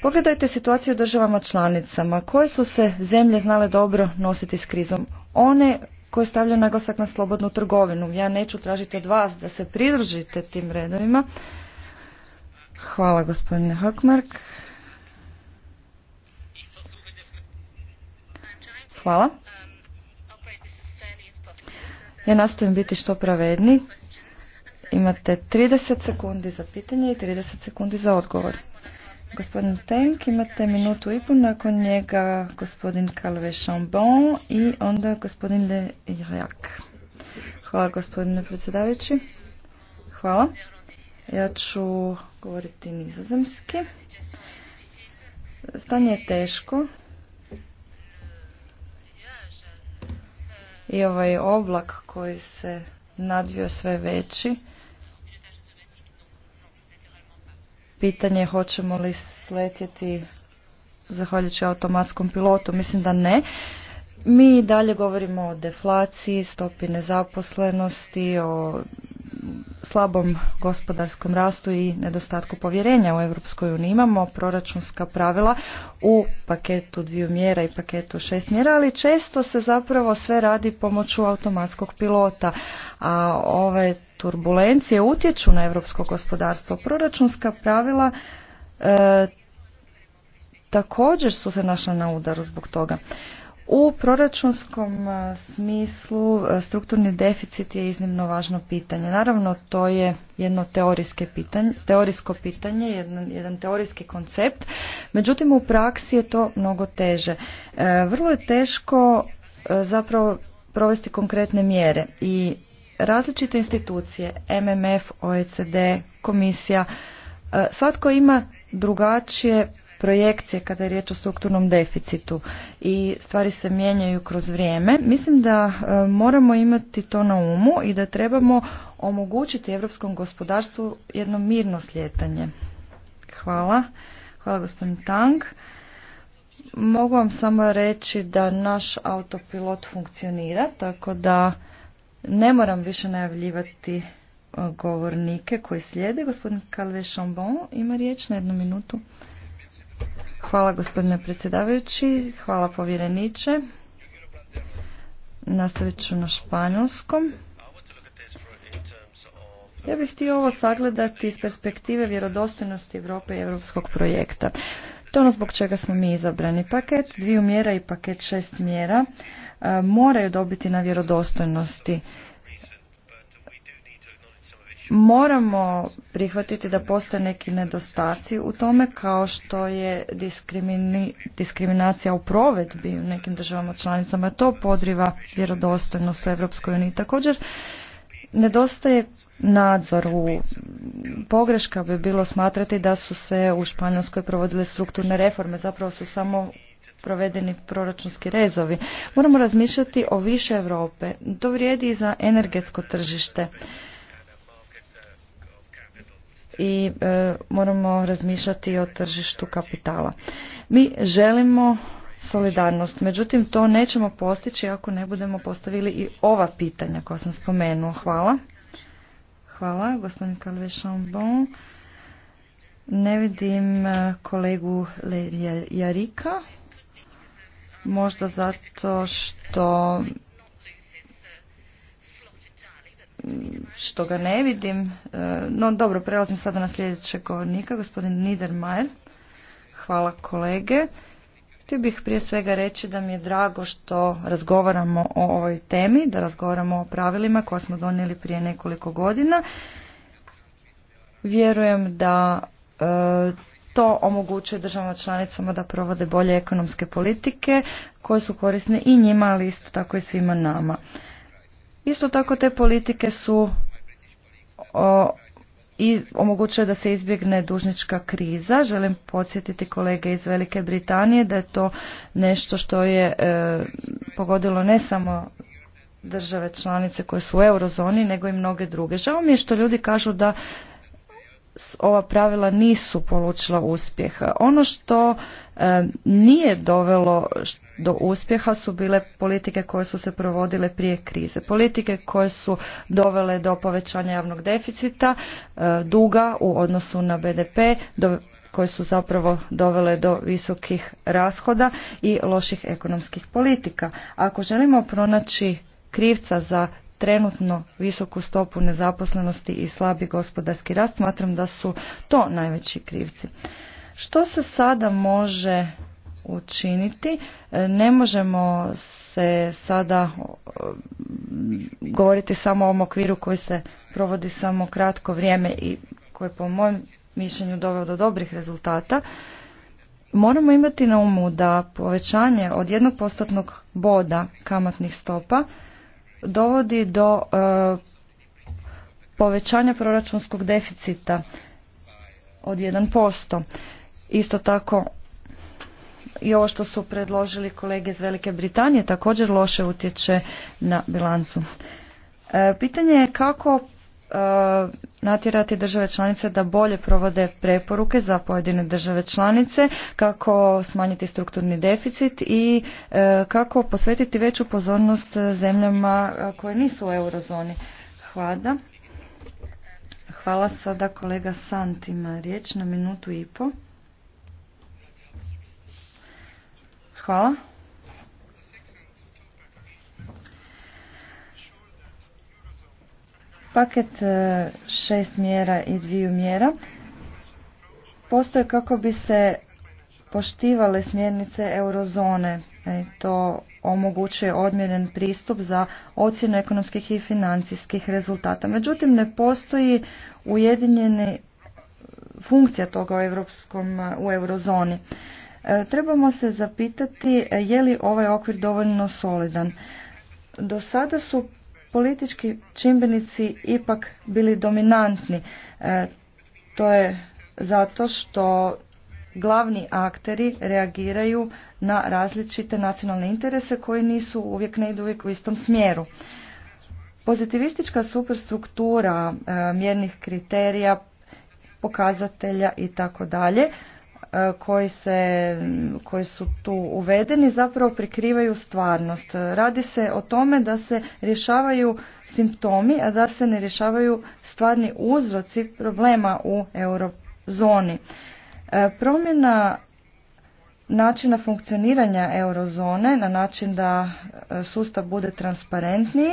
Pogledajte situaciju u državama članicama. Koje su se zemlje znale dobro nositi s krizom? One koje stavljaju naglasak na slobodnu trgovinu. Ja neću tražiti od vas da se pridržite tim redovima. Hvala gospodine Hockmark. Hvala. Ja nastojim biti što pravedniji Imate 30 sekundi za pitanje i 30 sekundi za odgovor. Gospodin Tenk, imate minutu i pol, nakon njega gospodin Calve Chambon i onda gospodin Le Irak. Hvala gospodine predsjedavajući. Hvala. Ja ću govoriti nizozemski. Stanje je teško. I ovaj oblak koji se nadvio sve veći pitanje hoćemo li sletjeti zahvaljujući automatskom pilotu. Mislim da ne. Mi dalje govorimo o deflaciji, stopi nezaposlenosti, o slabom gospodarskom rastu i nedostatku povjerenja u Europskoj uniji. Imamo proračunska pravila u paketu dviju mjera i paketu šest mjera, ali često se zapravo sve radi pomoću automatskog pilota, a ove turbulencije utječu na europsko gospodarstvo. Proračunska pravila e, također su se našla na udaru zbog toga. U proračunskom e, smislu e, strukturni deficit je iznimno važno pitanje. Naravno, to je jedno teorijsko pitanje, jedan, jedan teorijski koncept. Međutim, u praksi je to mnogo teže. E, vrlo je teško zapravo provesti konkretne mjere i različite institucije, MMF, OECD, komisija, svatko ima drugačije projekcije kada je riječ o strukturnom deficitu i stvari se mijenjaju kroz vrijeme. Mislim da e, moramo imati to na umu i da trebamo omogućiti europskom gospodarstvu jedno mirno slijetanje. Hvala. Hvala gospodin Tang. Mogu vam samo reći da naš autopilot funkcionira, tako da ne moram više najavljivati e, govornike koji slijede. Gospodin Calvé Chambon ima riječ na jednu minutu. Hvala gospodine predsjedavajući, hvala povjereniče. Nastavit ću na španjolskom. Ja bih htio ovo sagledati iz perspektive vjerodostojnosti Europe i europskog projekta. To je ono zbog čega smo mi izabrani paket, dviju mjera i paket šest mjera moraju dobiti na vjerodostojnosti moramo prihvatiti da postoje neki nedostaci u tome kao što je diskriminacija u provedbi u nekim državama članicama. To podriva vjerodostojnost u Europskoj uniji. Također, nedostaje nadzor u pogreška bi bilo smatrati da su se u Španjolskoj provodile strukturne reforme, zapravo su samo provedeni proračunski rezovi. Moramo razmišljati o više Europe. To vrijedi i za energetsko tržište i e, moramo razmišljati o tržištu kapitala. Mi želimo solidarnost, međutim to nećemo postići ako ne budemo postavili i ova pitanja koja sam spomenuo. Hvala. Hvala, gospodin Calvé Chambon. Ne vidim e, kolegu Jarika, možda zato što što ga ne vidim. E, no dobro, prelazim sada na sljedećeg govornika, gospodin Niedermayer. Hvala kolege. Htio bih prije svega reći da mi je drago što razgovaramo o ovoj temi, da razgovaramo o pravilima koje smo donijeli prije nekoliko godina. Vjerujem da e, to omogućuje državama članicama da provode bolje ekonomske politike koje su korisne i njima, ali isto tako i svima nama. Isto tako te politike su o, i omogućuje da se izbjegne dužnička kriza. Želim podsjetiti kolege iz Velike Britanije da je to nešto što je e, pogodilo ne samo države članice koje su u eurozoni, nego i mnoge druge. Žao mi je što ljudi kažu da ova pravila nisu polučila uspjeha. Ono što e, nije dovelo do uspjeha su bile politike koje su se provodile prije krize. Politike koje su dovele do povećanja javnog deficita, e, duga u odnosu na BDP, koje su zapravo dovele do visokih rashoda i loših ekonomskih politika. Ako želimo pronaći krivca za trenutno visoku stopu nezaposlenosti i slabi gospodarski rast, smatram da su to najveći krivci. Što se sada može učiniti? E, ne možemo se sada e, govoriti samo o ovom okviru koji se provodi samo kratko vrijeme i koji po mojem mišljenju doveo do dobrih rezultata. Moramo imati na umu da povećanje od jednog postotnog boda kamatnih stopa dovodi do e, povećanja proračunskog deficita od 1%. Isto tako i ovo što su predložili kolege iz Velike Britanije također loše utječe na bilancu. E, pitanje je kako E, natjerati države članice da bolje provode preporuke za pojedine države članice, kako smanjiti strukturni deficit i e, kako posvetiti veću pozornost zemljama e, koje nisu u eurozoni. Hvala. Hvala sada kolega Santima. riječ na minutu i po. Hvala. Paket e, šest mjera i dviju mjera postoje kako bi se poštivale smjernice eurozone. i e, to omogućuje odmjeren pristup za ocjenu ekonomskih i financijskih rezultata. Međutim, ne postoji ujedinjeni funkcija toga u, Evropskom, e, u eurozoni. trebamo se zapitati je li ovaj okvir dovoljno solidan. Do sada su politički čimbenici ipak bili dominantni. E, to je zato što glavni akteri reagiraju na različite nacionalne interese koji nisu uvijek ne idu uvijek u istom smjeru. Pozitivistička superstruktura e, mjernih kriterija, pokazatelja i tako dalje E, koji, se, koji su tu uvedeni zapravo prikrivaju stvarnost. Radi se o tome da se rješavaju simptomi, a da se ne rješavaju stvarni uzroci problema u eurozoni. E, promjena načina funkcioniranja eurozone na način da e, sustav bude transparentniji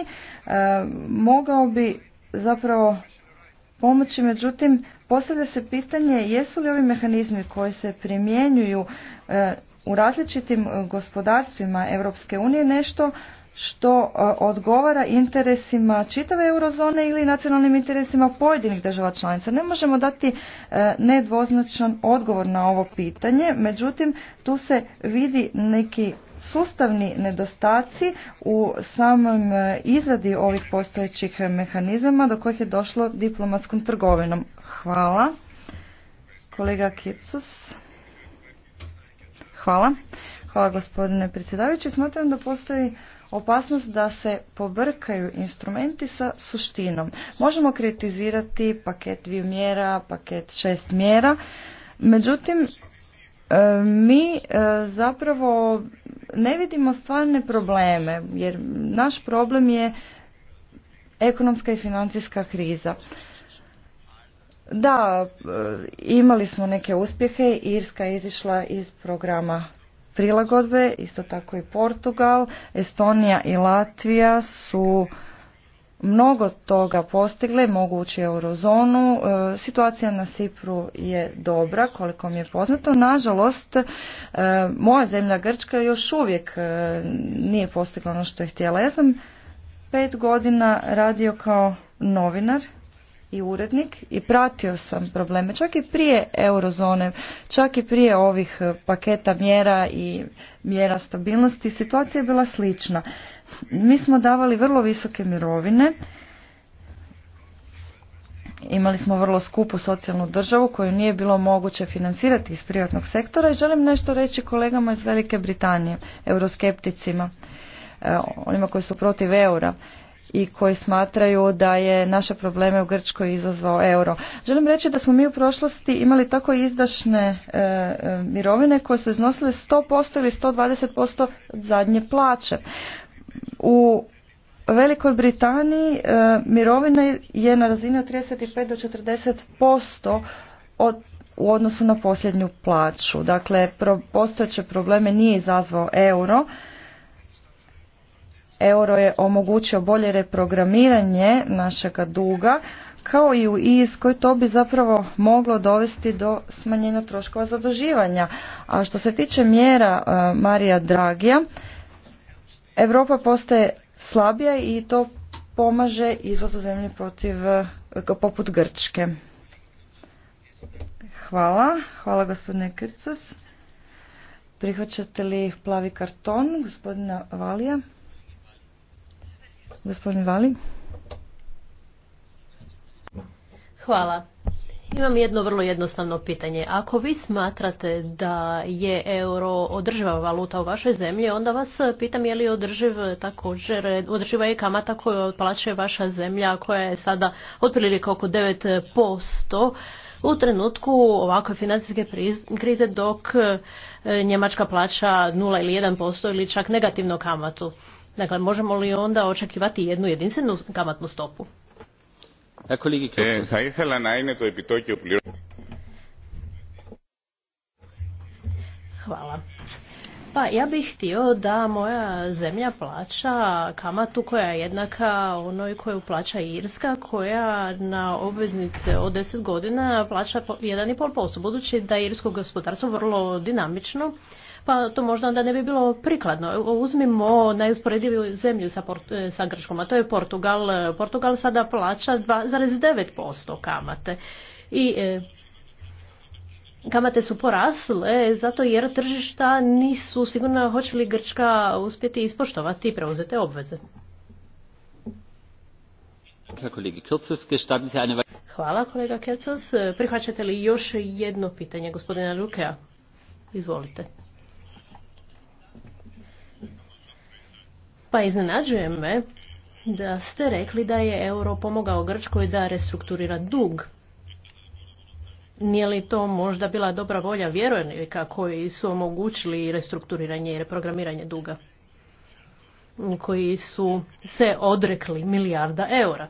mogao bi zapravo pomoći, međutim postavlja se pitanje jesu li ovi mehanizmi koji se primjenjuju e, u različitim e, gospodarstvima Europske unije nešto što e, odgovara interesima čitave eurozone ili nacionalnim interesima pojedinih država članica. Ne možemo dati nedvoznačan odgovor na ovo pitanje, međutim tu se vidi neki sustavni nedostaci u samom e, izradi ovih postojećih mehanizama do kojih je došlo diplomatskom trgovinom. Hvala. Kolega Kicus. Hvala. Hvala gospodine predsjedavajući. Smatram da postoji opasnost da se pobrkaju instrumenti sa suštinom. Možemo kritizirati paket dviju mjera, paket šest mjera, međutim E, mi e, zapravo ne vidimo stvarne probleme jer naš problem je ekonomska i financijska kriza. Da, e, imali smo neke uspjehe, Irska je izišla iz programa prilagodbe, isto tako i Portugal, Estonija i Latvija su mnogo toga postigle, mogu ući eurozonu. E, situacija na Sipru je dobra, koliko mi je poznato. Nažalost, e, moja zemlja Grčka još uvijek e, nije postigla ono što je htjela. Ja sam pet godina radio kao novinar i urednik i pratio sam probleme čak i prije eurozone, čak i prije ovih paketa mjera i mjera stabilnosti situacija je bila slična. Mi smo davali vrlo visoke mirovine, imali smo vrlo skupu socijalnu državu koju nije bilo moguće financirati iz privatnog sektora i želim nešto reći kolegama iz Velike Britanije, euroskepticima, e, onima koji su protiv eura i koji smatraju da je naše probleme u Grčkoj izazvao euro. Želim reći da smo mi u prošlosti imali tako izdašne e, e, mirovine koje su iznosile 100% ili 120% zadnje plaće. U Velikoj Britaniji e, mirovina je na razini od 35 do 40% od u odnosu na posljednju plaću. Dakle, postojeće probleme nije izazvao euro. Euro je omogućio bolje reprogramiranje našega duga, kao i u Iskoj to bi zapravo moglo dovesti do smanjenja troškova zaduživanja. A što se tiče mjera e, Marija Dragija, Europa postaje slabija i to pomaže izlazu zemlje protiv, eh, poput Grčke. Hvala. Hvala gospodine Krcos. Prihvaćate li plavi karton gospodina Valija? Gospodin Vali. Hvala. Imam jedno vrlo jednostavno pitanje. Ako vi smatrate da je euro održiva valuta u vašoj zemlji, onda vas pitam je li održiv također, održiva je kamata koju otplaćuje vaša zemlja koja je sada otprilike oko 9% u trenutku ovakve financijske krize dok e, Njemačka plaća 0 ili 1% ili čak negativnu kamatu. Dakle, možemo li onda očekivati jednu jedinstvenu kamatnu stopu? Hvala. Pa ja bih htio da moja zemlja plaća kamatu koja je jednaka onoj koju plaća Irska, koja na obveznice od 10 godina plaća 1,5%. Budući da je irsko gospodarstvo vrlo dinamično, pa to možda onda ne bi bilo prikladno. Uzmimo najusporediviju zemlju sa, sa Grčkom, a to je Portugal. Portugal sada plaća 2,9% kamate. I e, kamate su porasle zato jer tržišta nisu sigurno hoće li Grčka uspjeti ispoštovati preuzete obveze. Hvala kolega Kecos Prihvaćate li još jedno pitanje gospodina Lukea? Izvolite. Pa iznenađuje me da ste rekli da je euro pomogao Grčkoj da restrukturira dug. Nije li to možda bila dobra volja vjerojnika koji su omogućili restrukturiranje i reprogramiranje duga? Koji su se odrekli milijarda eura.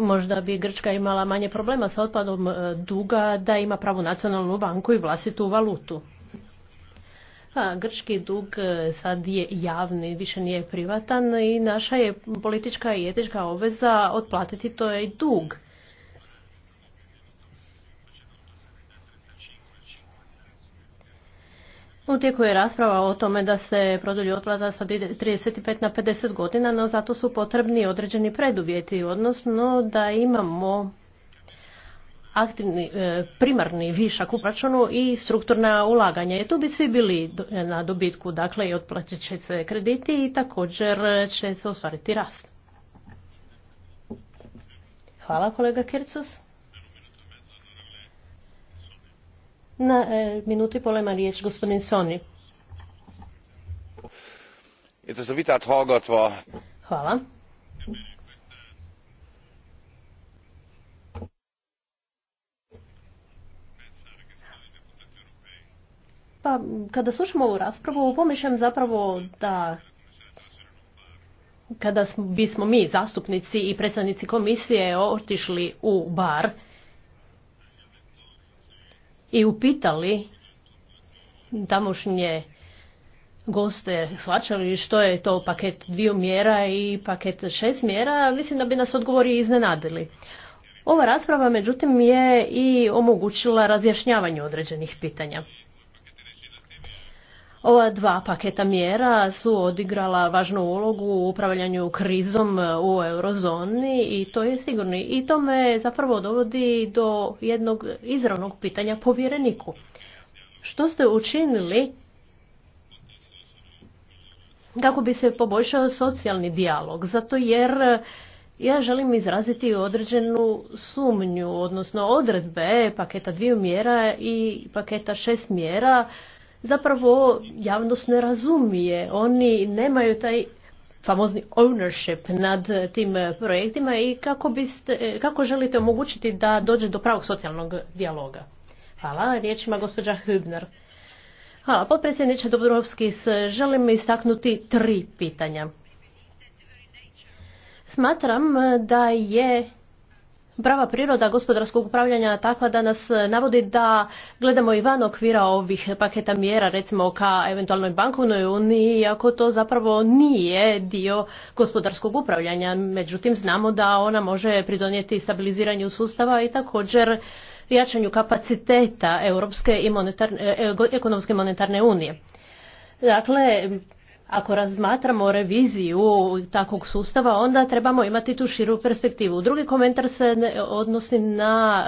Možda bi Grčka imala manje problema sa otpadom e, duga da ima pravu nacionalnu banku i vlastitu valutu. A, grčki dug e, sad je javni, više nije privatan i naša je politička i etička obveza otplatiti to je dug. U tijeku je rasprava o tome da se produlji otplata sa 35 na 50 godina, no zato su potrebni određeni preduvjeti, odnosno da imamo aktivni e, primarni višak u proračunu i strukturna ulaganja. I tu bi svi bili na dobitku, dakle i otplatit će se krediti i također će se ostvariti rast. Hvala kolega Kircos. Na e, minutu i pola ima riječ gospodin Soni. Hvala. Pa, kada slušamo ovu raspravu, pomišljam zapravo da kada bismo mi, zastupnici i predstavnici komisije, otišli u bar, i upitali tamošnje goste shvaćali što je to paket dviju mjera i paket šest mjera, mislim da bi nas odgovori iznenadili. Ova rasprava međutim je i omogućila razjašnjavanje određenih pitanja. Ova dva paketa mjera su odigrala važnu ulogu u upravljanju krizom u eurozoni i to je sigurno. I to me zapravo dovodi do jednog izravnog pitanja povjereniku. Što ste učinili kako bi se poboljšao socijalni dijalog? Zato jer ja želim izraziti određenu sumnju, odnosno odredbe paketa dviju mjera i paketa šest mjera zapravo javnost ne razumije. Oni nemaju taj famozni ownership nad tim projektima i kako, biste, kako želite omogućiti da dođe do pravog socijalnog dijaloga? Hvala. Riječ ima gospođa Hübner. Hvala. Potpredsjedniče Dobrovski, želim istaknuti tri pitanja. Smatram da je Prava priroda gospodarskog upravljanja takva da nas eh, navodi da gledamo i van okvira ovih paketa mjera, recimo ka eventualnoj bankovnoj uniji, ako to zapravo nije dio gospodarskog upravljanja. Međutim, znamo da ona može pridonijeti stabiliziranju sustava i također jačanju kapaciteta Europske i monetarne, eh, eh, ekonomske monetarne unije. Dakle, ako razmatramo reviziju takvog sustava, onda trebamo imati tu širu perspektivu. Drugi komentar se odnosi na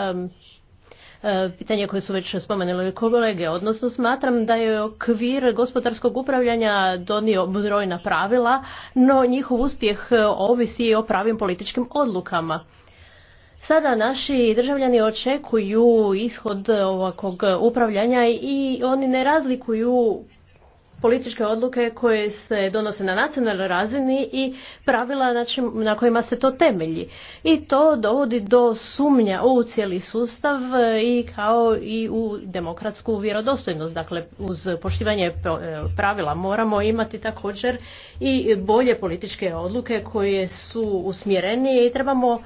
pitanje koje su već spomenuli kolege, odnosno smatram da je okvir gospodarskog upravljanja donio brojna pravila, no njihov uspjeh ovisi i o pravim političkim odlukama. Sada naši državljani očekuju ishod ovakvog upravljanja i oni ne razlikuju političke odluke koje se donose na nacionalnoj razini i pravila na kojima se to temelji. I to dovodi do sumnja u cijeli sustav i kao i u demokratsku vjerodostojnost. Dakle, uz poštivanje e, pravila moramo imati također i bolje političke odluke koje su usmjerenije i trebamo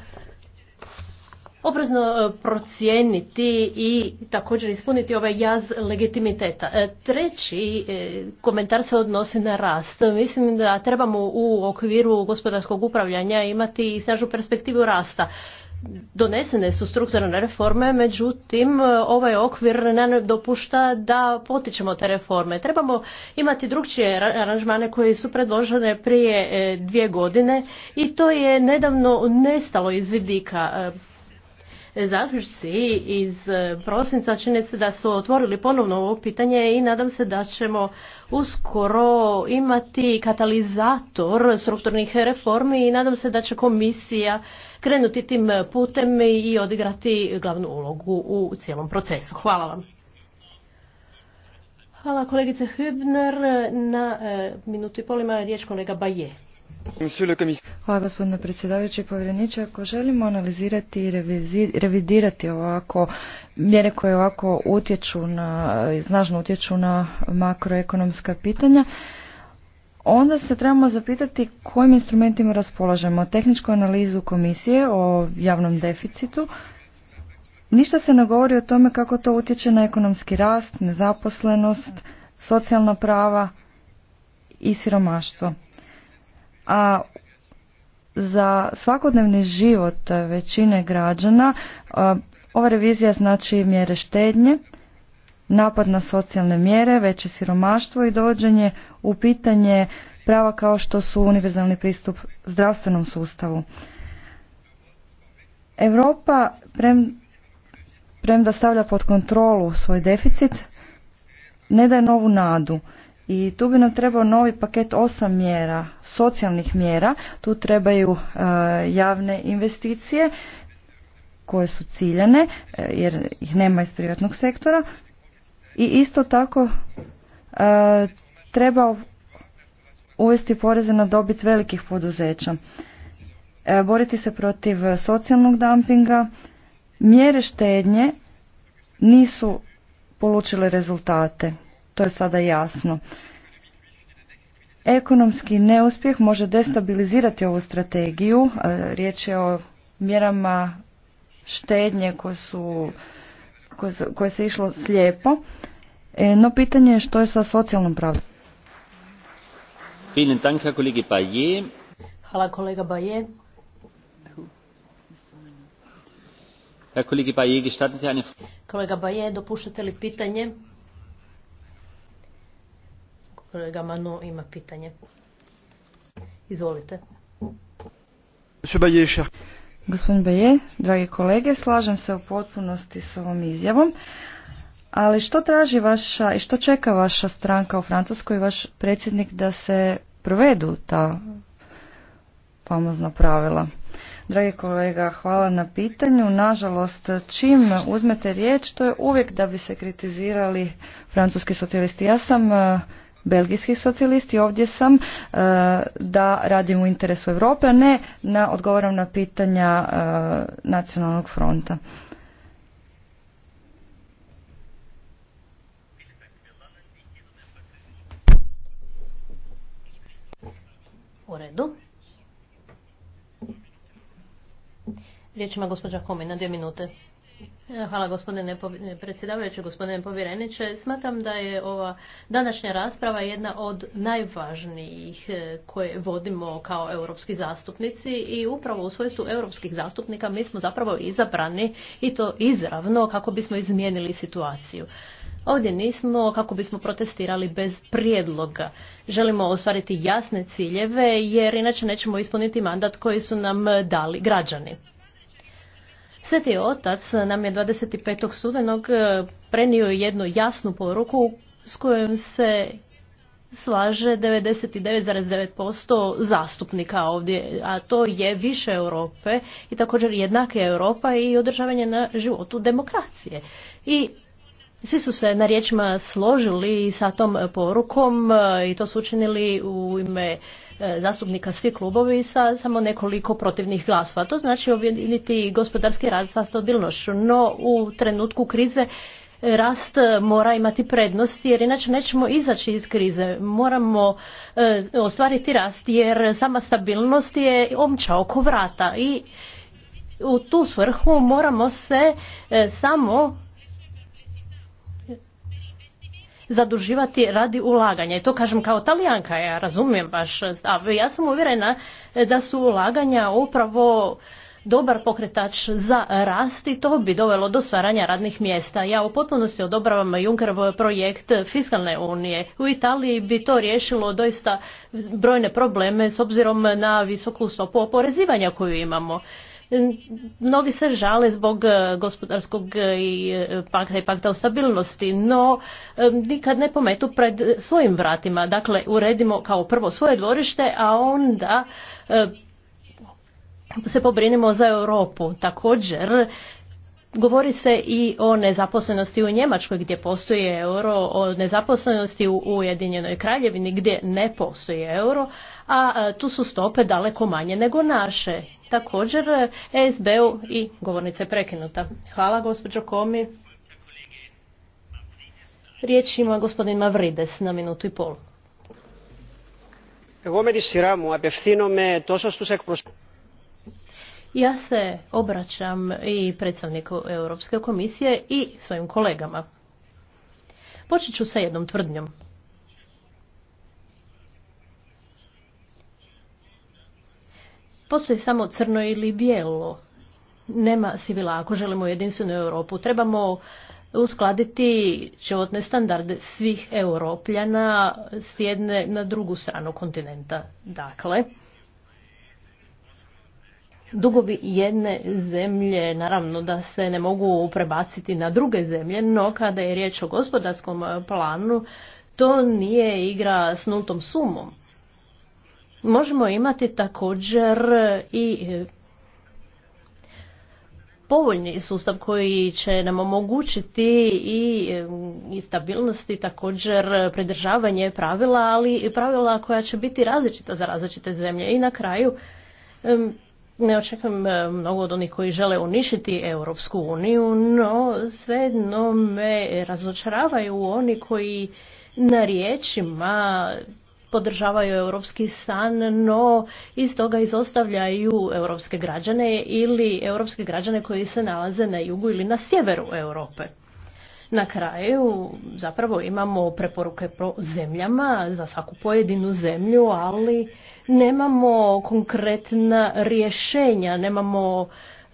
oprezno e, procijeniti i također ispuniti ovaj jaz legitimiteta. E, treći e, komentar se odnosi na rast. Mislim da trebamo u okviru gospodarskog upravljanja imati i snažnu perspektivu rasta. Donesene su strukturne reforme, međutim ovaj okvir ne dopušta da potičemo te reforme. Trebamo imati drugčije aranžmane koji su predložene prije dvije godine i to je nedavno nestalo iz vidika zaključci iz e, prosinca čini se da su otvorili ponovno ovo pitanje i nadam se da ćemo uskoro imati katalizator strukturnih reformi i nadam se da će komisija krenuti tim putem i odigrati glavnu ulogu u cijelom procesu. Hvala vam. Hvala kolegice Hübner. Na e, minutu i pol ima riječ kolega Bajet. Hvala gospodine predsjedavajući i povjereniče. Ako želimo analizirati i revidirati ovako mjere koje ovako utječu na, snažno utječu na makroekonomska pitanja, onda se trebamo zapitati kojim instrumentima raspolažemo. Tehničku analizu komisije o javnom deficitu, ništa se ne govori o tome kako to utječe na ekonomski rast, nezaposlenost, socijalna prava i siromaštvo a za svakodnevni život većine građana ova revizija znači mjere štednje, napad na socijalne mjere, veće siromaštvo i dođenje u pitanje prava kao što su univerzalni pristup zdravstvenom sustavu. Europa, premda stavlja pod kontrolu svoj deficit, ne daje novu nadu. I tu bi nam trebao novi paket osam mjera, socijalnih mjera. Tu trebaju e, javne investicije koje su ciljane e, jer ih nema iz privatnog sektora. I isto tako e, treba uvesti poreze na dobit velikih poduzeća. Boriti se protiv socijalnog dumpinga. Mjere štednje nisu polučile rezultate to je sada jasno. Ekonomski neuspjeh može destabilizirati ovu strategiju. E, riječ je o mjerama štednje koje, su, koje, se išlo slijepo. E, no pitanje je što je sa socijalnom pravdom. Hvala kolega Baje. Kolega Baje, dopuštate li pitanje? Kolega Manu ima pitanje. Izvolite. Gospodin Beje, dragi kolege, slažem se u potpunosti s ovom izjavom. Ali što traži vaša i što čeka vaša stranka u Francuskoj i vaš predsjednik da se provedu ta famozna pravila? Dragi kolega, hvala na pitanju. Nažalost, čim uzmete riječ, to je uvijek da bi se kritizirali francuski socijalisti. Ja sam eh, Belgijski socijalisti. Ovdje sam e, da radim u interesu Europe, a ne na odgovaram na pitanja e, nacionalnog fronta. U redu. Riječ ima gospođa Komina, dvije minute. Hvala gospodine predsjedavajući, gospodine povjereniče. Smatram da je ova današnja rasprava jedna od najvažnijih e, koje vodimo kao europski zastupnici i upravo u svojstvu europskih zastupnika mi smo zapravo izabrani i to izravno kako bismo izmijenili situaciju. Ovdje nismo kako bismo protestirali bez prijedloga. Želimo ostvariti jasne ciljeve jer inače nećemo ispuniti mandat koji su nam dali građani. Sveti otac nam je 25. studenog e, prenio jednu jasnu poruku s kojom se slaže 99,9% zastupnika ovdje, a to je više Europe i također jednake Europa i održavanje na životu demokracije. I svi su se na riječima složili sa tom porukom e, i to su učinili u ime E, zastupnika svi klubovi sa samo nekoliko protivnih glasova. To znači objediniti gospodarski rad sa stabilnošću, no u trenutku krize e, rast mora imati prednost jer inače nećemo izaći iz krize. Moramo e, ostvariti rast jer sama stabilnost je omča oko vrata i u tu svrhu moramo se samo zaduživati radi ulaganja. I to kažem kao talijanka, ja razumijem baš. A Ja sam uvjerena e, da su ulaganja upravo dobar pokretač za rast i to bi dovelo do stvaranja radnih mjesta. Ja u potpunosti odobravam Junkerov projekt Fiskalne unije. U Italiji bi to riješilo doista brojne probleme s obzirom na visoku stopu oporezivanja koju imamo. Mnogi se žale zbog e, gospodarskog e, i e, pakta i pakta o stabilnosti, no nikad ne pometu pred svojim vratima. Dakle, uredimo kao prvo svoje dvorište, a onda se pobrinimo za Europu. Također, Govori se i o nezaposlenosti u Njemačkoj gdje postoji euro, o nezaposlenosti u Ujedinjenoj kraljevini gdje ne postoji euro, a tu su stope daleko manje nego naše također ESB-u i govornica je prekinuta. Hvala gospođo Komi. Riječ ima gospodin Mavrides na minutu i pol. Ja se obraćam i predstavniku Europske komisije i svojim kolegama. Počet ću sa jednom tvrdnjom. Postoji samo crno ili bijelo. Nema sivila ako želimo jedinstvenu Europu. Trebamo uskladiti životne standarde svih europljana s jedne na drugu stranu kontinenta. Dakle, dugovi jedne zemlje naravno da se ne mogu prebaciti na druge zemlje, no kada je riječ o gospodarskom planu, to nije igra s nultom sumom možemo imati također i e, povoljni sustav koji će nam omogućiti i, e, stabilnosti, također pridržavanje pravila, ali i pravila koja će biti različita za različite zemlje. I na kraju e, ne očekujem mnogo od onih koji žele unišiti Europsku uniju, no svejedno me razočaravaju oni koji na riječima podržavaju europski san, no iz toga izostavljaju europske građane ili europske građane koji se nalaze na jugu ili na sjeveru Europe. Na kraju zapravo imamo preporuke po zemljama za svaku pojedinu zemlju, ali nemamo konkretna rješenja, nemamo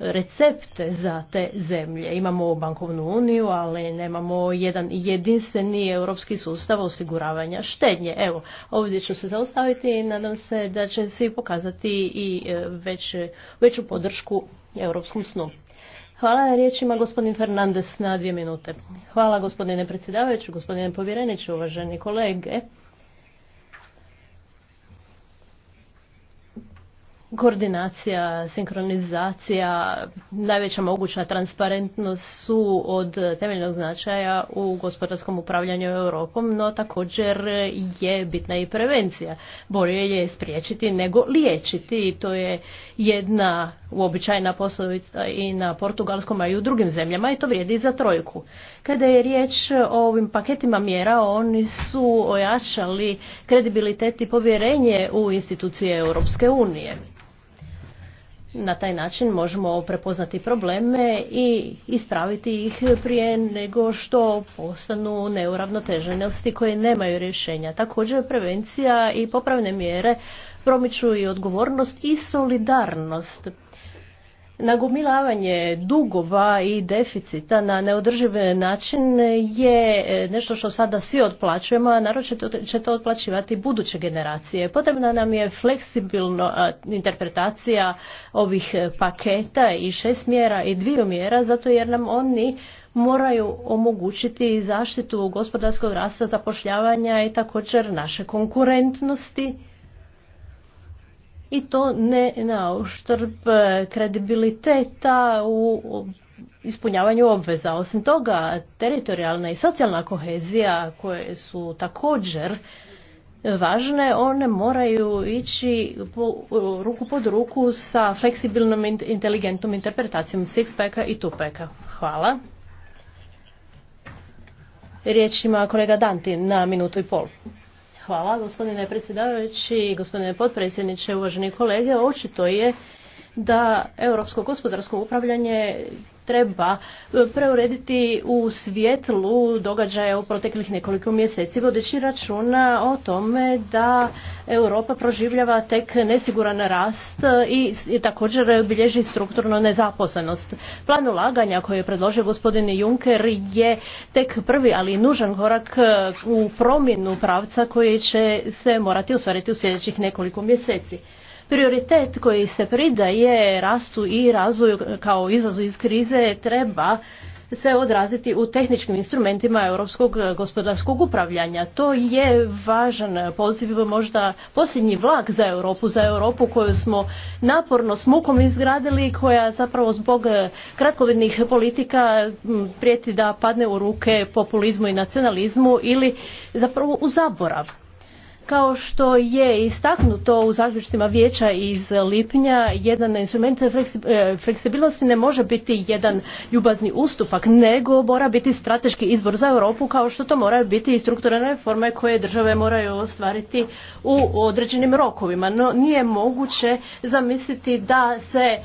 recepte za te zemlje. Imamo bankovnu uniju, ali nemamo jedan jedinstveni europski sustav osiguravanja štednje. Evo, ovdje ću se zaustaviti i nadam se da će svi pokazati i e, već, veću podršku europskom snu. Hvala riječima gospodin Fernandez na dvije minute. Hvala gospodine predsjedavajući, gospodine povjereniče, uvaženi kolege. koordinacija, sinkronizacija, najveća moguća transparentnost su od temeljnog značaja u gospodarskom upravljanju Europom, no također je bitna i prevencija. Bolje je spriječiti nego liječiti i to je jedna uobičajena poslovica i na portugalskom, a i u drugim zemljama i to vrijedi za trojku. Kada je riječ o ovim paketima mjera, oni su ojačali kredibilitet i povjerenje u institucije Europske unije. Na taj način možemo prepoznati probleme i ispraviti ih prije nego što postanu neuravnoteženosti koje nemaju rješenja. Također prevencija i popravne mjere promiču i odgovornost i solidarnost. Nagomilavanje dugova i deficita na neodrživ način je e, nešto što sada svi otplaćujemo, a naročito će to otplaćivati buduće generacije. Potrebna nam je fleksibilna interpretacija ovih e, paketa i šest mjera i dviju mjera, zato jer nam oni moraju omogućiti zaštitu gospodarskog rasta zapošljavanja i također naše konkurentnosti i to ne na uštrb e, kredibiliteta u ispunjavanju obveza. Osim toga, teritorijalna i socijalna kohezija koje su također važne, one moraju ići ruku pod ruku sa fleksibilnom inteligentnom interpretacijom six-packa i two-packa. Hvala. Riječ ima kolega Danti na minutu i pol. Hvala gospodine predsjedavajući, gospodine potpredsjedniče, uvaženi kolege. Očito je da europsko gospodarsko upravljanje treba e, preurediti u svijetlu događaja u proteklih nekoliko mjeseci, vodeći računa o tome da Europa proživljava tek nesiguran rast i također bilježi strukturnu nezaposlenost. Plan ulaganja koji je predložio gospodin Juncker je tek prvi, ali nužan korak e, u promjenu pravca koji će se morati ostvariti u sljedećih nekoliko mjeseci. Prioritet koji se pridaje rastu i razvoju kao izazu iz krize treba se odraziti u tehničkim instrumentima europskog gospodarskog upravljanja. To je važan poziv, možda posljednji vlak za Europu, za Europu koju smo naporno s mukom izgradili, koja zapravo zbog kratkovidnih politika prijeti da padne u ruke populizmu i nacionalizmu ili zapravo u zaborav. Kao što je istaknuto u zaključcima vijeća iz lipnja, jedan instrument e, fleksibilnosti ne može biti jedan ljubazni ustupak, nego mora biti strateški izbor za Europu, kao što to moraju biti i strukturne reforme koje države moraju ostvariti u određenim rokovima. No nije moguće zamisliti da se e,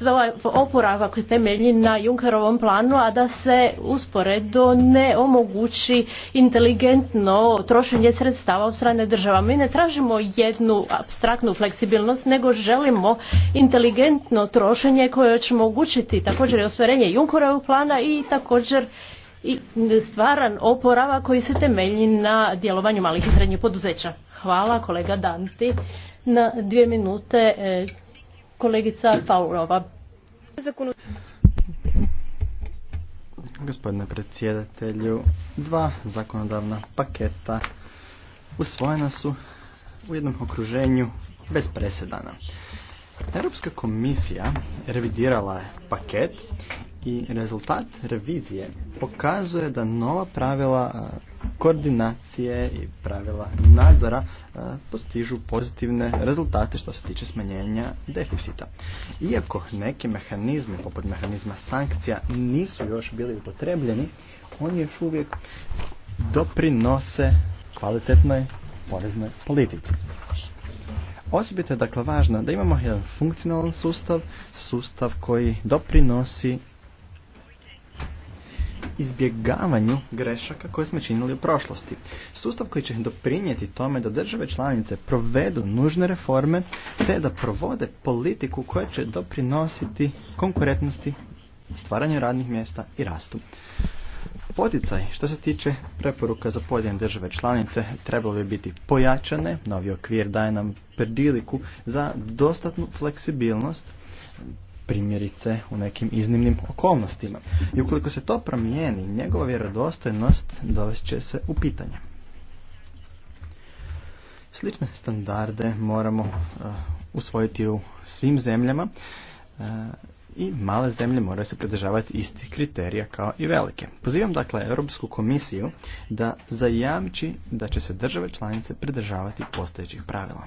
oporava oporavak temelji na Junkerovom planu, a da se usporedo ne omogući inteligentno trošenje sredstava u strane strane država. Mi ne tražimo jednu abstraktnu fleksibilnost, nego želimo inteligentno trošenje koje će omogućiti također i ostvarenje Junkorovog plana i također i stvaran oporava koji se temelji na djelovanju malih i srednjih poduzeća. Hvala kolega Danti. Na dvije minute e, kolegica Paurova. Gospodine predsjedatelju, dva zakonodavna paketa usvojena su u jednom okruženju bez presedana. Europska komisija revidirala je paket i rezultat revizije pokazuje da nova pravila e, koordinacije i pravila nadzora e, postižu pozitivne rezultate što se tiče smanjenja deficita. Iako neki mehanizmi, poput mehanizma sankcija, nisu još bili upotrebljeni, oni još uvijek doprinose kvalitetnoj poreznoj politici. Osobito je dakle važno da imamo jedan funkcionalan sustav, sustav koji doprinosi izbjegavanju grešaka koje smo činili u prošlosti. Sustav koji će doprinijeti tome da države članice provedu nužne reforme te da provode politiku koja će doprinositi konkurentnosti, stvaranju radnih mjesta i rastu. Poticaj što se tiče preporuka za pojedine države članice trebalo bi biti pojačane, novi okvir daje nam priliku za dostatnu fleksibilnost primjerice u nekim iznimnim okolnostima. I ukoliko se to promijeni, njegova vjerodostojnost dovest će se u pitanje. Slične standarde moramo eh, usvojiti u svim zemljama. Eh, i male zemlje moraju se pridržavati istih kriterija kao i velike. Pozivam dakle Europsku komisiju da zajamči da će se države članice pridržavati postojećih pravila.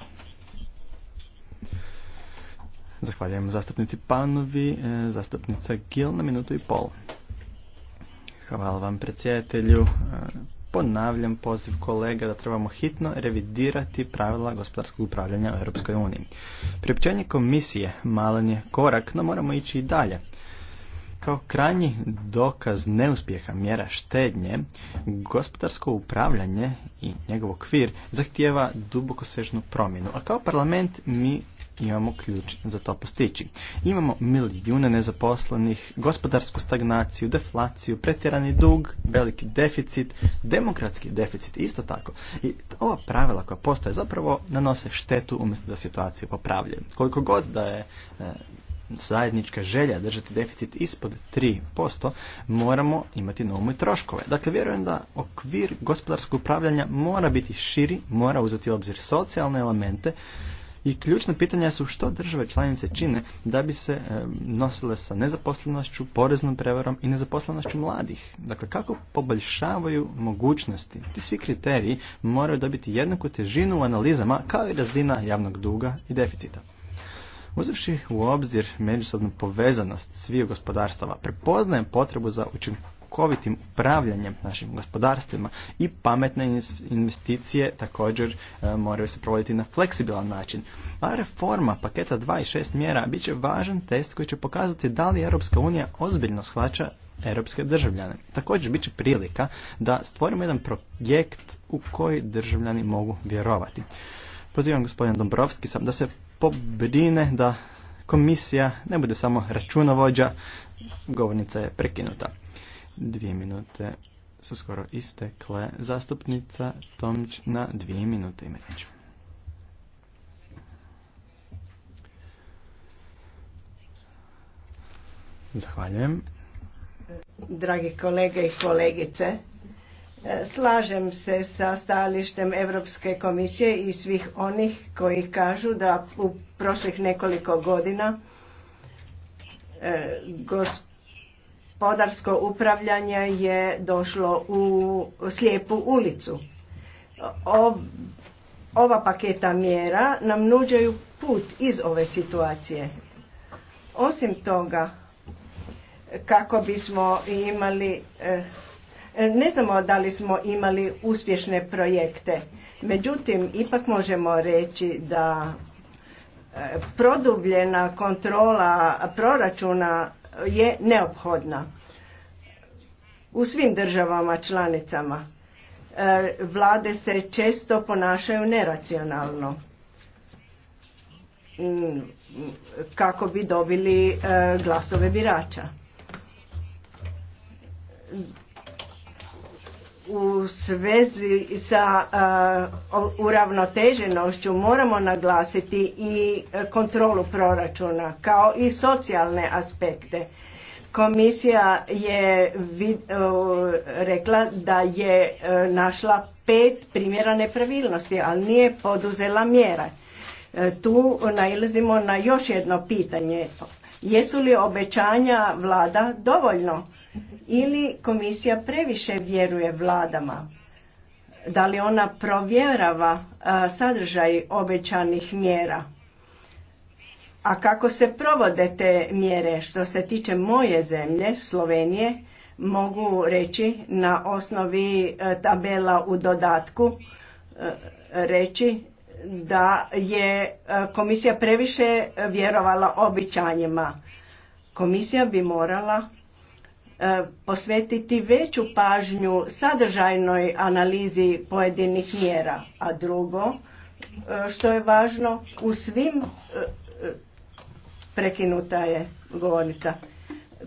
Zahvaljujem zastupnici Panovi, e, zastupnica Gil na minutu i pol. Hvala vam predsjedatelju, e, ponavljam poziv kolega da trebamo hitno revidirati pravila gospodarskog upravljanja u Europskoj uniji. Priopćenje komisije malen je korak, no moramo ići i dalje. Kao krajnji dokaz neuspjeha mjera štednje, gospodarsko upravljanje i njegov okvir zahtijeva dubokosežnu promjenu, a kao parlament mi imamo ključ za to postići. Imamo milijune nezaposlenih, gospodarsku stagnaciju, deflaciju, pretjerani dug, veliki deficit, demokratski deficit isto tako. I ova pravila koja postoje zapravo nanose štetu umjesto da situaciju popravljaju. Koliko god da je e, zajednička želja držati deficit ispod 3%, moramo imati na umu i troškove. Dakle, vjerujem da okvir gospodarskog upravljanja mora biti širi, mora uzeti u obzir socijalne elemente, i ključna pitanja su što države članice čine da bi se e, nosile sa nezaposlenošću, poreznom prevarom i nezaposlenošću mladih. Dakle, kako poboljšavaju mogućnosti. Ti svi kriteriji moraju dobiti jednaku težinu u analizama kao i razina javnog duga i deficita. Uzevši u obzir međusobnu povezanost svih gospodarstava, prepoznajem potrebu za učinkovitost učinkovitim upravljanjem našim gospodarstvima i pametne investicije također e, moraju se provoditi na fleksibilan način. A reforma paketa 2 i 6 mjera bit će važan test koji će pokazati da li Europska unija ozbiljno shvaća europske državljane. Također bit će prilika da stvorimo jedan projekt u koji državljani mogu vjerovati. Pozivam gospodin Dombrovski sam da se pobrine da komisija ne bude samo računovođa, govornica je prekinuta. Dvije minute su skoro istekle. Zastupnica Tomić na dvije minute ima riječ. Zahvaljujem. Dragi kolege i kolegice, slažem se sa stajalištem Europske komisije i svih onih koji kažu da u prošlih nekoliko godina e, gospodarsko upravljanje je došlo u slijepu ulicu. ova paketa mjera nam nuđaju put iz ove situacije. Osim toga, kako bismo imali, eh, ne znamo da li smo imali uspješne projekte, međutim, ipak možemo reći da eh, produbljena kontrola proračuna je neophodna u svim državama članicama. E, vlade se često ponašaju neracionalno mm, kako bi dobili e, glasove birača u svezi sa uravnoteženošću moramo naglasiti i kontrolu proračuna kao i socijalne aspekte. Komisija je rekla da je e, našla pet primjera nepravilnosti, ali nije poduzela mjera. E, tu nailazimo na još jedno pitanje. Jesu li obećanja vlada dovoljno? ili komisija previše vjeruje vladama? Da li ona provjerava sadržaj obećanih mjera? A kako se provode te mjere? Što se tiče moje zemlje, Slovenije, mogu reći na osnovi e, tabela u dodatku e, reći da je e, komisija previše vjerovala običanjima. Komisija bi morala E, posvetiti veću pažnju sadržajnoj analizi pojedinih mjera. A drugo, e, što je važno, u svim e, prekinuta je govornica.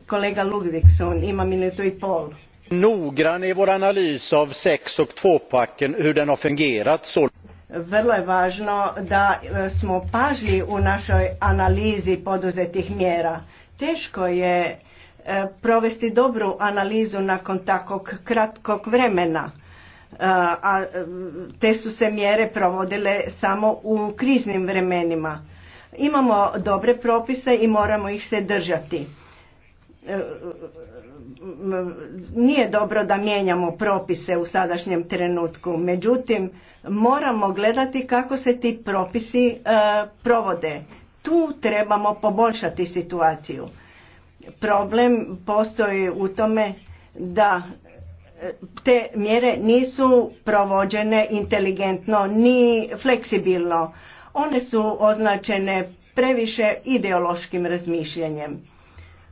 Kolega Ludvigsson ima minutu i pol. Noggrann je vår analys av sex och tvåpacken, hur den har fungerat. Så... Vrlo je važno da smo pažljivi u našoj analizi poduzetih mjera. Teško je E, provesti dobru analizu nakon takvog kratkog vremena e, a e, te su se mjere provodile samo u kriznim vremenima. Imamo dobre propise i moramo ih se držati. Nije dobro da mijenjamo propise u sadašnjem trenutku, međutim moramo gledati kako se ti propisi provode. Tu trebamo poboljšati situaciju Problem postoji u tome da e, te mjere nisu provođene inteligentno ni fleksibilno. One su označene previše ideološkim razmišljanjem.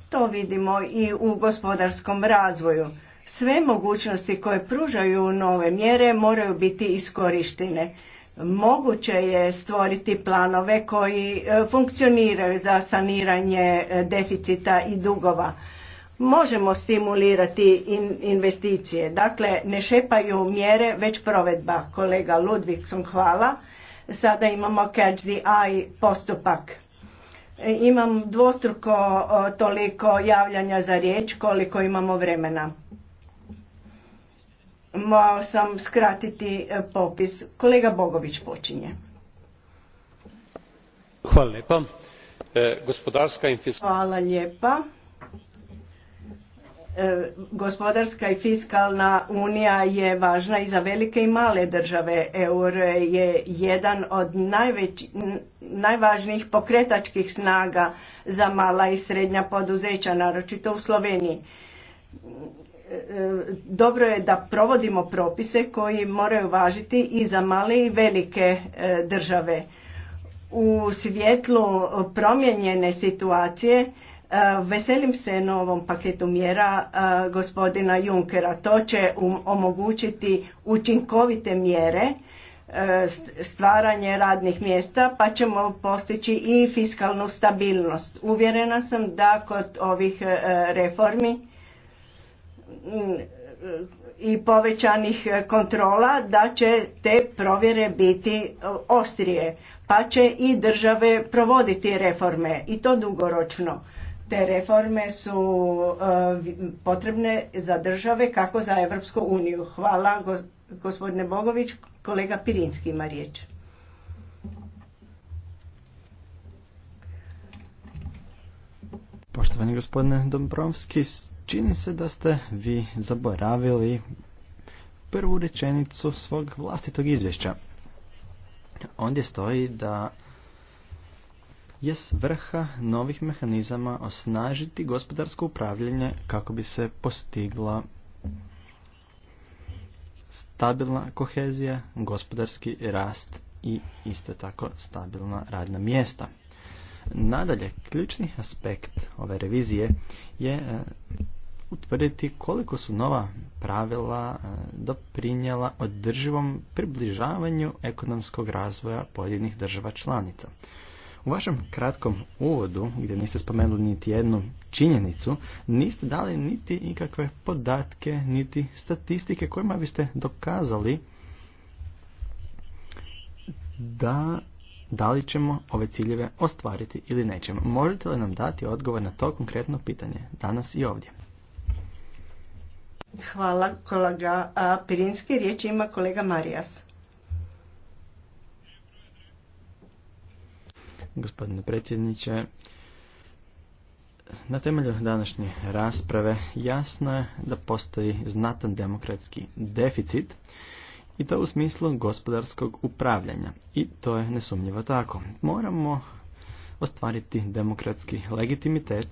To vidimo i u gospodarskom razvoju. Sve mogućnosti koje pružaju nove mjere moraju biti iskorištene. Moguće je stvoriti planove koji e, funkcioniraju za saniranje e, deficita i dugova. Možemo stimulirati investicije. Dakle, ne šepaju mjere, već provedba. Kolega sam hvala. Sada imamo catch the eye postupak. E, imam dvostruko toliko javljanja za riječ koliko imamo vremena. Mojao sam skratiti e, popis. Kolega Bogović počinje. Hvala lijepa. E, gospodarska i fiskalna... Hvala e, Gospodarska i fiskalna unija je važna i za velike i male države. Euro je jedan od najvažnijih pokretačkih snaga za mala i srednja poduzeća, naročito u Sloveniji dobro je da provodimo propise koji moraju važiti i za male i velike e, države. U svjetlu promijenjene situacije e, veselim se novom paketu mjera e, gospodina Junkera. To će um, omogućiti učinkovite mjere stvaranje radnih mjesta pa ćemo postići i fiskalnu stabilnost. Uvjerena sam da kod ovih reformi Mm, i povećanih kontrola da će te provjere biti e, ostrije pa će i države provoditi reforme i to dugoročno. Te reforme su e, potrebne za države kako za Europsku uniju. Hvala gospodine Bogović, kolega Pirinski ima riječ. Poštovani gospodine Dombrovski, Čini se da ste vi zaboravili prvu rečenicu svog vlastitog izvješća. Ondje stoji da je svrha novih mehanizama osnažiti gospodarsko upravljanje kako bi se postigla stabilna kohezija, gospodarski rast i isto tako stabilna radna mjesta. Nadalje, ključni aspekt ove revizije je utvrditi koliko su nova pravila e, doprinjela održivom približavanju ekonomskog razvoja pojedinih država članica. U vašem kratkom uvodu, gdje niste spomenuli niti jednu činjenicu, niste dali niti ikakve podatke, niti statistike kojima biste dokazali da da li ćemo ove ciljeve ostvariti ili nećemo. Možete li nam dati odgovor na to konkretno pitanje danas i ovdje? Hvala kolega Pirinski. Riječ ima kolega Marijas. Gospodine predsjedniče, na temelju današnje rasprave jasno je da postoji znatan demokratski deficit i to u smislu gospodarskog upravljanja. I to je nesumnjivo tako. Moramo ostvariti demokratski legitimitet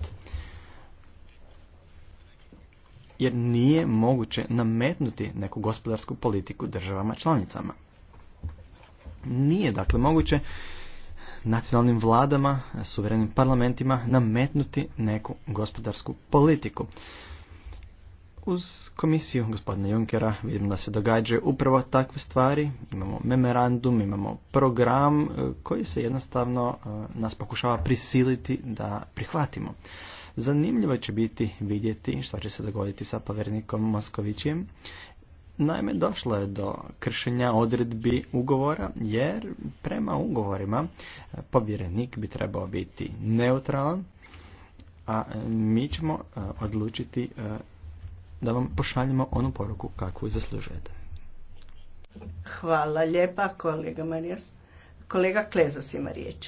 jer nije moguće nametnuti neku gospodarsku politiku državama članicama. Nije dakle moguće nacionalnim vladama, suverenim parlamentima nametnuti neku gospodarsku politiku. Uz komisiju gospodina Junkera vidimo da se događaju upravo takve stvari. Imamo memorandum, imamo program e, koji se jednostavno e, nas pokušava prisiliti da prihvatimo. Zanimljivo će biti vidjeti što će se dogoditi sa povjernikom Moskovićem. Naime, došlo je do kršenja odredbi ugovora, jer prema ugovorima e, povjerenik bi trebao biti neutralan, a e, mi ćemo e, odlučiti da vam pošaljemo onu poruku kakvu zaslužujete. Hvala lijepa kolega Marijas. Kolega Klezos ima riječ.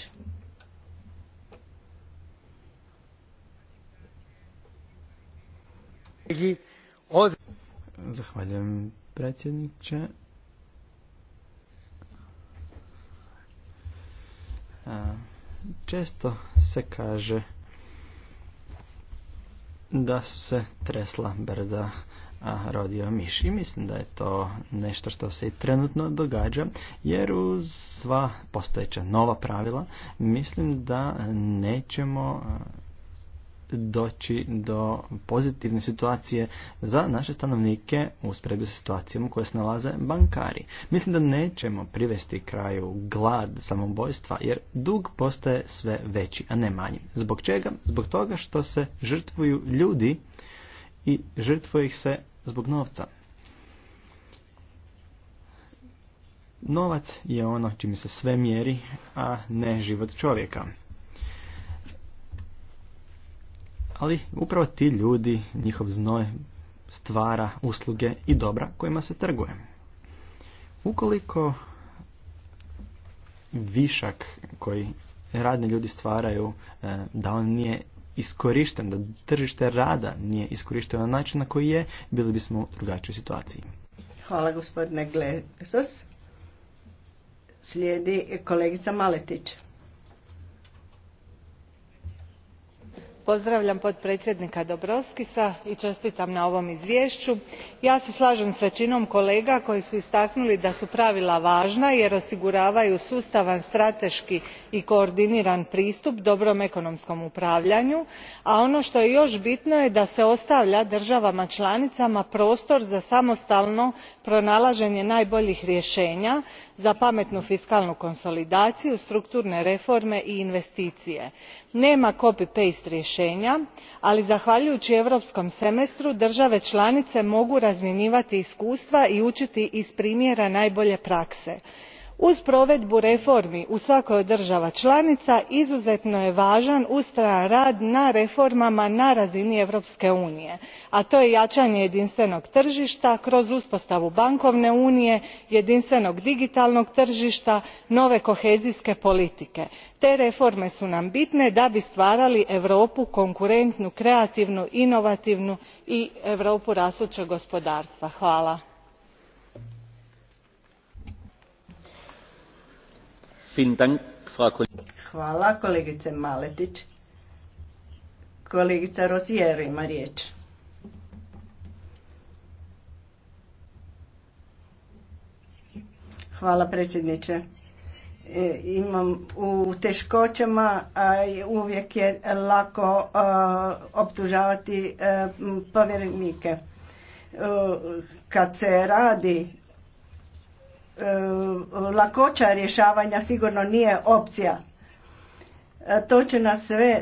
Zahvaljujem predsjedniče. Često se kaže da su se tresla brda a rodio miš i mislim da je to nešto što se i trenutno događa jer uz sva postojeća nova pravila mislim da nećemo doći do pozitivne situacije za naše stanovnike u sa situacijom u kojoj se nalaze bankari. Mislim da nećemo privesti kraju glad samobojstva jer dug postaje sve veći, a ne manji. Zbog čega? Zbog toga što se žrtvuju ljudi i žrtvuje ih se zbog novca. Novac je ono čime se sve mjeri, a ne život čovjeka. ali upravo ti ljudi, njihov znoj stvara usluge i dobra kojima se trguje. Ukoliko višak koji radni ljudi stvaraju, e, da on nije iskorišten, da tržište rada nije iskorišteno na način na koji je, bili bismo u drugačijoj situaciji. Hvala gospodine Glesos. Slijedi kolegica Maletić. pozdravljam potpredsjednika dombrovskisa i čestitam na ovom izvješću. ja se slažem s većinom kolega koji su istaknuli da su pravila važna jer osiguravaju sustavan strateški i koordiniran pristup dobrom ekonomskom upravljanju a ono što je još bitno je da se ostavlja državama članicama prostor za samostalno pronalaženje najboljih rješenja za pametnu fiskalnu konsolidaciju strukturne reforme i investicije. nema copy paste rješenja ali zahvaljujući europskom semestru države članice mogu razmjenjivati iskustva i učiti iz primjera najbolje prakse uz provedbu reformi u svakoj od država članica izuzetno je važan ustrajan rad na reformama na razini europske unije a to je jačanje jedinstvenog tržišta kroz uspostavu bankovne unije jedinstvenog digitalnog tržišta nove kohezijske politike. te reforme su nam bitne da bi stvarali europu konkurentnu kreativnu inovativnu i europu rastućeg gospodarstva. hvala. Hvala kolegice Maletić. Kolegica Rosijera ima riječ. Hvala predsjedniče. E, imam u teškoćama, a uvijek je lako optužavati e, povjerenike. E, kad se radi lakoća rješavanja sigurno nije opcija. E, to će nas sve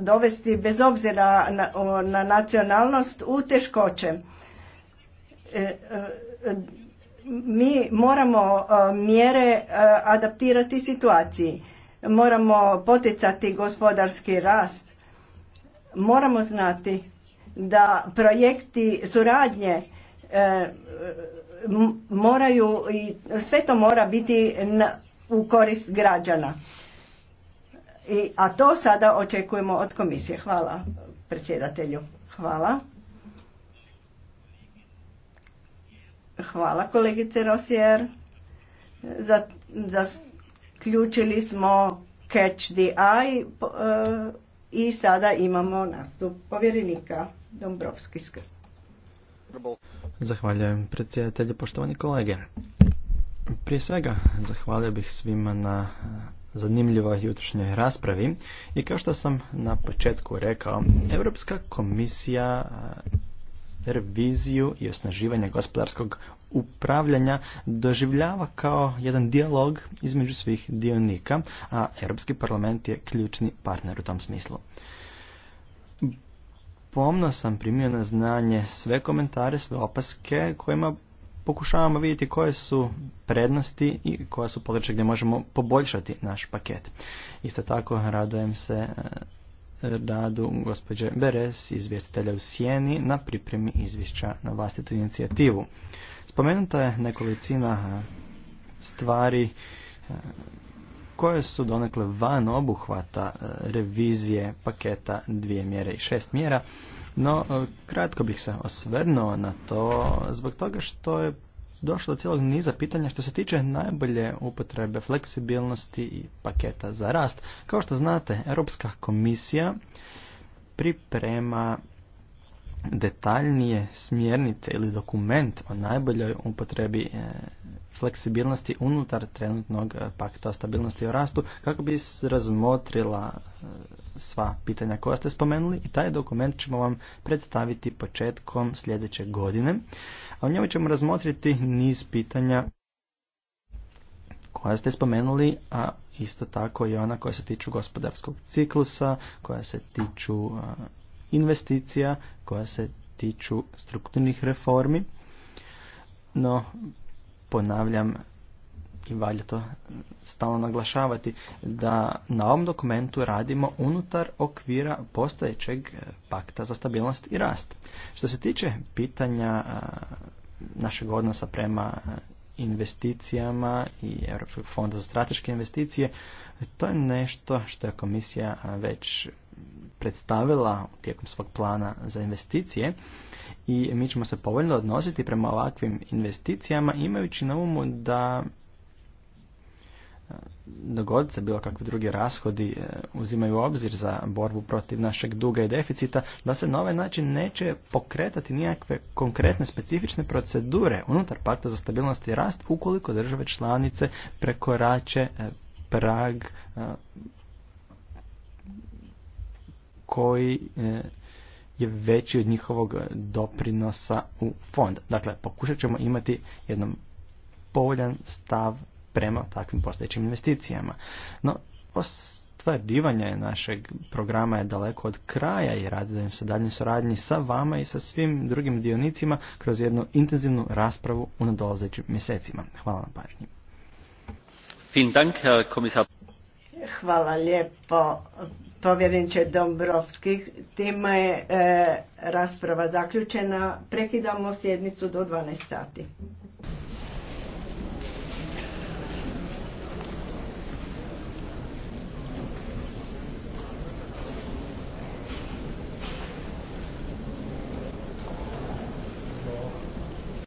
dovesti bez obzira na, na nacionalnost u teškoće. E, e, mi moramo mjere adaptirati situaciji. Moramo poticati gospodarski rast. Moramo znati da projekti suradnje moraju i sve to mora biti na, u korist građana. I, a to sada očekujemo od komisije. Hvala predsjedatelju. Hvala. Hvala kolegice Rosjer. Zaključili smo Catch the Eye e, i sada imamo nastup povjerenika Dombrovski skrb. Zahvaljujem predsjedatelju, poštovani kolege. Prije svega, zahvalio bih svima na zanimljivoj jutrošnjoj raspravi i kao što sam na početku rekao, Europska komisija reviziju i osnaživanje gospodarskog upravljanja doživljava kao jedan dijalog između svih dionika, a Europski parlament je ključni partner u tom smislu pomno sam primio na znanje sve komentare, sve opaske kojima pokušavamo vidjeti koje su prednosti i koja su područja gdje možemo poboljšati naš paket. Isto tako radujem se e, radu gospođe Beres, izvjestitelja u Sijeni, na pripremi izvješća na vlastitu inicijativu. Spomenuta je nekolicina stvari e, koje su donekle van obuhvata e, revizije paketa dvije mjere i šest mjera, no e, kratko bih se osvrnuo na to zbog toga što je došlo do cijelog niza pitanja što se tiče najbolje upotrebe fleksibilnosti i paketa za rast. Kao što znate, Europska komisija priprema detaljnije smjernice ili dokument o najboljoj upotrebi e, fleksibilnosti unutar trenutnog e, pakta o stabilnosti i o rastu kako bi razmotrila e, sva pitanja koja ste spomenuli i taj dokument ćemo vam predstaviti početkom sljedeće godine. A u njemu ćemo razmotriti niz pitanja koja ste spomenuli, a isto tako i ona koja se tiču gospodarskog ciklusa, koja se tiču investicija koja se tiču strukturnih reformi, no ponavljam i valja to stalno naglašavati da na ovom dokumentu radimo unutar okvira postojećeg eh, pakta za stabilnost i rast. Što se tiče pitanja eh, našeg odnosa prema eh, investicijama i Europskog fonda za strateške investicije, to je nešto što je komisija već predstavila tijekom svog plana za investicije i mi ćemo se povoljno odnositi prema ovakvim investicijama imajući na umu da dogodice, bilo kakvi drugi rashodi e, uzimaju obzir za borbu protiv našeg duga i deficita, da se na ovaj način neće pokretati nijakve konkretne specifične procedure unutar pakta za stabilnost i rast ukoliko države članice prekorače e, prag e, koji je veći od njihovog doprinosa u fond. Dakle, pokušat ćemo imati jednom povoljan stav prema takvim postojećim investicijama. No, ostvarivanje našeg programa je daleko od kraja i radim se daljnje suradnji sa vama i sa svim drugim dionicima kroz jednu intenzivnu raspravu u nadolazećim mjesecima. Hvala na pažnji. Hvala lijepo povjereniče Dombrovskih. Time je e, rasprava zaključena. Prekidamo sjednicu do 12 sati.